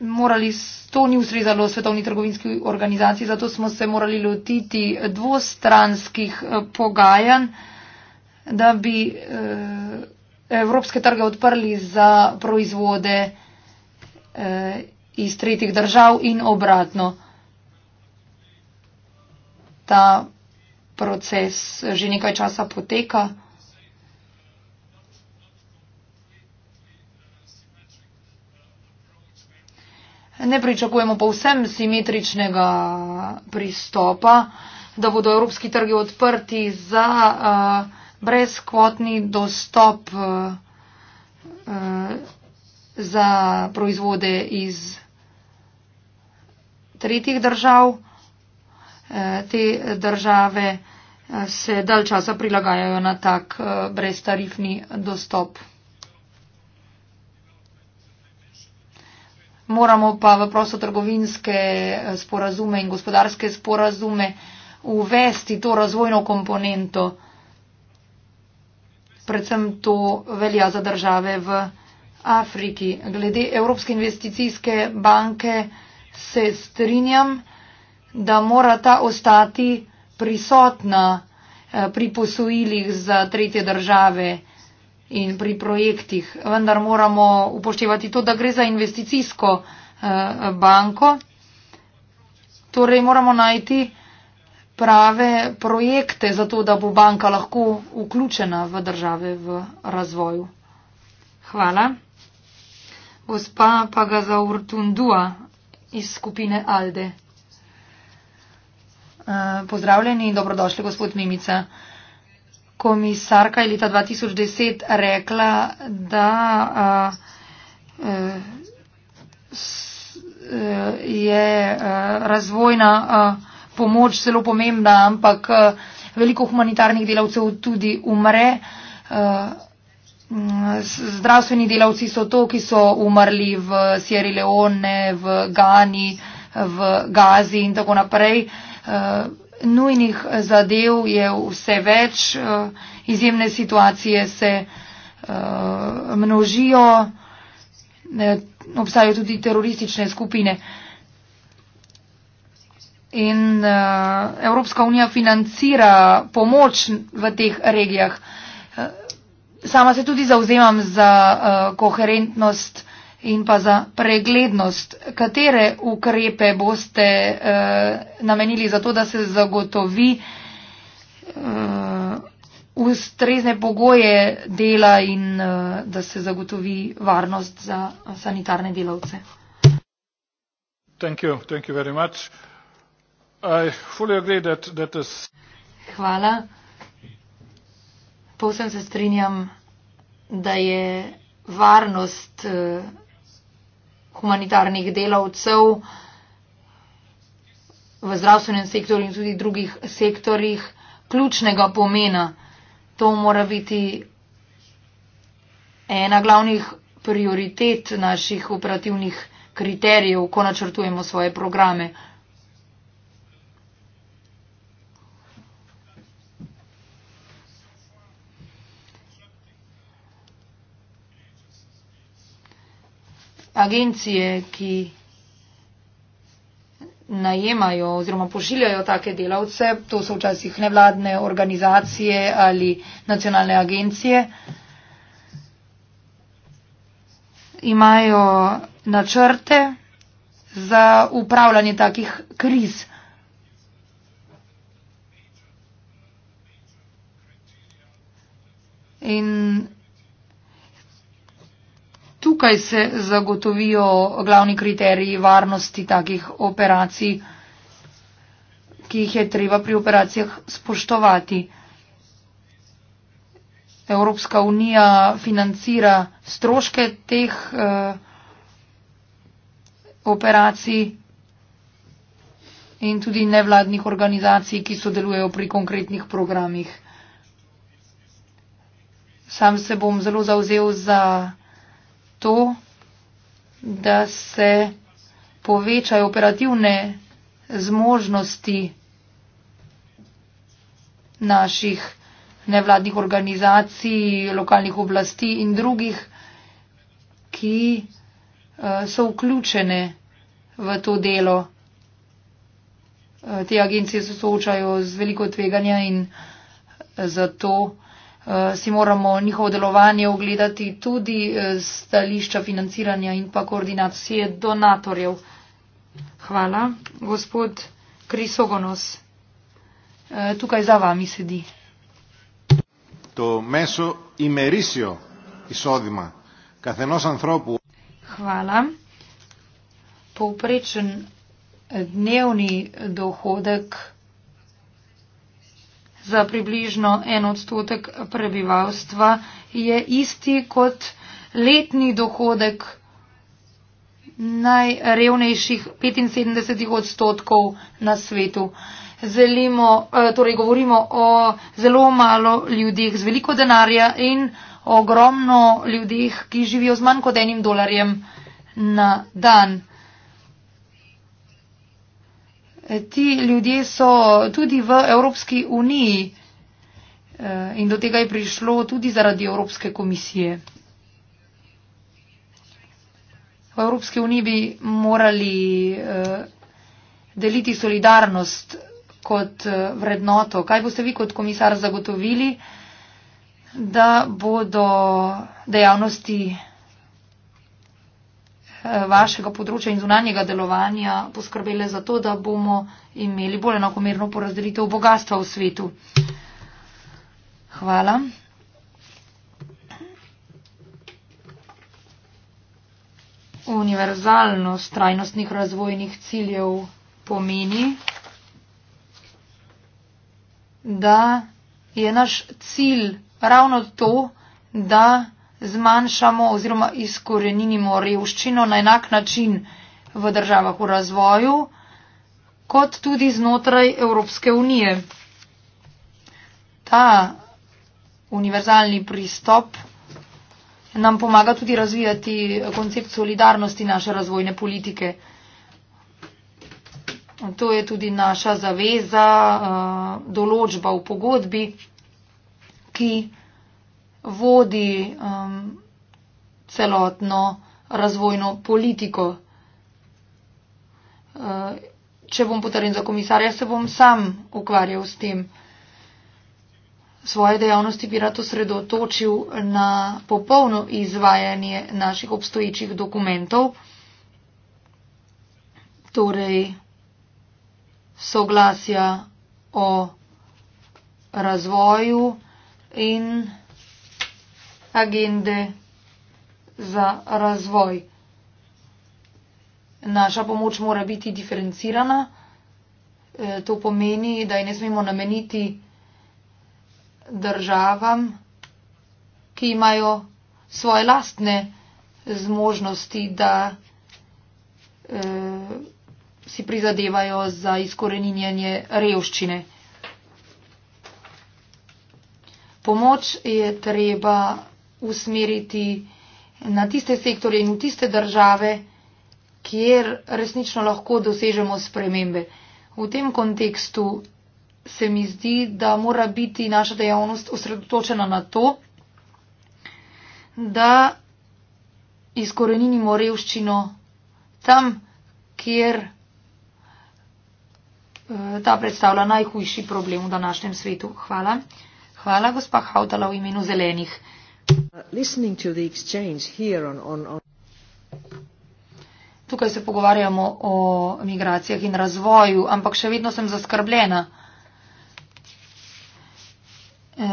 Morali, to ni ustrezalo svetovni trgovinski organizaciji, zato smo se morali lotiti dvostranskih pogajanj da bi eh, evropske trge odprli za proizvode eh, iz tretjih držav in obratno. Ta proces že nekaj časa poteka. Ne pričakujemo povsem simetričnega pristopa, da bodo evropski trgi odprti za uh, brezkvotni dostop uh, uh, za proizvode iz tretjih držav. Uh, te države se dal časa prilagajajo na tak uh, breztarifni dostop. Moramo pa v prostotrgovinske sporazume in gospodarske sporazume uvesti to razvojno komponento predvsem to velja za države v Afriki. Glede Evropske investicijske banke se strinjam, da mora ta ostati prisotna eh, pri posojilih za tretje države in pri projektih, vendar moramo upoštevati to, da gre za investicijsko eh, banko. Torej moramo najti prave projekte za to, da bo banka lahko vključena v države v razvoju. Hvala. Gospa pa ga za Urtundua iz skupine Alde. Eh, pozdravljeni in dobrodošli, gospod Mimica. Komisarka je leta 2010 rekla, da a, eh, a, eh, s, a, je a, razvojna. A, pomoč zelo pomembna, ampak eh, veliko humanitarnih delavcev tudi umre. Eh, zdravstveni delavci so to, ki so umrli v Sierra Leone, v Gani, v Gazi in tako naprej. Eh, nujnih zadev je vse več, izjemne situacije se množijo, obstajajo tudi teroristične skupine in uh, Evropska unija financira pomoč v teh regijah. Eh, sama se tudi zauzemam za uh, koherentnost in pa za preglednost. Katere ukrepe boste uh, namenili za to, da se zagotovi uh, ustrezne pogoje dela in uh, da se zagotovi varnost za sanitarne delavce? Thank you. Thank you I fully agree that, that this Hvala. Povsem se strinjam, da je varnost eh, humanitarnih delavcev v zdravstvenem sektorju in tudi drugih sektorjih ključnega pomena. To mora biti ena glavnih prioritet naših operativnih kriterijev, ko načrtujemo svoje programe. agencije, ki najemajo oziroma pošiljajo take delavce, to so včasih nevladne organizacije ali nacionalne agencije, imajo načrte za upravljanje takih kriz. In tukaj se zagotovijo glavni kriteriji varnosti takih operacij, ki jih je treba pri operacijah spoštovati. Evropska unija financira stroške teh eh, operacij in tudi nevladnih organizacij, ki sodelujejo pri konkretnih programih. Sam se bom zelo zauzel za to, da se povečajo operativne zmožnosti naših nevladnih organizacij, lokalnih oblasti in drugih, ki eh, so vključene v to delo. Eh, te agencije se soočajo z veliko tveganja in eh, zato. Eh, si moramo njihovo delovanje ogledati tudi eh, stališča financiranja in pa koordinacije donatorjev. Hvala. Gospod Krisogonos, eh, tukaj za vami sedi. Hvala. Povprečen dnevni dohodek za približno en odstotek prebivalstva je isti kot letni dohodek najrevnejših 75 odstotkov na svetu. Zelimo, eh, torej govorimo o zelo malo ljudeh z veliko denarja in ogromno ljudeh, ki živijo z manj kot enim dolarjem na dan. Ti ljudje so tudi v Evropski uniji eh, in do tega je prišlo tudi zaradi Evropske komisije. V Evropski uniji bi morali eh, deliti solidarnost kot eh, vrednoto. Kaj boste vi kot komisar zagotovili, da bodo dejavnosti vašega področja in zunanjega delovanja poskrbele za to, da bomo imeli bolj enakomerno porazdelitev bogatstva v svetu. Hvala. Univerzalnost trajnostnih razvojnih ciljev pomeni, da je naš cilj ravno to, da zmanjšamo oziroma izkoreninimo revščino na enak način v državah v razvoju, kot tudi znotraj Evropske unije. Ta univerzalni pristop nam pomaga tudi razvijati koncept solidarnosti naše razvojne politike. To je tudi naša zaveza, eh, določba v pogodbi, ki vodi um, celotno razvojno politiko. Uh, če bom potrjen za komisarja, se bom sam ukvarjal s tem. Svoje dejavnosti bi rad osredotočil na popolno izvajanje naših obstoječih dokumentov, torej soglasja o razvoju in agende za razvoj. Naša pomoč mora biti diferencirana. E, to pomeni, da je ne smemo nameniti državam, ki imajo svoje lastne zmožnosti, da eh, si prizadevajo za izkoreninjanje revščine. Pomoč je treba usmeriti na tiste sektorje in tiste države, kjer resnično lahko dosežemo spremembe. V tem kontekstu se mi zdi, da mora biti naša dejavnost osredotočena na to, da izkoreninimo revščino tam, kjer eh, ta predstavlja najhujši problem v današnjem svetu. Hvala. Hvala, gospa Hautala, v imenu zelenih. Tukaj se pogovarjamo o migracijah in razvoju, ampak še vedno sem zaskrbljena. E,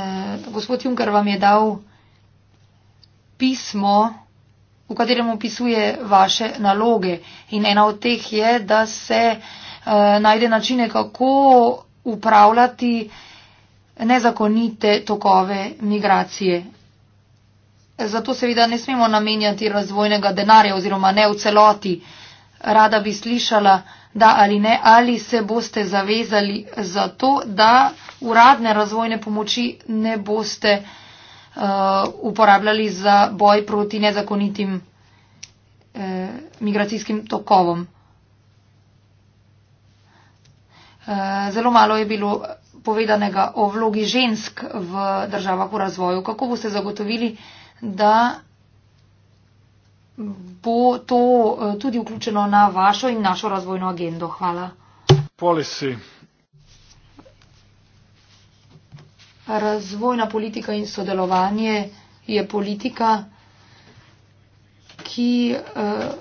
gospod Juncker vam je dal pismo, v katerem opisuje vaše naloge in ena od teh je, da se e, najde načine, kako upravljati nezakonite tokove migracije. Zato seveda ne smemo namenjati razvojnega denarja oziroma ne v celoti. Rada bi slišala, da ali ne, ali se boste zavezali za to, da uradne razvojne pomoči ne boste uh, uporabljali za boj proti nezakonitim uh, migracijskim tokovom. Uh, zelo malo je bilo povedanega o vlogi žensk v državah v razvoju. Kako boste zagotovili, da bo to eh, tudi vključeno na vašo in našo razvojno agendo. Hvala. Policy. Razvojna politika in sodelovanje je politika, ki eh,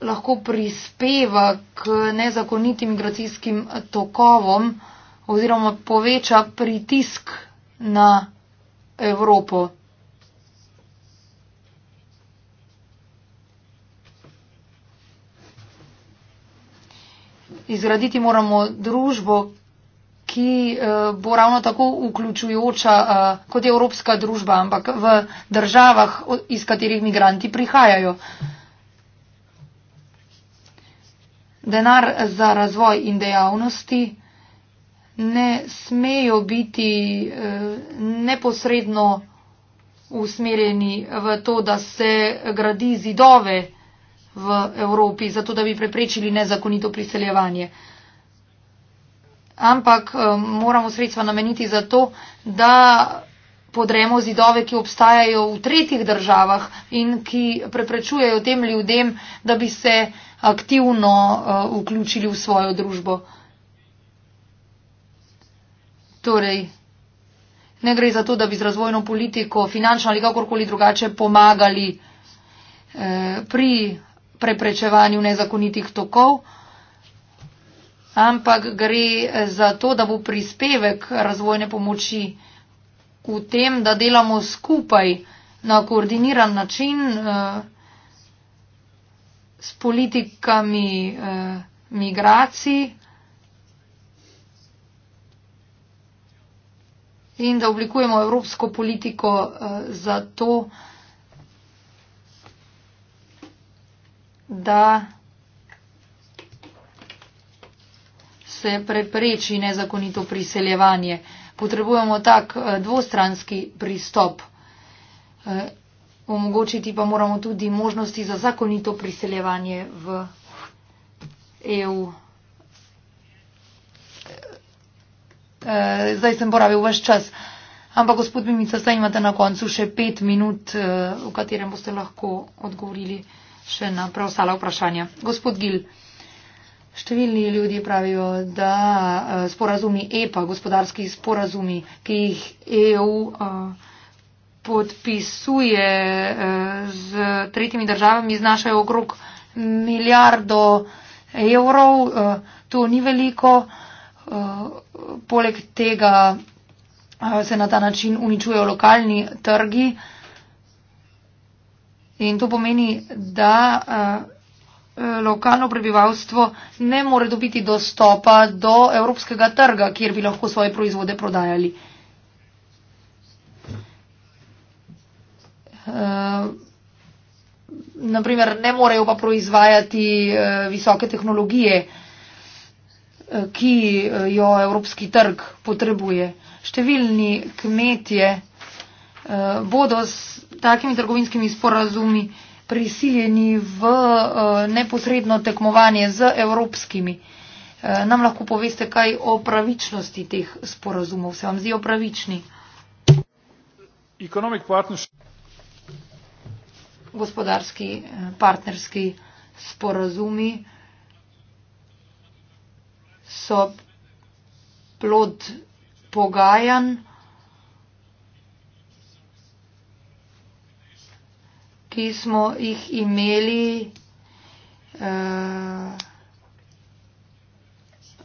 lahko prispeva k nezakonitim migracijskim tokovom oziroma poveča pritisk na Evropo. izgraditi moramo družbo, ki eh, bo ravno tako vključujoča eh, kot je evropska družba, ampak v državah, iz katerih migranti prihajajo. Denar za razvoj in dejavnosti ne smejo biti eh, neposredno usmerjeni v to, da se gradi zidove v Evropi, zato da bi preprečili nezakonito priseljevanje. Ampak eh, moramo sredstva nameniti za to, da podremo zidove, ki obstajajo v tretjih državah in ki preprečujejo tem ljudem, da bi se aktivno eh, vključili v svojo družbo. Torej, ne gre za to, da bi z razvojno politiko, finančno ali kakorkoli drugače pomagali eh, pri preprečevanju nezakonitih tokov, ampak gre za to, da bo prispevek razvojne pomoči v tem, da delamo skupaj na koordiniran način eh, s politikami eh, migracij. In da oblikujemo evropsko politiko eh, za to, da da se prepreči nezakonito priseljevanje. Potrebujemo tak eh, dvostranski pristop. Eh, omogočiti pa moramo tudi možnosti za zakonito priseljevanje v EU. Eh, zdaj sem porabil vaš čas. Ampak, gospod Mimica, zdaj imate na koncu še pet minut, v katerem boste lahko odgovorili še na preostala vprašanja. Gospod Gil, številni ljudje pravijo, da eh, sporazumi EPA, gospodarski sporazumi, ki jih EU eh, podpisuje eh, z tretjimi državami, znašajo okrog milijardo evrov. To ni veliko. Poleg tega se na ta način uničujejo lokalni trgi. In to pomeni, da eh, lokalno prebivalstvo ne more dobiti dostopa do evropskega trga, kjer bi lahko svoje proizvode prodajali. Eh, Naprimer, ne morejo pa proizvajati eh, visoke tehnologije, ki jo evropski trg potrebuje. Številni kmetje. Eh, bodo s takimi trgovinskimi sporazumi prisiljeni v eh, neposredno tekmovanje z evropskimi. Eh, nam lahko poveste kaj o pravičnosti teh sporazumov? Se vam zdijo pravični? Gospodarski partnerski sporazumi so plod pogajanj, ki smo jih imeli uh,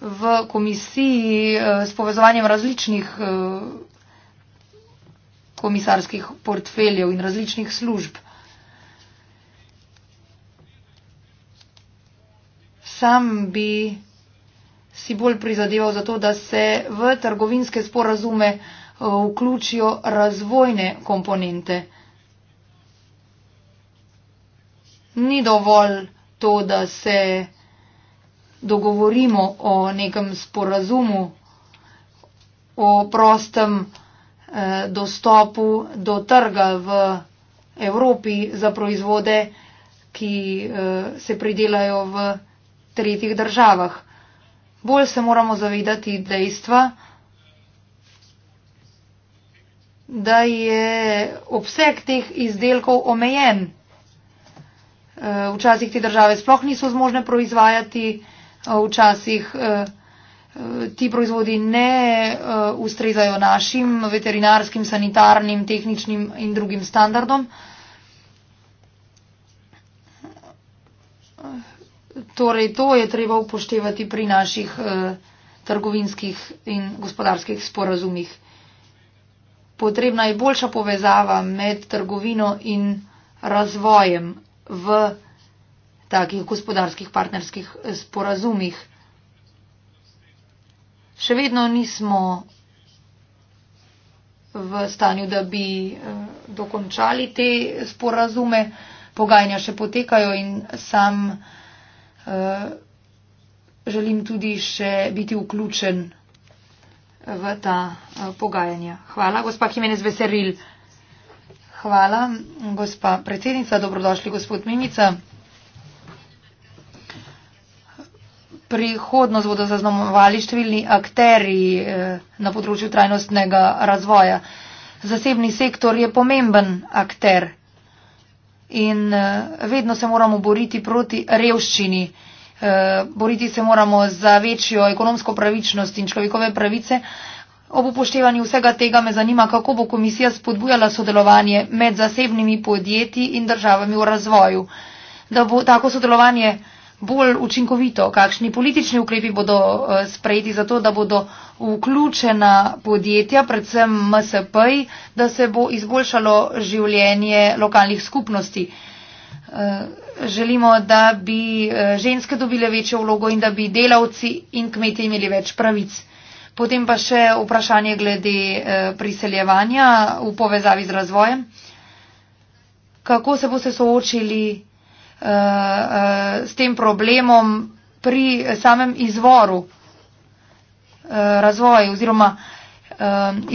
v komisiji uh, s povezovanjem različnih uh, komisarskih portfeljev in različnih služb. Sam bi si bolj prizadeval za to, da se v trgovinske sporazume vključijo razvojne komponente. ni dovolj to, da se dogovorimo o nekem sporazumu, o prostem eh, dostopu do trga v Evropi za proizvode, ki eh, se pridelajo v tretjih državah. Bolj se moramo zavedati dejstva, da je obseg teh izdelkov omejen. Eh, včasih te države sploh niso zmožne proizvajati, eh, včasih eh, ti proizvodi ne ustrezajo našim veterinarskim, sanitarnim, tehničnim in drugim standardom. Torej, to je treba upoštevati pri naših trgovinskih in gospodarskih sporazumih. Potrebna je boljša povezava med trgovino in razvojem v takih gospodarskih partnerskih eh, sporazumih. Še vedno nismo v stanju, da bi eh, dokončali te sporazume. Pogajanja še potekajo in sam uh, želim tudi še biti vključen v ta uh, pogajanja. Hvala, gospa Jimenez Veseril. Hvala, gospa predsednica. Dobrodošli, gospod Mimica. Prihodnost bodo zaznamovali številni akteri eh, na področju trajnostnega razvoja. Zasebni sektor je pomemben akter in eh, vedno se moramo boriti proti revščini. Eh, boriti se moramo za večjo ekonomsko pravičnost in človekove pravice. Ob upoštevanju vsega tega me zanima, kako bo komisija spodbujala sodelovanje med zasebnimi podjetji in državami v razvoju. Da bo tako sodelovanje bolj učinkovito, kakšni politični ukrepi bodo eh, sprejeti za to, da bodo vključena podjetja, predvsem MSP, da se bo izboljšalo življenje lokalnih skupnosti. Eh, želimo, da bi eh, ženske dobile večjo vlogo in da bi delavci in kmetje imeli več pravic. Potem pa še vprašanje glede eh, priseljevanja v povezavi z razvojem. Kako se boste soočili eh, eh, s tem problemom pri samem izvoru razvoja oziroma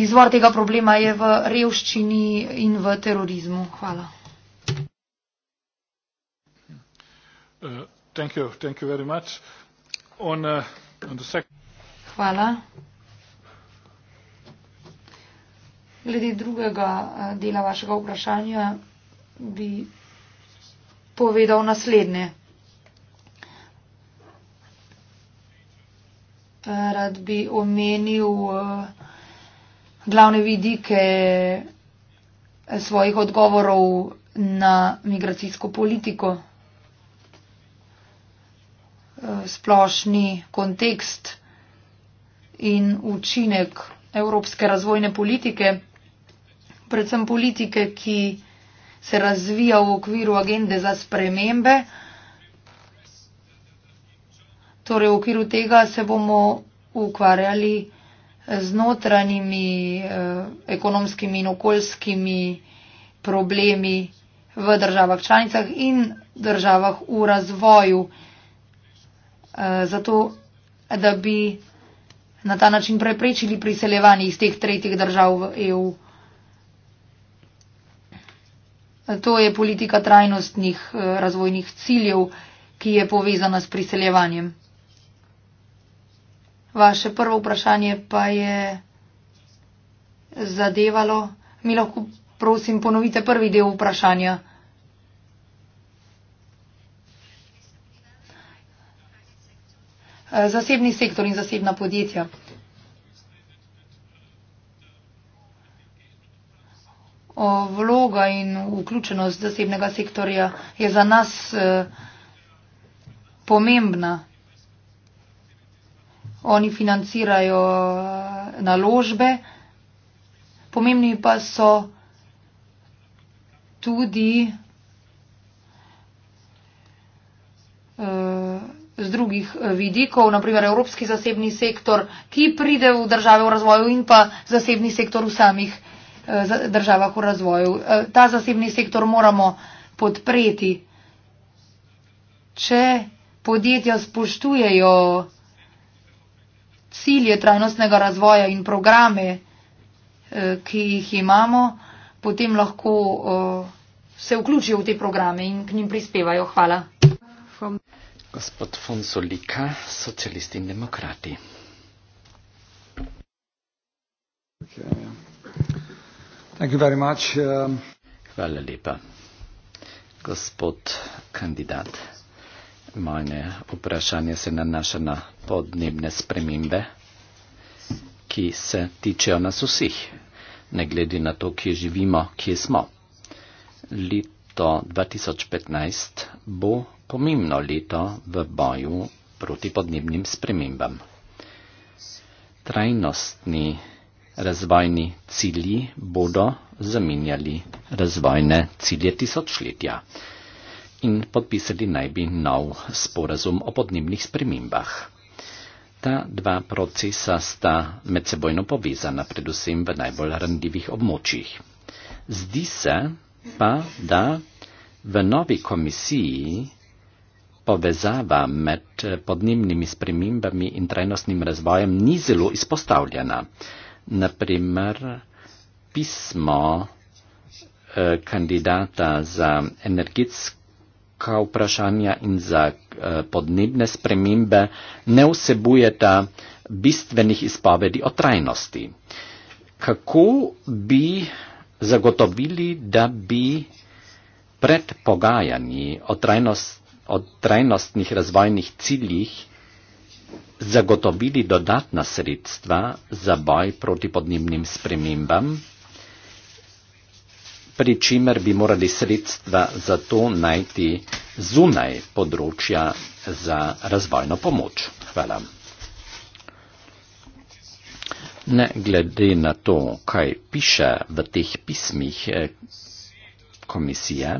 izvor tega problema je v revščini in v terorizmu? Hvala. Uh, uh, Hvala. Glede drugega eh, dela vašega vprašanja bi povedal naslednje. Rad bi omenil eh, glavne vidike eh, svojih odgovorov na migracijsko politiko. Splošni kontekst in učinek evropske razvojne politike predvsem politike, ki se razvija v okviru agende za spremembe. Torej, v okviru tega se bomo ukvarjali z notranjimi eh, ekonomskimi in okoljskimi problemi v državah članicah in državah v razvoju. Eh, zato, da bi na ta način preprečili priseljevanje iz teh tretjih držav v EU. To je politika trajnostnih eh, razvojnih ciljev, ki je povezana s priseljevanjem. Vaše prvo vprašanje pa je zadevalo. Mi lahko, prosim, ponovite prvi del vprašanja. Eh, zasebni sektor in zasebna podjetja. vloga in vključenost zasebnega sektorja je za nas eh, pomembna. Oni financirajo eh, naložbe, pomembni pa so tudi eh, z drugih vidikov, naprimer Evropski zasebni sektor, ki pride v države v razvoju in pa zasebni sektor v samih Eh, državah v razvoju. Eh, ta zasebni sektor moramo podpreti. Če podjetja spoštujejo cilje trajnostnega razvoja in programe, eh, ki jih imamo, potem lahko se vključijo v te programe in k njim prispevajo. Hvala. Gospod Fonsolika, socialisti in demokrati. Okay. Thank you very much, um. Hvala lepa. Gospod kandidat, moje vprašanje se nanaša na podnebne spremembe, ki se tičejo nas vseh, ne glede na to, kje živimo, kje smo. Leto 2015 bo pomembno leto v boju proti podnebnim spremembam. Trajnostni razvojni cilji bodo zamenjali razvojne cilje tisočletja in podpisali naj bi nov sporazum o podnebnih spremembah. Ta dva procesa sta med sebojno povezana, predvsem v najbolj randljivih območjih. Zdi se pa, da v novi komisiji povezava med podnebnimi spremembami in trajnostnim razvojem ni zelo izpostavljena naprimer pismo eh, kandidata za energetska vprašanja in za eh, podnebne spremembe ne vsebujeta bistvenih izpovedi o trajnosti. Kako bi zagotovili, da bi pred pogajanji o, trajnost, o trajnostnih razvojnih ciljih zagotovili dodatna sredstva za boj proti podnebnim spremembam, pri čimer bi morali sredstva za to najti zunaj področja za razvojno pomoč. Hvala. Ne glede na to, kaj piše v teh pismih eh, komisije,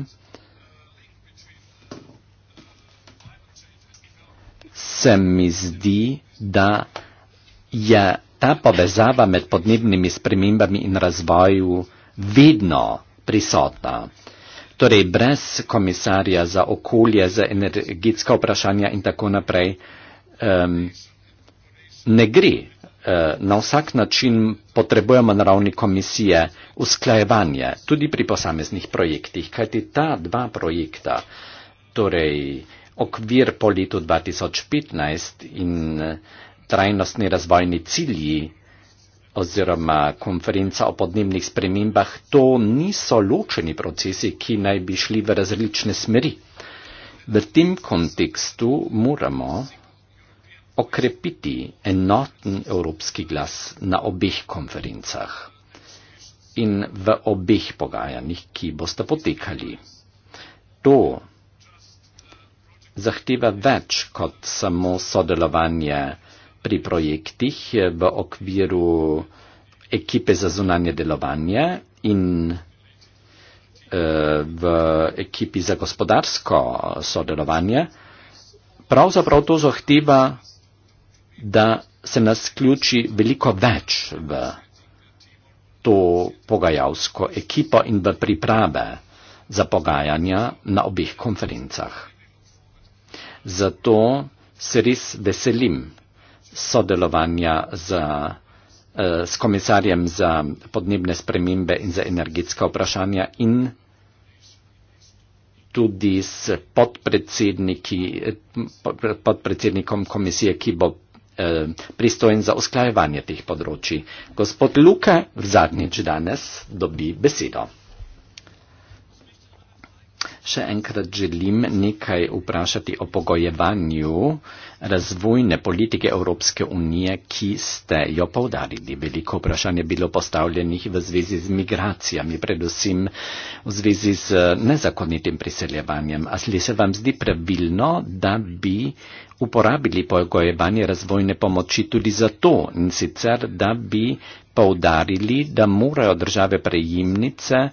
se mi zdi, da je ta povezava med podnebnimi spremembami in razvoju vedno prisotna. Torej, brez komisarja za okolje, za energetska vprašanja in tako naprej um, ne gre. Eh, na vsak način potrebujemo na ravni komisije usklajevanje tudi pri posameznih projektih, kajti ta dva projekta, torej okvir po letu 2015 in eh, trajnostni razvojni cilji oziroma konferenca o podnebnih spremembah, to niso ločeni procesi, ki naj bi šli v različne smeri. V tem kontekstu moramo okrepiti enoten evropski glas na obeh konferencah in v obeh pogajanjih, ki boste potekali. To zahteva več kot samo sodelovanje pri projektih v okviru ekipe za zunanje delovanje in eh, v ekipi za gospodarsko sodelovanje. Pravzaprav to zahteva, da se nas ključi veliko več v to pogajalsko ekipo in v priprave za pogajanja na obeh konferencah. Zato se res veselim sodelovanja z, z eh, komisarjem za podnebne spremembe in za energetska vprašanja in tudi s eh, podpredsednikom komisije, ki bo eh, pristojen za usklajevanje teh področji. Gospod Luka v zadnjič danes dobi besedo še enkrat želim nekaj vprašati o pogojevanju razvojne politike Evropske unije, ki ste jo povdarili. Veliko vprašanje je bilo postavljenih v zvezi z migracijami, predvsem v zvezi z eh, nezakonitim priseljevanjem. Ali se vam zdi pravilno, da bi uporabili pogojevanje razvojne pomoči tudi zato, in sicer da bi povdarili, da morajo države prejemnice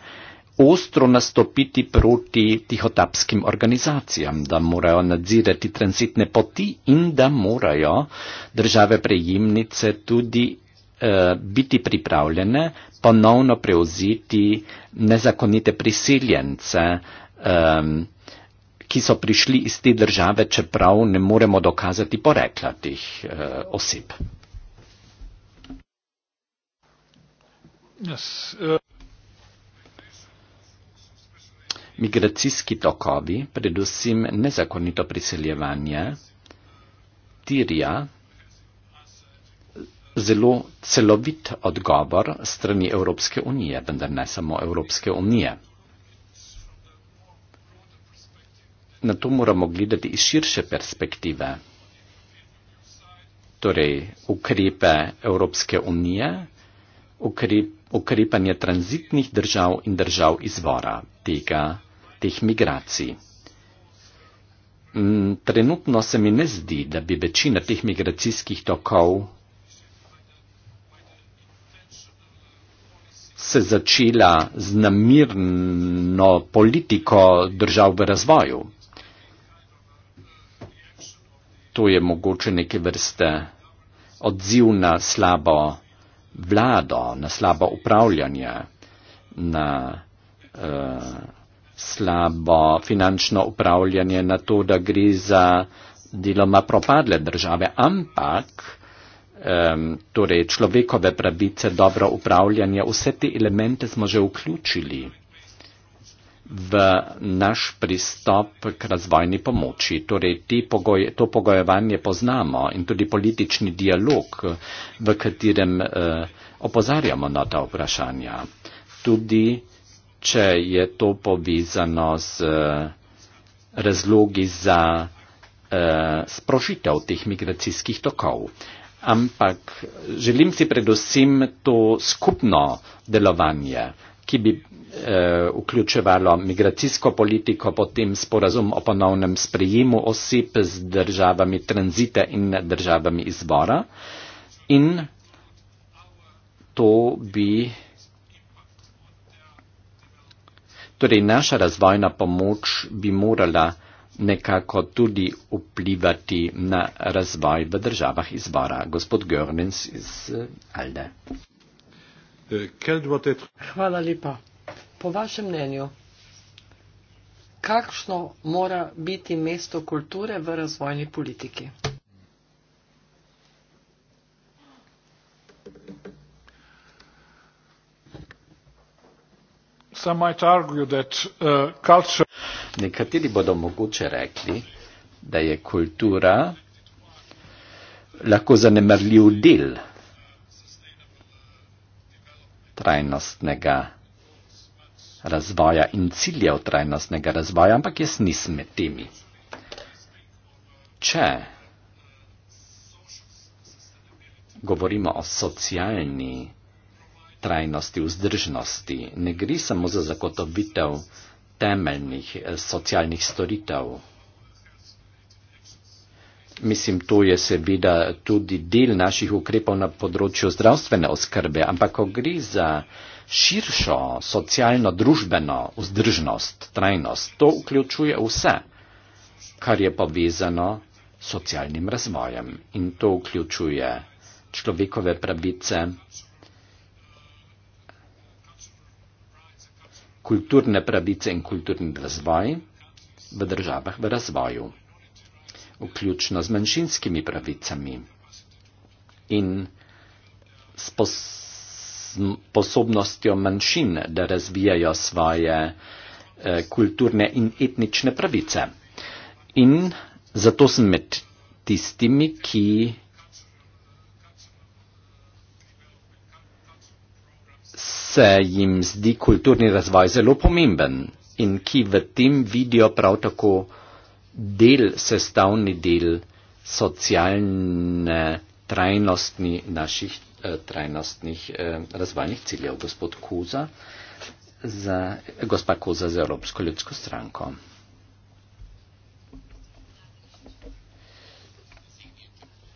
ostro nastopiti proti tihotapskim organizacijam, da morajo nadzirati transitne poti in da morajo države prejemnice tudi eh, biti pripravljene ponovno prevzeti nezakonite priseljence, ehm, ki so prišli iz te države, čeprav ne moremo dokazati porekla teh oseb. Yes, uh migracijski tokovi, predvsem nezakonito priseljevanje, tirja zelo celovit odgovor strani Evropske unije, vendar ne samo Evropske unije. Na to moramo gledati iz širše perspektive, torej ukrepe Evropske unije, ukrepe ukrepanje tranzitnih držav in držav izvora tega, teh migracij. Mm, trenutno se mi ne zdi, da bi večina teh migracijskih tokov se začela z namirno politiko držav v razvoju. To je mogoče neke vrste odziv na slabo vlado, na slabo upravljanje, na eh, slabo finančno upravljanje, na to, da gre za deloma propadle države, ampak eh, torej človekove pravice, dobro upravljanje, vse te elemente smo že vključili v naš pristop k razvojni pomoči. Torej, pogoj, to pogojevanje poznamo in tudi politični dialog, v katerem eh, opozarjamo na ta vprašanja. Tudi, če je to povezano z eh, razlogi za eh, sprožitev teh migracijskih tokov. Ampak želim si predvsem to skupno delovanje, ki bi eh, vključevalo migracijsko politiko, potem sporazum o ponovnem sprejemu oseb z državami tranzite in državami izvora. In to bi. Torej, naša razvojna pomoč bi morala nekako tudi vplivati na razvoj v državah izvora. Gospod Görnins iz Alde. Euh, Hvala lepa. Po vašem mnenju, kakšno mora biti mesto kulture v razvojni politiki? Uh, Nekateri bodo mogoče rekli, da je kultura lahko zanemrljiv del trajnostnega razvoja in ciljev trajnostnega razvoja, ampak jaz nisem med temi. Če govorimo o socialni trajnosti, vzdržnosti, ne gre samo za zagotovitev temeljnih eh, socialnih storitev, Mislim, to je seveda tudi del naših ukrepov na področju zdravstvene oskrbe, ampak ko gre za širšo socialno-družbeno vzdržnost, trajnost, to vključuje vse, kar je povezano s socialnim razvojem in to vključuje človekove pravice, kulturne pravice in kulturni razvoj v državah v razvoju vključno z manjšinskimi pravicami in s sposobnostjo manjšin, da razvijajo svoje eh, kulturne in etnične pravice. In zato sem med tistimi, ki se jim zdi kulturni razvoj zelo pomemben in ki v tem vidijo prav tako eh, del, sestavni del socialne trajnostni naših eh, trajnostnih eh, razvojnih ciljev. Gospod Kuza, za, gospa Kuza za Evropsko ljudsko stranko.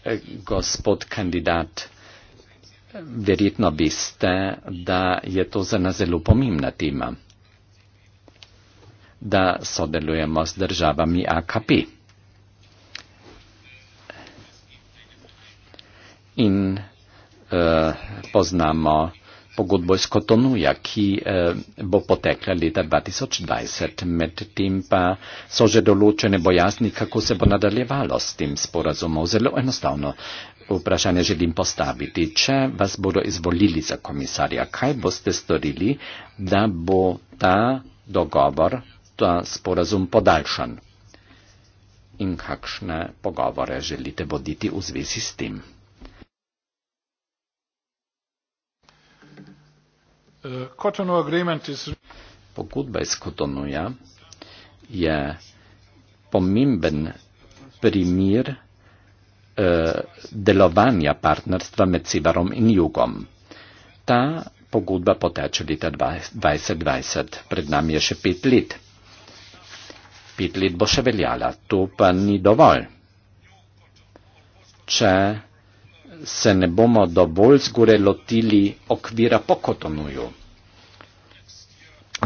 Eh, gospod kandidat, verjetno biste, da je to za nas zelo pomembna tema da sodelujemo s državami AKP. In eh, poznamo pogodbo iz Kotonuja, ki eh, bo potekla leta 2020. Medtem pa so že določene bojazni, kako se bo nadaljevalo s tem sporazumom. Zelo enostavno vprašanje želim postaviti. Če vas bodo izvolili za komisarja, kaj boste storili, da bo ta dogovor ta sporazum podaljšan in kakšne pogovore želite voditi v zvezi s tem. Uh, pogodba iz Kotonuja je pomemben primir eh, uh, delovanja partnerstva med severom in jugom. Ta pogodba poteče leta 2020, pred nami je še pet let pitlitbo še veljala. To pa ni dovolj. Če se ne bomo dovolj zgore lotili okvira po kotonuju.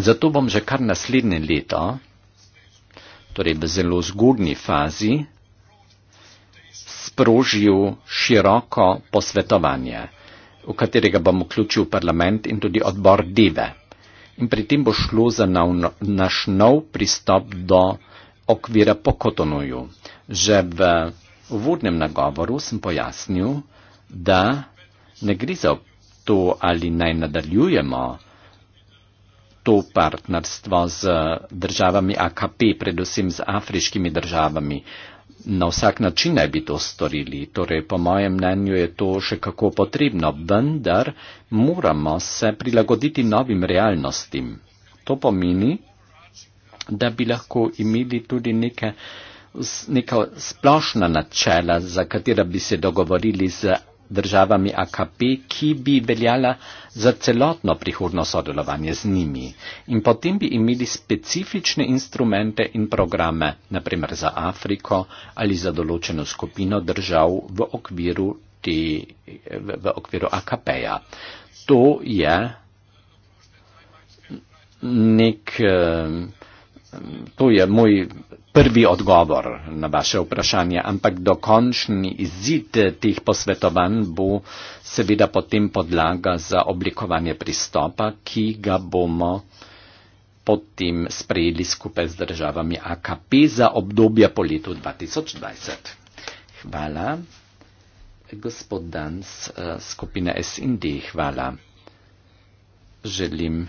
Zato bom že kar naslednje leto, torej v zelo zgodni fazi, sprožil široko posvetovanje, v katerega bom vključil parlament in tudi odbor Dive in pri tem bo šlo za nav, naš nov pristop do okvira po Kotonuju. Že v uvodnem nagovoru sem pojasnil, da ne gre za to, ali naj nadaljujemo to partnerstvo z državami AKP, predvsem z afriškimi državami na vsak način ne bi to storili, torej po mojem mnenju je to še kako potrebno, vendar moramo se prilagoditi novim realnostim. To pomeni, da bi lahko imeli tudi neke, neka splošna načela, za katera bi se dogovorili z državami AKP, ki bi veljala za celotno prihodno sodelovanje z njimi. In potem bi imeli specifične instrumente in programe, naprimer za Afriko ali za določeno skupino držav v okviru, te, v okviru AKP-ja. To je nek. Eh, to je moj prvi odgovor na vaše vprašanje, ampak dokončni izid teh posvetovanj bo seveda potem podlaga za oblikovanje pristopa, ki ga bomo potem sprejeli skupaj z državami AKP za obdobje po letu 2020. Hvala. Gospod Dans, eh, skupina SND, hvala. Želim.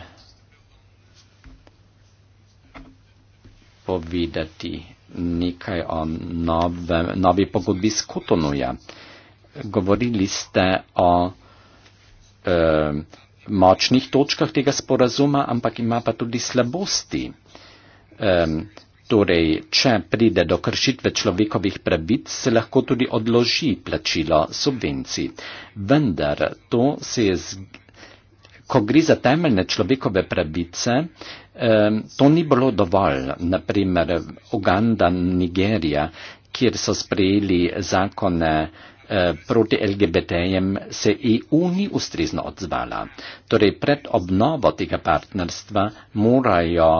povedati nekaj o nove, novi pogodbi s Kotonuja. Govorili ste o eh, močnih točkah tega sporazuma, ampak ima pa tudi slabosti. Eh, torej, če pride do kršitve človekovih pravic, se lahko tudi odloži plačilo subvencij. Vendar to se je. Ko gre za temeljne človekove pravice, eh, To ni bilo dovolj, naprimer Uganda, Nigerija, kjer so sprejeli zakone eh, proti LGBT-jem, se EU ni ustrezno odzvala. Torej, pred obnovo tega partnerstva morajo,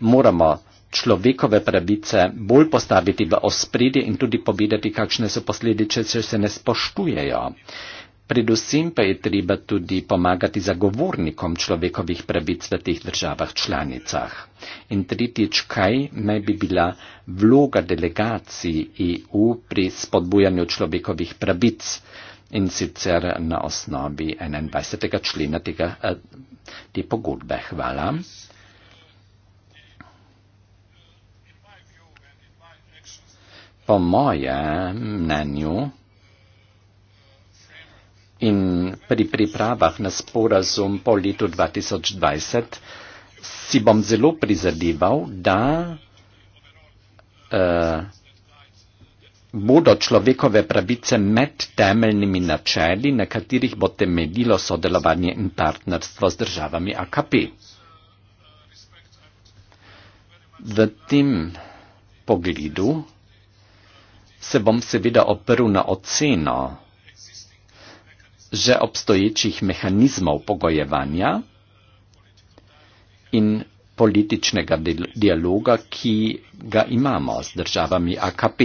moramo človekove pravice bolj postaviti v ospredje in tudi povedati, kakšne so posledice, če se ne spoštujejo. Predvsem pa je treba tudi pomagati zagovornikom človekovih pravic v teh državah članicah. In tretjič, kaj naj bi bila vloga delegacij EU pri spodbujanju človekovih pravic in sicer na osnovi 21. člena tega, eh, te pogodbe. Hvala. Po mojem mnenju, in pri pripravah na sporazum po letu 2020 si bom zelo prizadeval, da uh, bodo človekove pravice med temeljnimi načeli, na katerih bo temeljilo sodelovanje in partnerstvo z državami AKP. V tem pogledu se bom seveda oprl na oceno že obstoječih mehanizmov pogojevanja in političnega dialoga, ki ga imamo z državami AKP.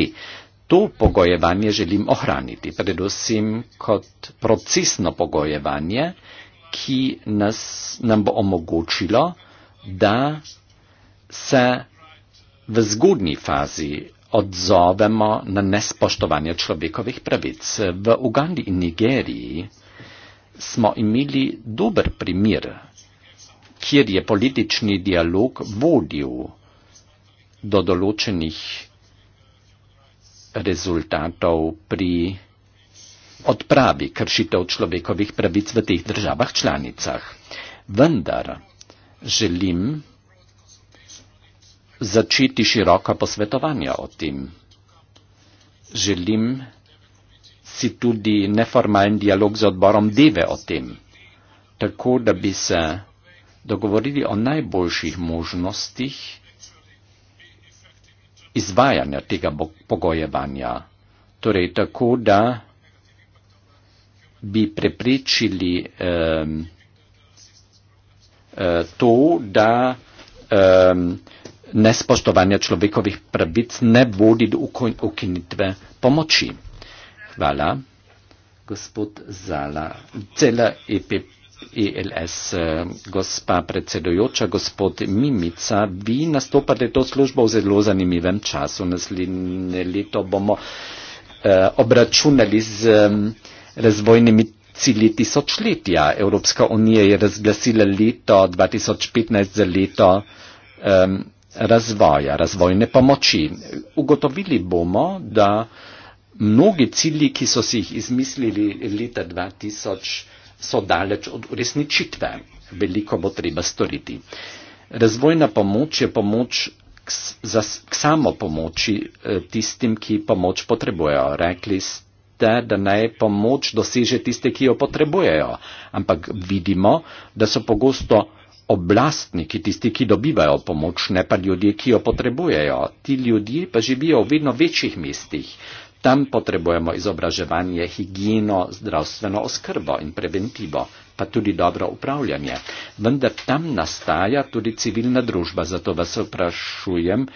To pogojevanje želim ohraniti, predvsem kot procesno pogojevanje, ki nas, nam bo omogočilo, da se v zgodni fazi odzovemo na nespoštovanje človekovih pravic. V Ugandi in Nigeriji smo imeli dober primer, kjer je politični dialog vodil do določenih rezultatov pri odpravi kršitev človekovih pravic v teh državah članicah. Vendar želim začeti široko posvetovanje o tem. Želim si tudi neformalen dialog z odborom Deve o tem, tako da bi se dogovorili o najboljših možnostih izvajanja tega pogojevanja. Torej, tako da bi preprečili um, to, da um, nespoštovanje človekovih pravic ne vodi do ukinitve pomoči. Hvala. Gospod Zala, cela ELS, e eh, gospa predsedujoča, gospod Mimica, vi nastopate to službo v zelo zanimivem času. Naslednje leto bomo eh, obračunali z eh, razvojnimi cilji tisočletja. Evropska unija je razglasila leto 2015 za leto razvoja, razvojne pomoči. Ugotovili bomo, da mnogi cilji, ki so si jih izmislili leta 2000, so daleč od uresničitve. Veliko bo treba storiti. Razvojna pomoč je pomoč k, za, k samo pomoči eh, tistim, ki pomoč potrebujejo. Rekli ste, da naj pomoč doseže tiste, ki jo potrebujejo, ampak vidimo, da so pogosto oblastniki tisti, ki dobivajo pomoč, ne pa ljudje, ki jo potrebujejo. Ti ljudje pa živijo v vedno večjih mestih. Tam potrebujemo izobraževanje, higieno, zdravstveno oskrbo in preventivo, pa tudi dobro upravljanje. Vendar tam nastaja tudi civilna družba, zato vas vprašujem,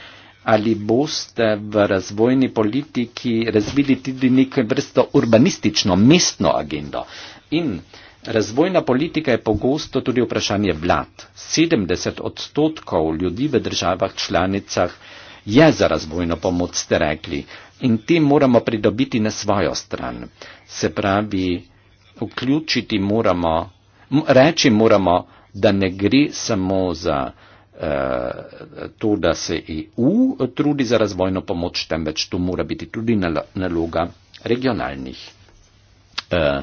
ali boste v razvojni politiki razvili tudi neke vrsto urbanistično, mestno agendo. In razvojna politika je pogosto tudi vprašanje vlad. 70 odstotkov ljudi v državah članicah je za razvojno pomoč, ste rekli, in te moramo pridobiti na svojo stran. Se pravi, vključiti moramo, reči moramo, da ne gre samo za eh, to, da se EU trudi za razvojno pomoč, temveč to mora biti tudi naloga regionalnih eh,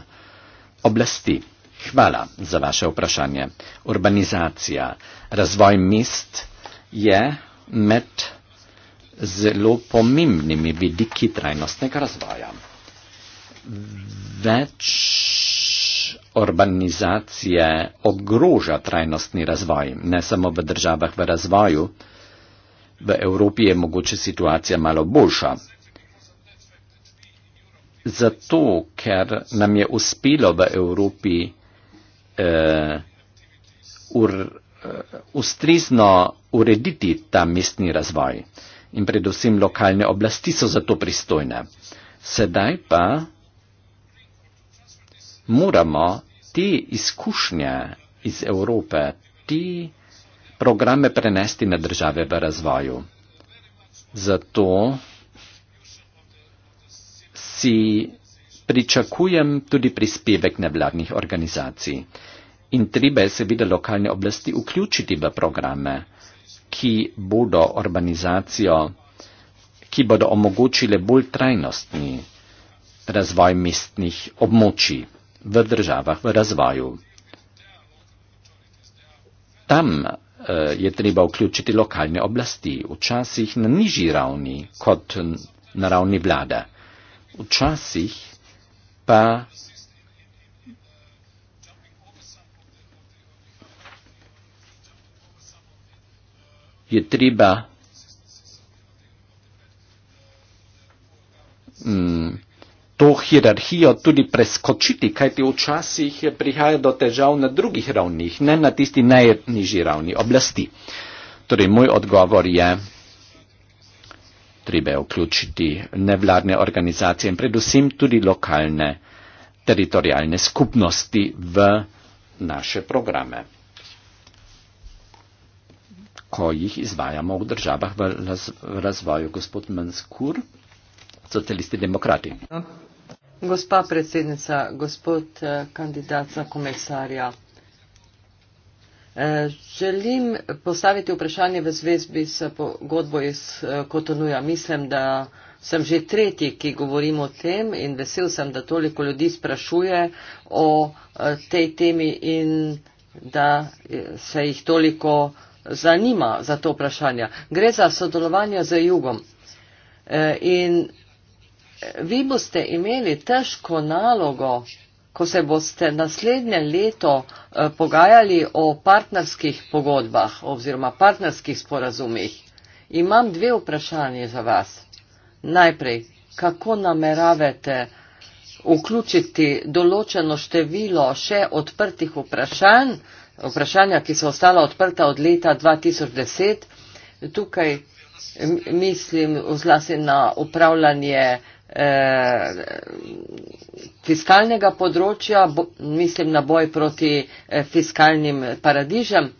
oblasti. Hvala za vaše vprašanje. Urbanizacija, razvoj mest je med zelo pomembnimi vidiki trajnostnega razvoja. Več urbanizacije ogroža trajnostni razvoj, ne samo v državah v razvoju. V Evropi je mogoče situacija malo boljša. Zato, ker nam je uspelo v Evropi uh, ur, uh, ustrezno urediti ta mestni razvoj. Uh, in predvsem lokalne oblasti so za to pristojne. Sedaj pa moramo te izkušnje iz Evrope, te programe prenesti na države v razvoju. Zato si pričakujem tudi prispevek nevladnih organizacij. In treba je seveda lokalne oblasti vključiti v programe ki bodo urbanizacijo, ki bodo omogočile bolj trajnostni razvoj mestnih območij v državah v razvoju. Tam eh, je treba vključiti lokalne oblasti, včasih na nižji ravni kot na ravni vlada, včasih pa je treba mm, to hierarhijo tudi preskočiti, kajti včasih prihaja do težav na drugih ravnih, ne na tisti najnižji ravni oblasti. Torej, moj odgovor je, treba je vključiti nevladne organizacije in predvsem tudi lokalne teritorijalne skupnosti v naše programe ko jih izvajamo v državah v razvoju. Gospod Manskur, socialisti demokrati. Gospa predsednica, gospod eh, kandidat za komisarja. Eh, želim postaviti vprašanje v zvezbi s pogodbo iz eh, Kotonuja. Mislim, da sem že tretji, ki govorim o tem in vesel sem, da toliko ljudi sprašuje o tej temi in da se jih toliko zanima za to vprašanje. Gre za sodelovanje z jugom. E, in vi boste imeli težko nalogo, ko se boste naslednje leto e, pogajali o partnerskih pogodbah oziroma partnerskih sporazumih. Imam dve vprašanje za vas. Najprej, kako nameravate vključiti določeno število še odprtih vprašanj, vprašanja, ki so ostala odprta od leta 2010. Tukaj mislim vzlasti na upravljanje eh, fiskalnega področja, mislim na boj proti eh, fiskalnim paradižem.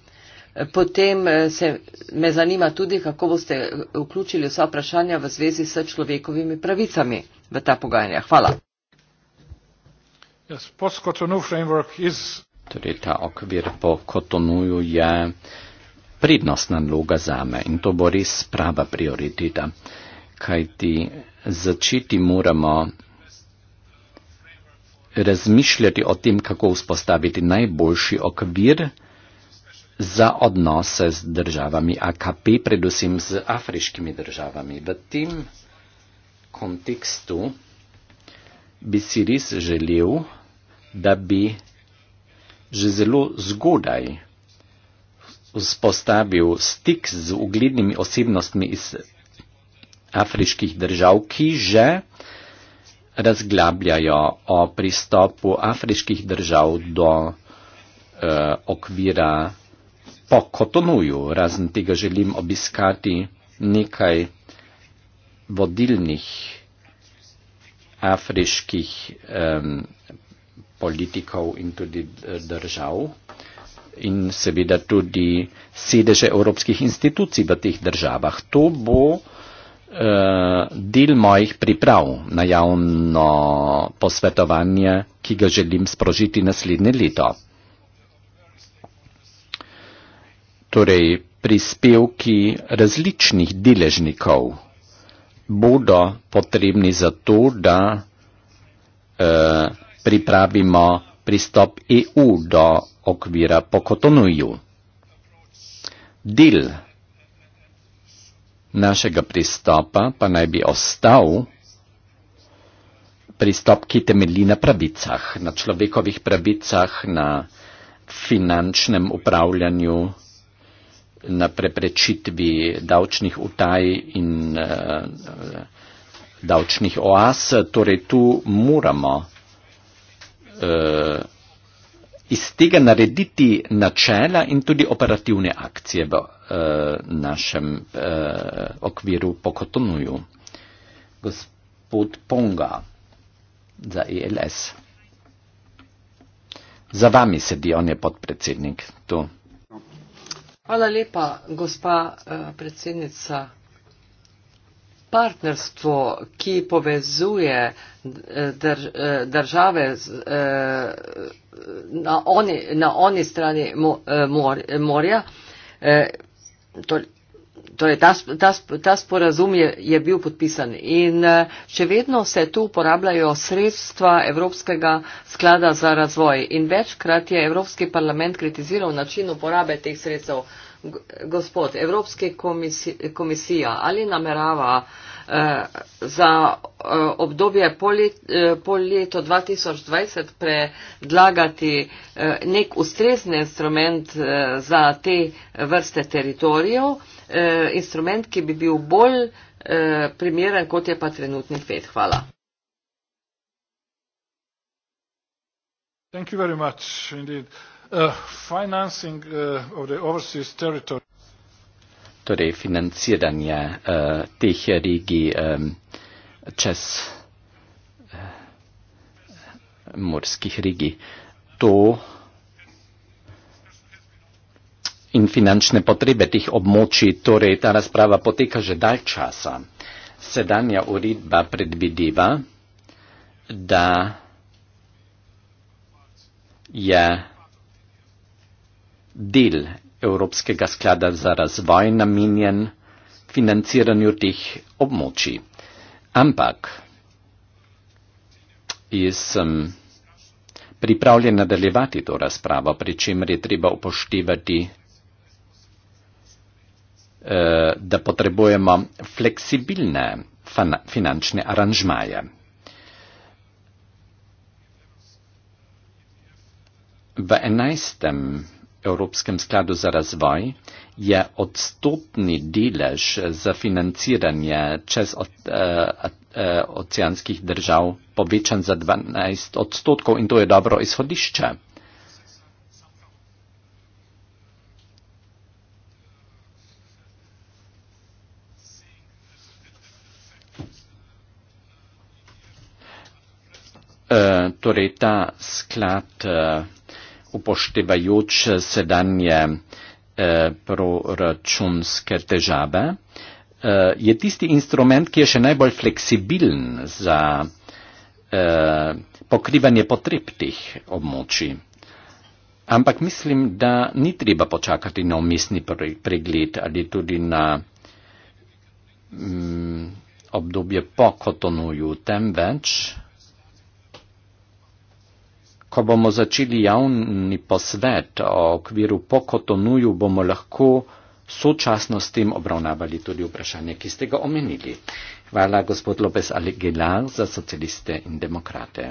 Potem eh, se me zanima tudi, kako boste vključili vsa vprašanja v zvezi s človekovimi pravicami v ta pogajanja. Hvala. Yes, torej ta okvir po Kotonuju je prednostna naloga zame in to bo res prava prioriteta, kajti začeti moramo razmišljati o tem, kako vzpostaviti najboljši okvir za odnose z državami AKP, predvsem z afriškimi državami. V tem kontekstu bi si res želel, da bi že zelo zgodaj vzpostavil stik z uglednimi osebnostmi iz afriških držav, ki že razglabljajo o pristopu afriških držav do eh, okvira po Kotonuju. Razen tega želim obiskati nekaj vodilnih afriških eh, politikov in tudi eh, držav in seveda tudi sedeže evropskih institucij v teh državah. To bo uh, del mojih priprav na javno posvetovanje, ki ga želim sprožiti naslednje leto. Torej, prispevki različnih deležnikov bodo potrebni za to, da uh, pripravimo pristop EU do okvira po Kotonuju. Del našega pristopa pa naj bi ostal pristop, ki temelji na pravicah, na človekovih pravicah, na finančnem upravljanju, na preprečitvi davčnih utaj in uh, davčnih oas, torej tu moramo uh, iz tega narediti načela in tudi operativne akcije v uh, našem uh, okviru pokotonuju. Gospod Ponga za ILS. E za vami sedi, on je podpredsednik tu. Hvala lepa, gospa uh, predsednica partnerstvo, ki povezuje eh, dr, eh, države z, eh, na, oni, na oni strani mor, morja, to, to je, ta, ta, ta sporazum je, je bil podpisan in še vedno se tu uporabljajo sredstva Evropskega sklada za razvoj in večkrat je Evropski parlament kritiziral način uporabe teh sredstev gospod, Evropske komisi, komisija ali namerava eh, za eh, obdobje po, let, eh, po leto 2020 predlagati eh, nek ustrezni instrument eh, za te vrste teritorijev, eh, instrument, ki bi bil bolj eh, primeren, kot je pa trenutni FED. Hvala. Thank you very much indeed. Uh, Uh, financing uh, of the overseas territory. Torej financiranje uh, teh regij um, čez uh, morskih regij. To in finančne potrebe teh območij, torej ta razprava poteka že dalj časa. Sedanja uredba predvideva, da je del Evropskega sklada za razvoj namenjen financiranju teh območij. Ampak jaz sem pripravljen nadaljevati to razpravo, pri čemer je treba upoštevati, eh, da potrebujemo fleksibilne finančne aranžmaje. V enajstem Evropskem skladu za razvoj je odstotni delež za financiranje čez od, eh, e, oceanskih držav povečan za 12 odstotkov in to je dobro izhodišče. E, torej ta sklad e, upoštevajoč sedanje eh, proračunske težave, eh, je tisti instrument, ki je še najbolj fleksibilen za eh, pokrivanje potreb teh območij. Ampak mislim, da ni treba počakati na umestni pregled ali tudi na mm, obdobje po kotonuju, temveč Ko bomo začeli javni posvet o okviru pokotonuju, bomo lahko sočasno s tem obravnavali tudi vprašanje, ki ste ga omenili. Hvala gospod Lopez Aligilar za socialiste in demokrate.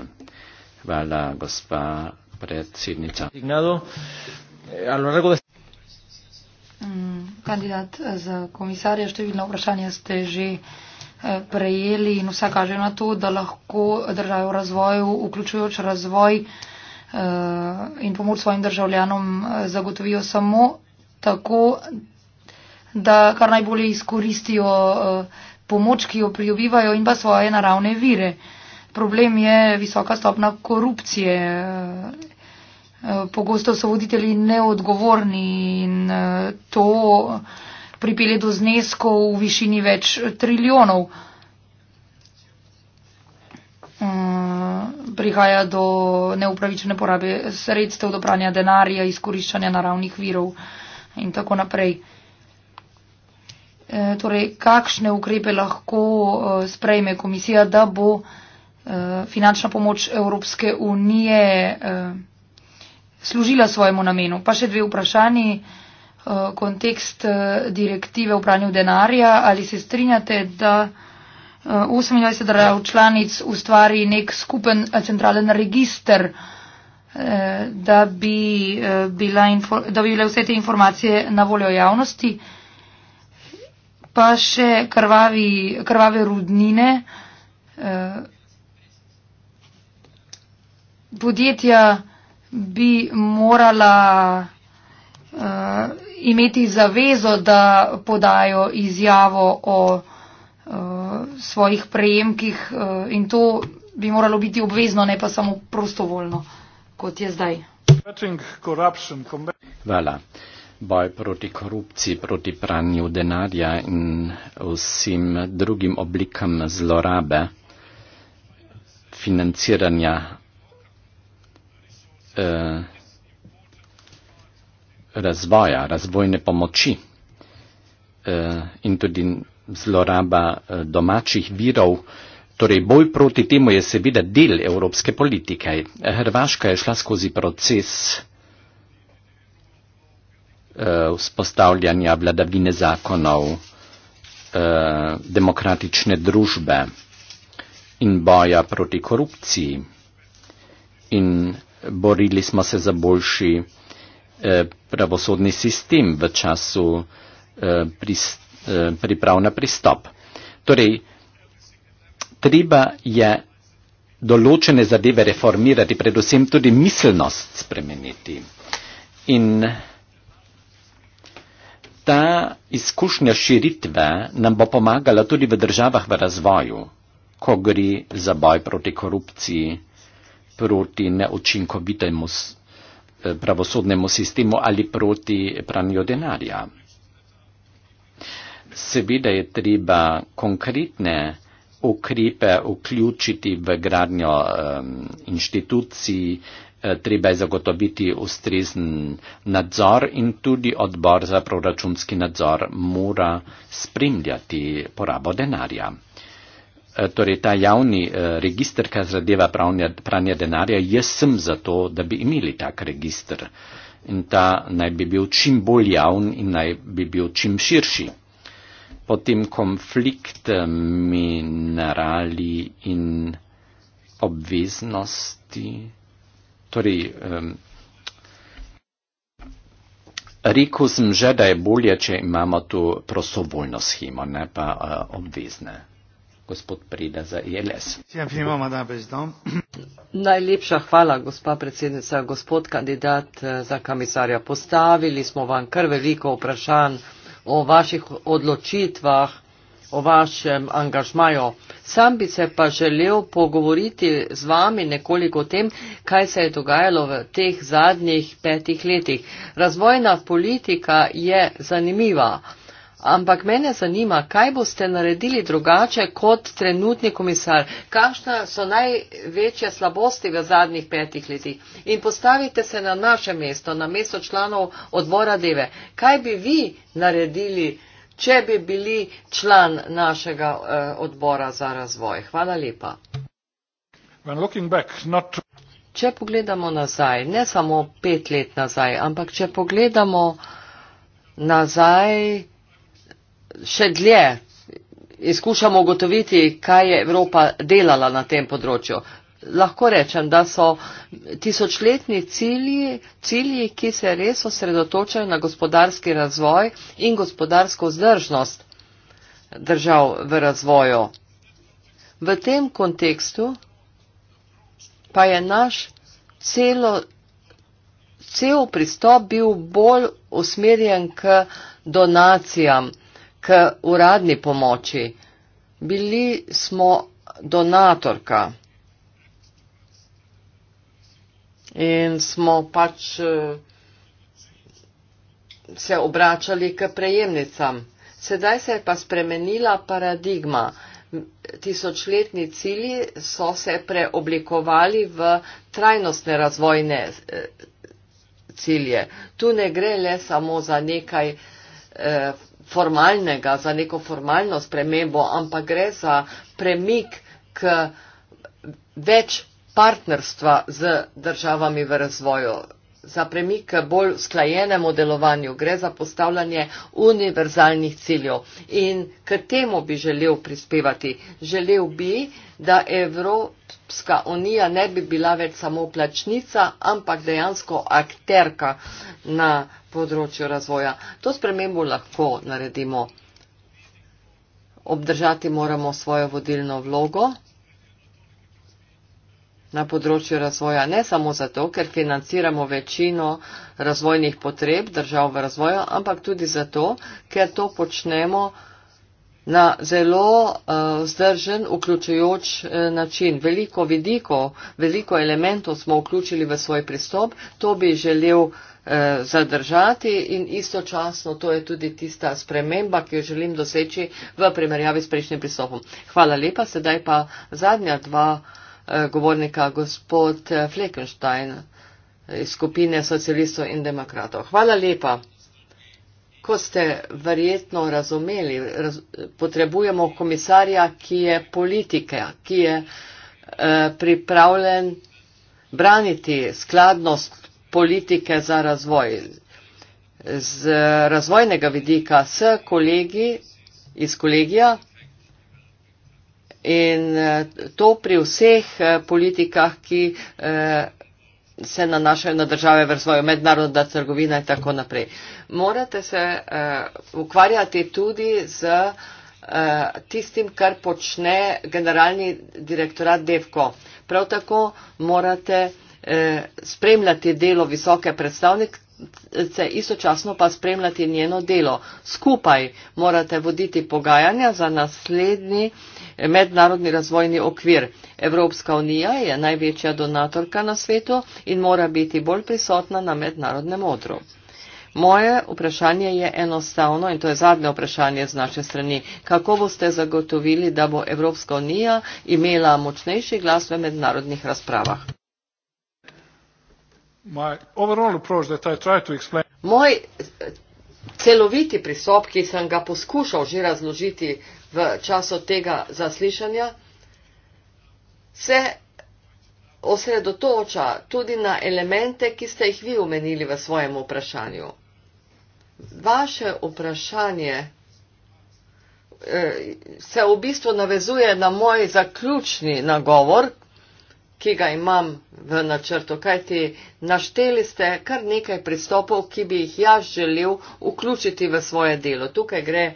Hvala gospa predsednica. Eh, mm, kandidat za komisarja, številna vprašanja ste že eh, prejeli in vsa kaže na to, da lahko države v razvoju, vključujoč razvoj, Eh, in pomoč svojim državljanom eh, zagotovijo samo tako, da kar najbolje izkoristijo eh, pomoč, ki jo prijobivajo in pa svoje naravne vire. Problem je visoka stopna korupcije. Pogosto so voditelji neodgovorni in to pripelje do zneskov v višini več trilijonov. prihaja do neupravičene porabe sredstev, do pranja denarja, izkoriščanja naravnih virov in tako naprej. E, torej, kakšne ukrepe lahko e, sprejme komisija, da bo e, finančna pomoč Evropske unije e, služila svojemu namenu? Pa še dve vprašanji. E, kontekst e, direktive o pranju denarja. Ali se strinjate, da. 28 držav članic ustvari nek skupen eh, centralen register, eh, da bi, eh, bila, da bi bile vse te informacije na voljo javnosti. Pa še krvavi, krvave rudnine. Podjetja bi morala uh, imeti zavezo, da podajo izjavo o uh, svojih prejemkih uh, in to bi moralo biti obvezno, ne pa samo prostovoljno, kot je zdaj. Hvala. Boj proti korupciji, proti pranju denarja in vsem drugim oblikam zlorabe financiranja eh, razvoja, razvojne pomoči eh, in tudi zloraba eh, domačih virov. Torej, boj proti temu je seveda del evropske politike. Hrvaška je šla skozi proces eh, vzpostavljanja vladavine zakonov, eh, demokratične družbe in boja proti korupciji. In borili smo se za boljši pravosodni sistem v času pristopnosti Eh, priprav na pristop. Torej, treba je določene zadeve reformirati, predvsem tudi miselnost spremeniti. In ta izkušnja širitve nam bo pomagala tudi v državah v razvoju, ko gre za boj proti korupciji, proti neučinkovitemu eh, pravosodnemu sistemu ali proti pranju denarja seveda je treba konkretne ukrepe vključiti v gradnjo um, inštitucij, e, treba je zagotoviti ustrezen nadzor in tudi odbor za proračunski nadzor mora spremljati porabo denarja. E, torej, ta javni e, registr, kar zadeva pranje denarja, jaz sem za to, da bi imeli tak registr. In ta naj bi bil čim bolj javn in naj bi bil čim širši potem konflikt minerali in obveznosti. Torej, um, rekel sem že, da je bolje, če imamo tu prostovoljno schemo, ne pa uh, obvezne. Gospod Preda za ILS. E Najlepša hvala, gospa predsednica, gospod kandidat eh, za komisarja. Postavili smo vam kar veliko vprašanj o vaših odločitvah, o vašem angažmaju. Sam bi se pa želel pogovoriti z vami nekoliko o tem, kaj se je dogajalo v teh zadnjih petih letih. Razvojna politika je zanimiva. Ampak mene zanima, kaj boste naredili drugače kot trenutni komisar? Kakšna so največje slabosti v zadnjih petih letih? In postavite se na naše mesto, na mesto članov odbora Deve. Kaj bi vi naredili, če bi bili član našega eh, odbora za razvoj? Hvala lepa. Če pogledamo nazaj, ne samo pet let nazaj, ampak če pogledamo nazaj, še dlje izkušamo ugotoviti, kaj je Evropa delala na tem področju. Lahko rečem, da so tisočletni cilji, cilji, ki se res osredotočajo na gospodarski razvoj in gospodarsko zdržnost držav v razvoju. V tem kontekstu pa je naš celo, cel pristop bil bolj usmerjen k donacijam k uradni pomoči. Bili smo donatorka in smo pač eh, se obračali k prejemnicam. Sedaj se je pa spremenila paradigma. Tisočletni cilji so se preoblikovali v trajnostne razvojne eh, cilje. Tu ne gre le samo za nekaj eh, formalnega, za neko formalno spremembo, ampak gre za premik k več partnerstva z državami v razvoju, za premik k bolj sklajenemu delovanju, gre za postavljanje univerzalnih ciljev. In k temu bi želel prispevati. Želel bi, da Evropska unija ne bi bila več samo plačnica, ampak dejansko akterka na področju razvoja. To spremembo lahko naredimo. Obdržati moramo svojo vodilno vlogo na področju razvoja, ne samo zato, ker financiramo večino razvojnih potreb držav v razvoju, ampak tudi zato, ker to počnemo na zelo uh, vzdržen, vključujoč uh, način. Veliko vidikov, veliko elementov smo vključili v svoj pristop, to bi želel uh, zadržati in istočasno to je tudi tista sprememba, ki jo želim doseči v primerjavi s prejšnjim pristopom. Hvala lepa, sedaj pa zadnja dva uh, govornika, gospod Fleckenstein iz skupine socialistov in demokratov. Hvala lepa. Ko ste verjetno razumeli, raz, potrebujemo komisarja, ki je politika, ki je eh, pripravljen braniti skladnost politike za razvoj. Z razvojnega vidika s kolegi iz kolegija in eh, to pri vseh eh, politikah, ki eh, se nanašajo na države v razvoju, mednarodna trgovina in tako naprej. Morate se uh, ukvarjati tudi z uh, tistim, kar počne generalni direktorat DEVKO. Prav tako morate uh, spremljati delo visoke predstavnice, istočasno pa spremljati njeno delo. Skupaj morate voditi pogajanja za naslednji uh, mednarodni razvojni okvir. Evropska unija je največja donatorka na svetu in mora biti bolj prisotna na mednarodnem odru. Moje vprašanje je enostavno in to je zadnje vprašanje z naše strani. Kako boste zagotovili, da bo Evropska unija imela močnejši glas v mednarodnih razpravah? Moj celoviti pristop, ki sem ga poskušal že razložiti v času tega zaslišanja, se osredotoča tudi na elemente, ki ste jih vi omenili v svojem vprašanju. Vaše vprašanje eh, se v bistvu navezuje na moj zaključni nagovor, ki ga imam v načrtu, kajti našteli ste kar nekaj pristopov, ki bi jih jaz želel vključiti v svoje delo. Tukaj gre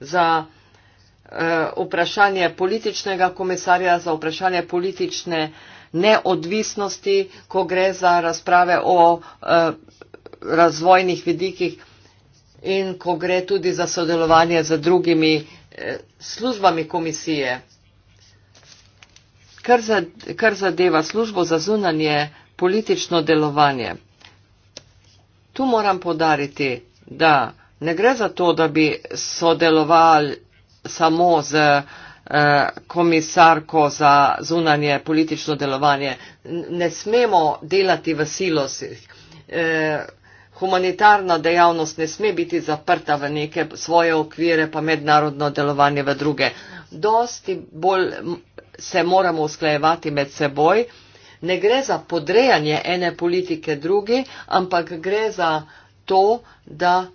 za Eh, vprašanje političnega komisarja, za vprašanje politične neodvisnosti, ko gre za razprave o eh, razvojnih vidikih in ko gre tudi za sodelovanje z drugimi eh, službami komisije. Kar zadeva službo za zunanje politično delovanje. Tu moram podariti, da ne gre za to, da bi sodeloval samo z eh, komisarko za zunanje politično delovanje. Ne smemo delati v silosih. Eh, humanitarna dejavnost ne sme biti zaprta v neke svoje okvire, pa mednarodno delovanje v druge. Dosti bolj se moramo usklajevati med seboj. Ne gre za podrejanje ene politike drugi, ampak gre za to, da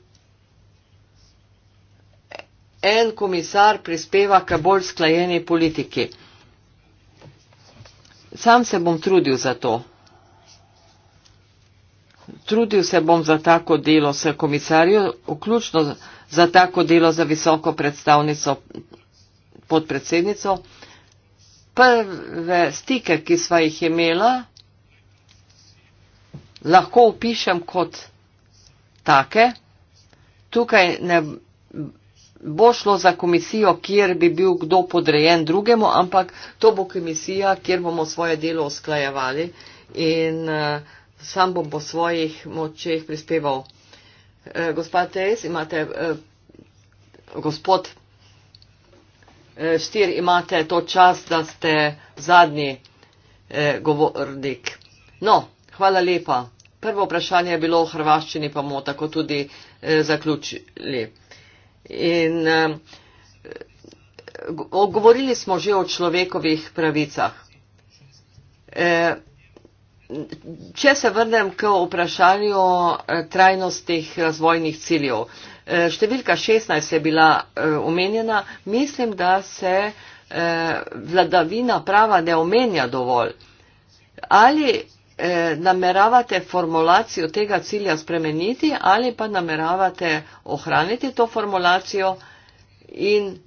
en komisar prispeva k bolj sklajeni politiki. Sam se bom trudil za to. Trudil se bom za tako delo s komisarjo, vključno za tako delo za visoko predstavnico podpredsednico. Prve stike, ki sva jih imela, lahko opišem kot take. Tukaj ne bo šlo za komisijo, kjer bi bil kdo podrejen drugemu, ampak to bo komisija, kjer bomo svoje delo usklajevali in uh, sam bom po svojih močeh prispeval. E, gospa Tejs, imate, e, gospod e, Štir, imate to čas, da ste zadnji e, govornik. No, hvala lepa. Prvo vprašanje je bilo o hrvaščini, pa bomo tako tudi e, zaključili. In uh, govorili smo že o človekovih pravicah. E, če se vrnem k vprašanju e, trajnostnih razvojnih ciljev. E, številka 16 je bila e, omenjena. Mislim, da se e, vladavina prava ne omenja dovolj. Ali eh, nameravate formulacijo tega cilja spremeniti ali pa nameravate ohraniti to formulacijo in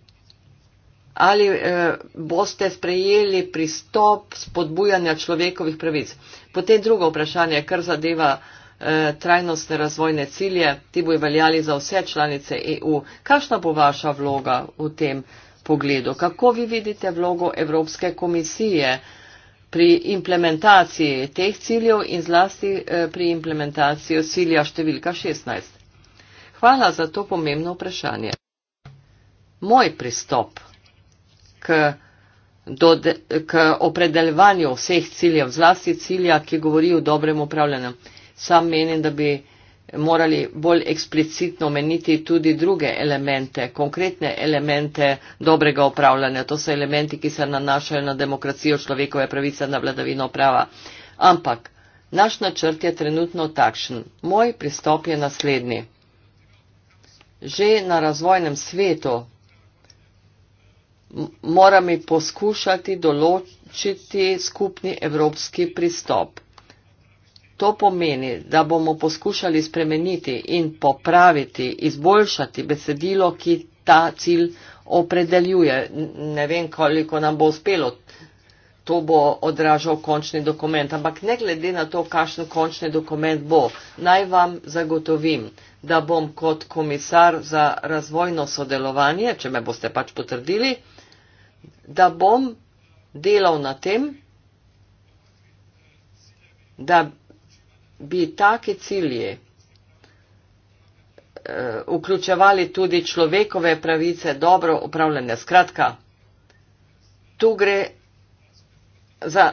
ali eh, boste sprejeli pristop spodbujanja človekovih pravic. Potem drugo vprašanje, kar zadeva eh, trajnostne razvojne cilje, ti bojo veljali za vse članice EU. Kakšna bo vaša vloga v tem pogledu? Kako vi vidite vlogo Evropske komisije? pri implementaciji teh ciljev in zlasti eh, pri implementaciji cilja številka 16. Hvala za to pomembno vprašanje. Moj pristop k, do, k opredeljevanju vseh ciljev, zlasti cilja, ki govori o dobrem upravljanju, sam menim, da bi morali bolj eksplicitno omeniti tudi druge elemente, konkretne elemente dobrega upravljanja. To so elementi, ki se nanašajo na demokracijo, človekove pravice, na vladavino prava. Ampak naš načrt je trenutno takšen. Moj pristop je naslednji. Že na razvojnem svetu moram poskušati določiti skupni evropski pristop. To pomeni, da bomo poskušali spremeniti in popraviti, izboljšati besedilo, ki ta cilj opredeljuje. Ne vem, koliko nam bo uspelo. To bo odražal končni dokument. Ampak ne glede na to, kakšen končni dokument bo, naj vam zagotovim, da bom kot komisar za razvojno sodelovanje, če me boste pač potrdili, da bom delal na tem, da bi take cilje eh, vključevali tudi človekove pravice, dobro upravljanje. Skratka, tu gre za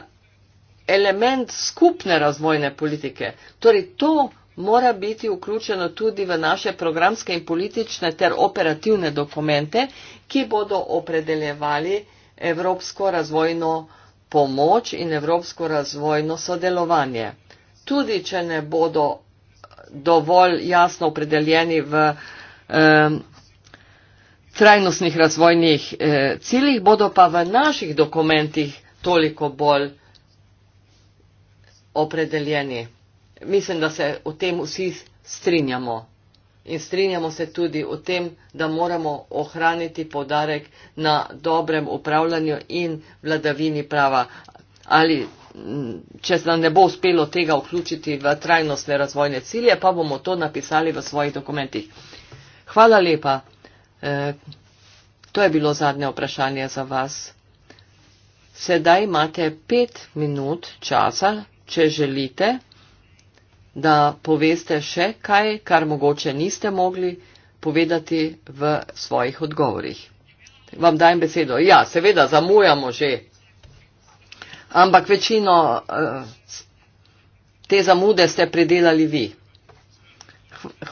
element skupne razvojne politike. Torej, to mora biti vključeno tudi v naše programske in politične ter operativne dokumente, ki bodo opredeljevali evropsko razvojno pomoč in evropsko razvojno sodelovanje tudi če ne bodo dovolj jasno opredeljeni v um, trajnostnih razvojnih eh, ciljih, bodo pa v naših dokumentih toliko bolj opredeljeni. Mislim, da se o tem vsi strinjamo. In strinjamo se tudi o tem, da moramo ohraniti podarek na dobrem upravljanju in vladavini prava. Ali če se nam ne bo uspelo tega vključiti v trajnostne razvojne cilje, pa bomo to napisali v svojih dokumentih. Hvala lepa. E, to je bilo zadnje vprašanje za vas. Sedaj imate pet minut časa, če želite, da poveste še kaj, kar mogoče niste mogli povedati v svojih odgovorih. Vam dajem besedo. Ja, seveda, zamujamo že ampak večino eh, te zamude ste pridelali vi.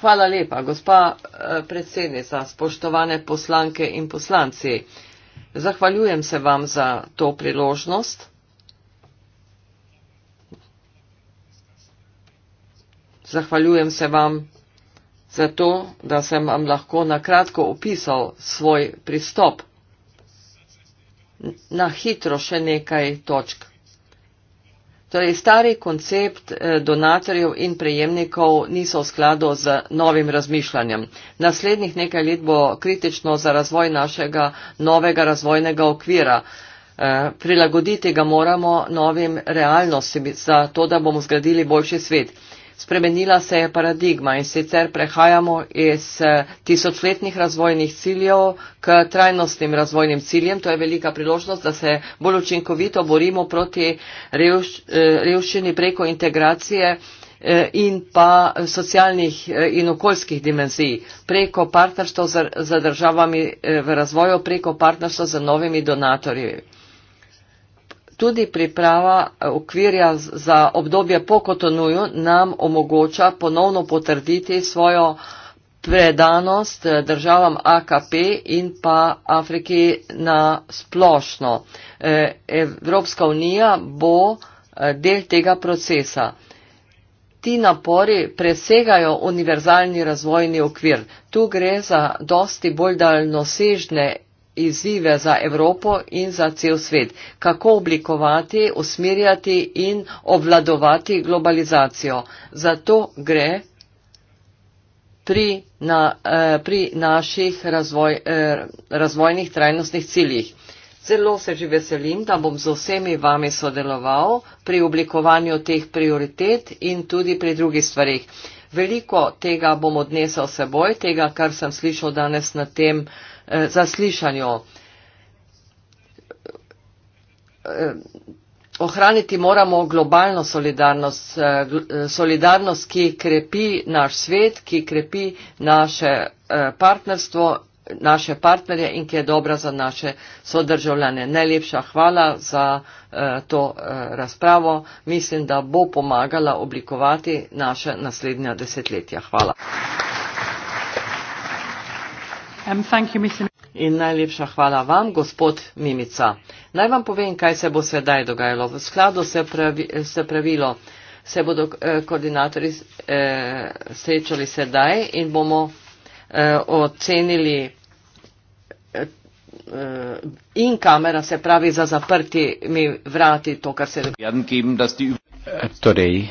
Hvala lepa, gospa eh, predsednica, spoštovane poslanke in poslanci. Zahvaljujem se vam za to priložnost. Zahvaljujem se vam za to, da sem vam lahko nakratko opisal svoj pristop na hitro še nekaj točk. Torej, stari koncept eh, donatorjev in prejemnikov niso v skladu z novim razmišljanjem. Naslednjih nekaj let bo kritično za razvoj našega novega razvojnega okvira. Eh, prilagoditi ga moramo novim realnostim, zato da bomo zgradili boljši svet. Spremenila se je paradigma in sicer prehajamo iz eh, tisočletnih razvojnih ciljev k trajnostnim razvojnim ciljem. To je velika priložnost, da se bolj učinkovito borimo proti eh, revščini preko integracije eh, in pa socialnih in okoljskih dimenzij preko partnerstva z državami v razvoju, preko partnerstva z novimi donatorji. Tudi priprava eh, okvirja za obdobje po Kotonuju nam omogoča ponovno potrditi svojo predanost eh, državam AKP in pa Afriki na splošno. Eh, Evropska unija bo del tega procesa. Ti napori presegajo univerzalni razvojni okvir. Tu gre za dosti bolj daljnosežne izzive za Evropo in za cel svet, kako oblikovati, usmerjati in obvladovati globalizacijo. Zato gre pri, na, eh, pri naših razvoj, eh, razvojnih trajnostnih ciljih. Zelo se že veselim, da bom z vsemi vami sodeloval pri oblikovanju teh prioritet in tudi pri drugih stvarih. Veliko tega bom odnesel seboj, tega, kar sem slišal danes na tem eh, Eh, zaslišanju. Eh, ohraniti moramo globalno solidarnost, eh, solidarnost, ki krepi naš svet, ki krepi naše partnerstvo, naše partnerje in ki je dobra za naše sodržavljane. Najlepša hvala za to razpravo. Mislim, da bo pomagala oblikovati naše naslednja desetletja. Hvala. Um, in najlepša hvala vam, gospod Mimica. Naj vam povem, kaj se bo sedaj dogajalo. V skladu se, pravi, se pravilo se bodo eh, koordinatori eh, srečali sedaj in bomo eh, ocenili eh, eh in kamera se pravi za zaprti mi vrati to, kar se dogaja. Torej,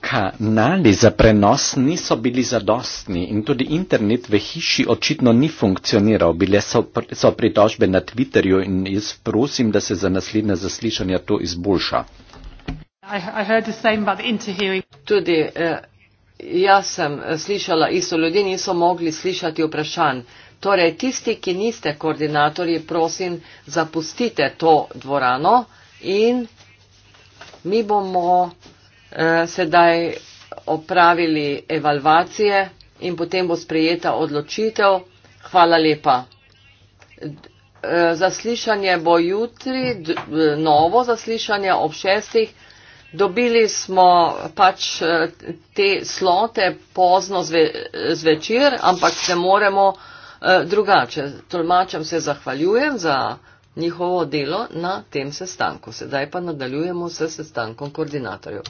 Kanali za prenos niso bili zadostni in tudi internet v hiši očitno ni funkcioniral. Bile so, so pritožbe na Twitterju in jaz prosim, da se za naslednje zaslišanje to izboljša. Tudi eh, jaz sem eh, slišala isto, ljudje niso mogli slišati vprašanj. Torej, tisti, ki niste koordinatorji, prosim, zapustite to dvorano in mi bomo. Eh, sedaj opravili evalvacije in potem bo sprejeta odločitev. Hvala lepa. Eh, zaslišanje bo jutri, eh, novo zaslišanje ob šestih. Dobili smo pač te slote pozno zve, zvečer, ampak se moremo drugače. Tolmačem se zahvaljujem za njihovo delo na tem sestanku. Sedaj pa nadaljujemo s sestankom koordinatorjev.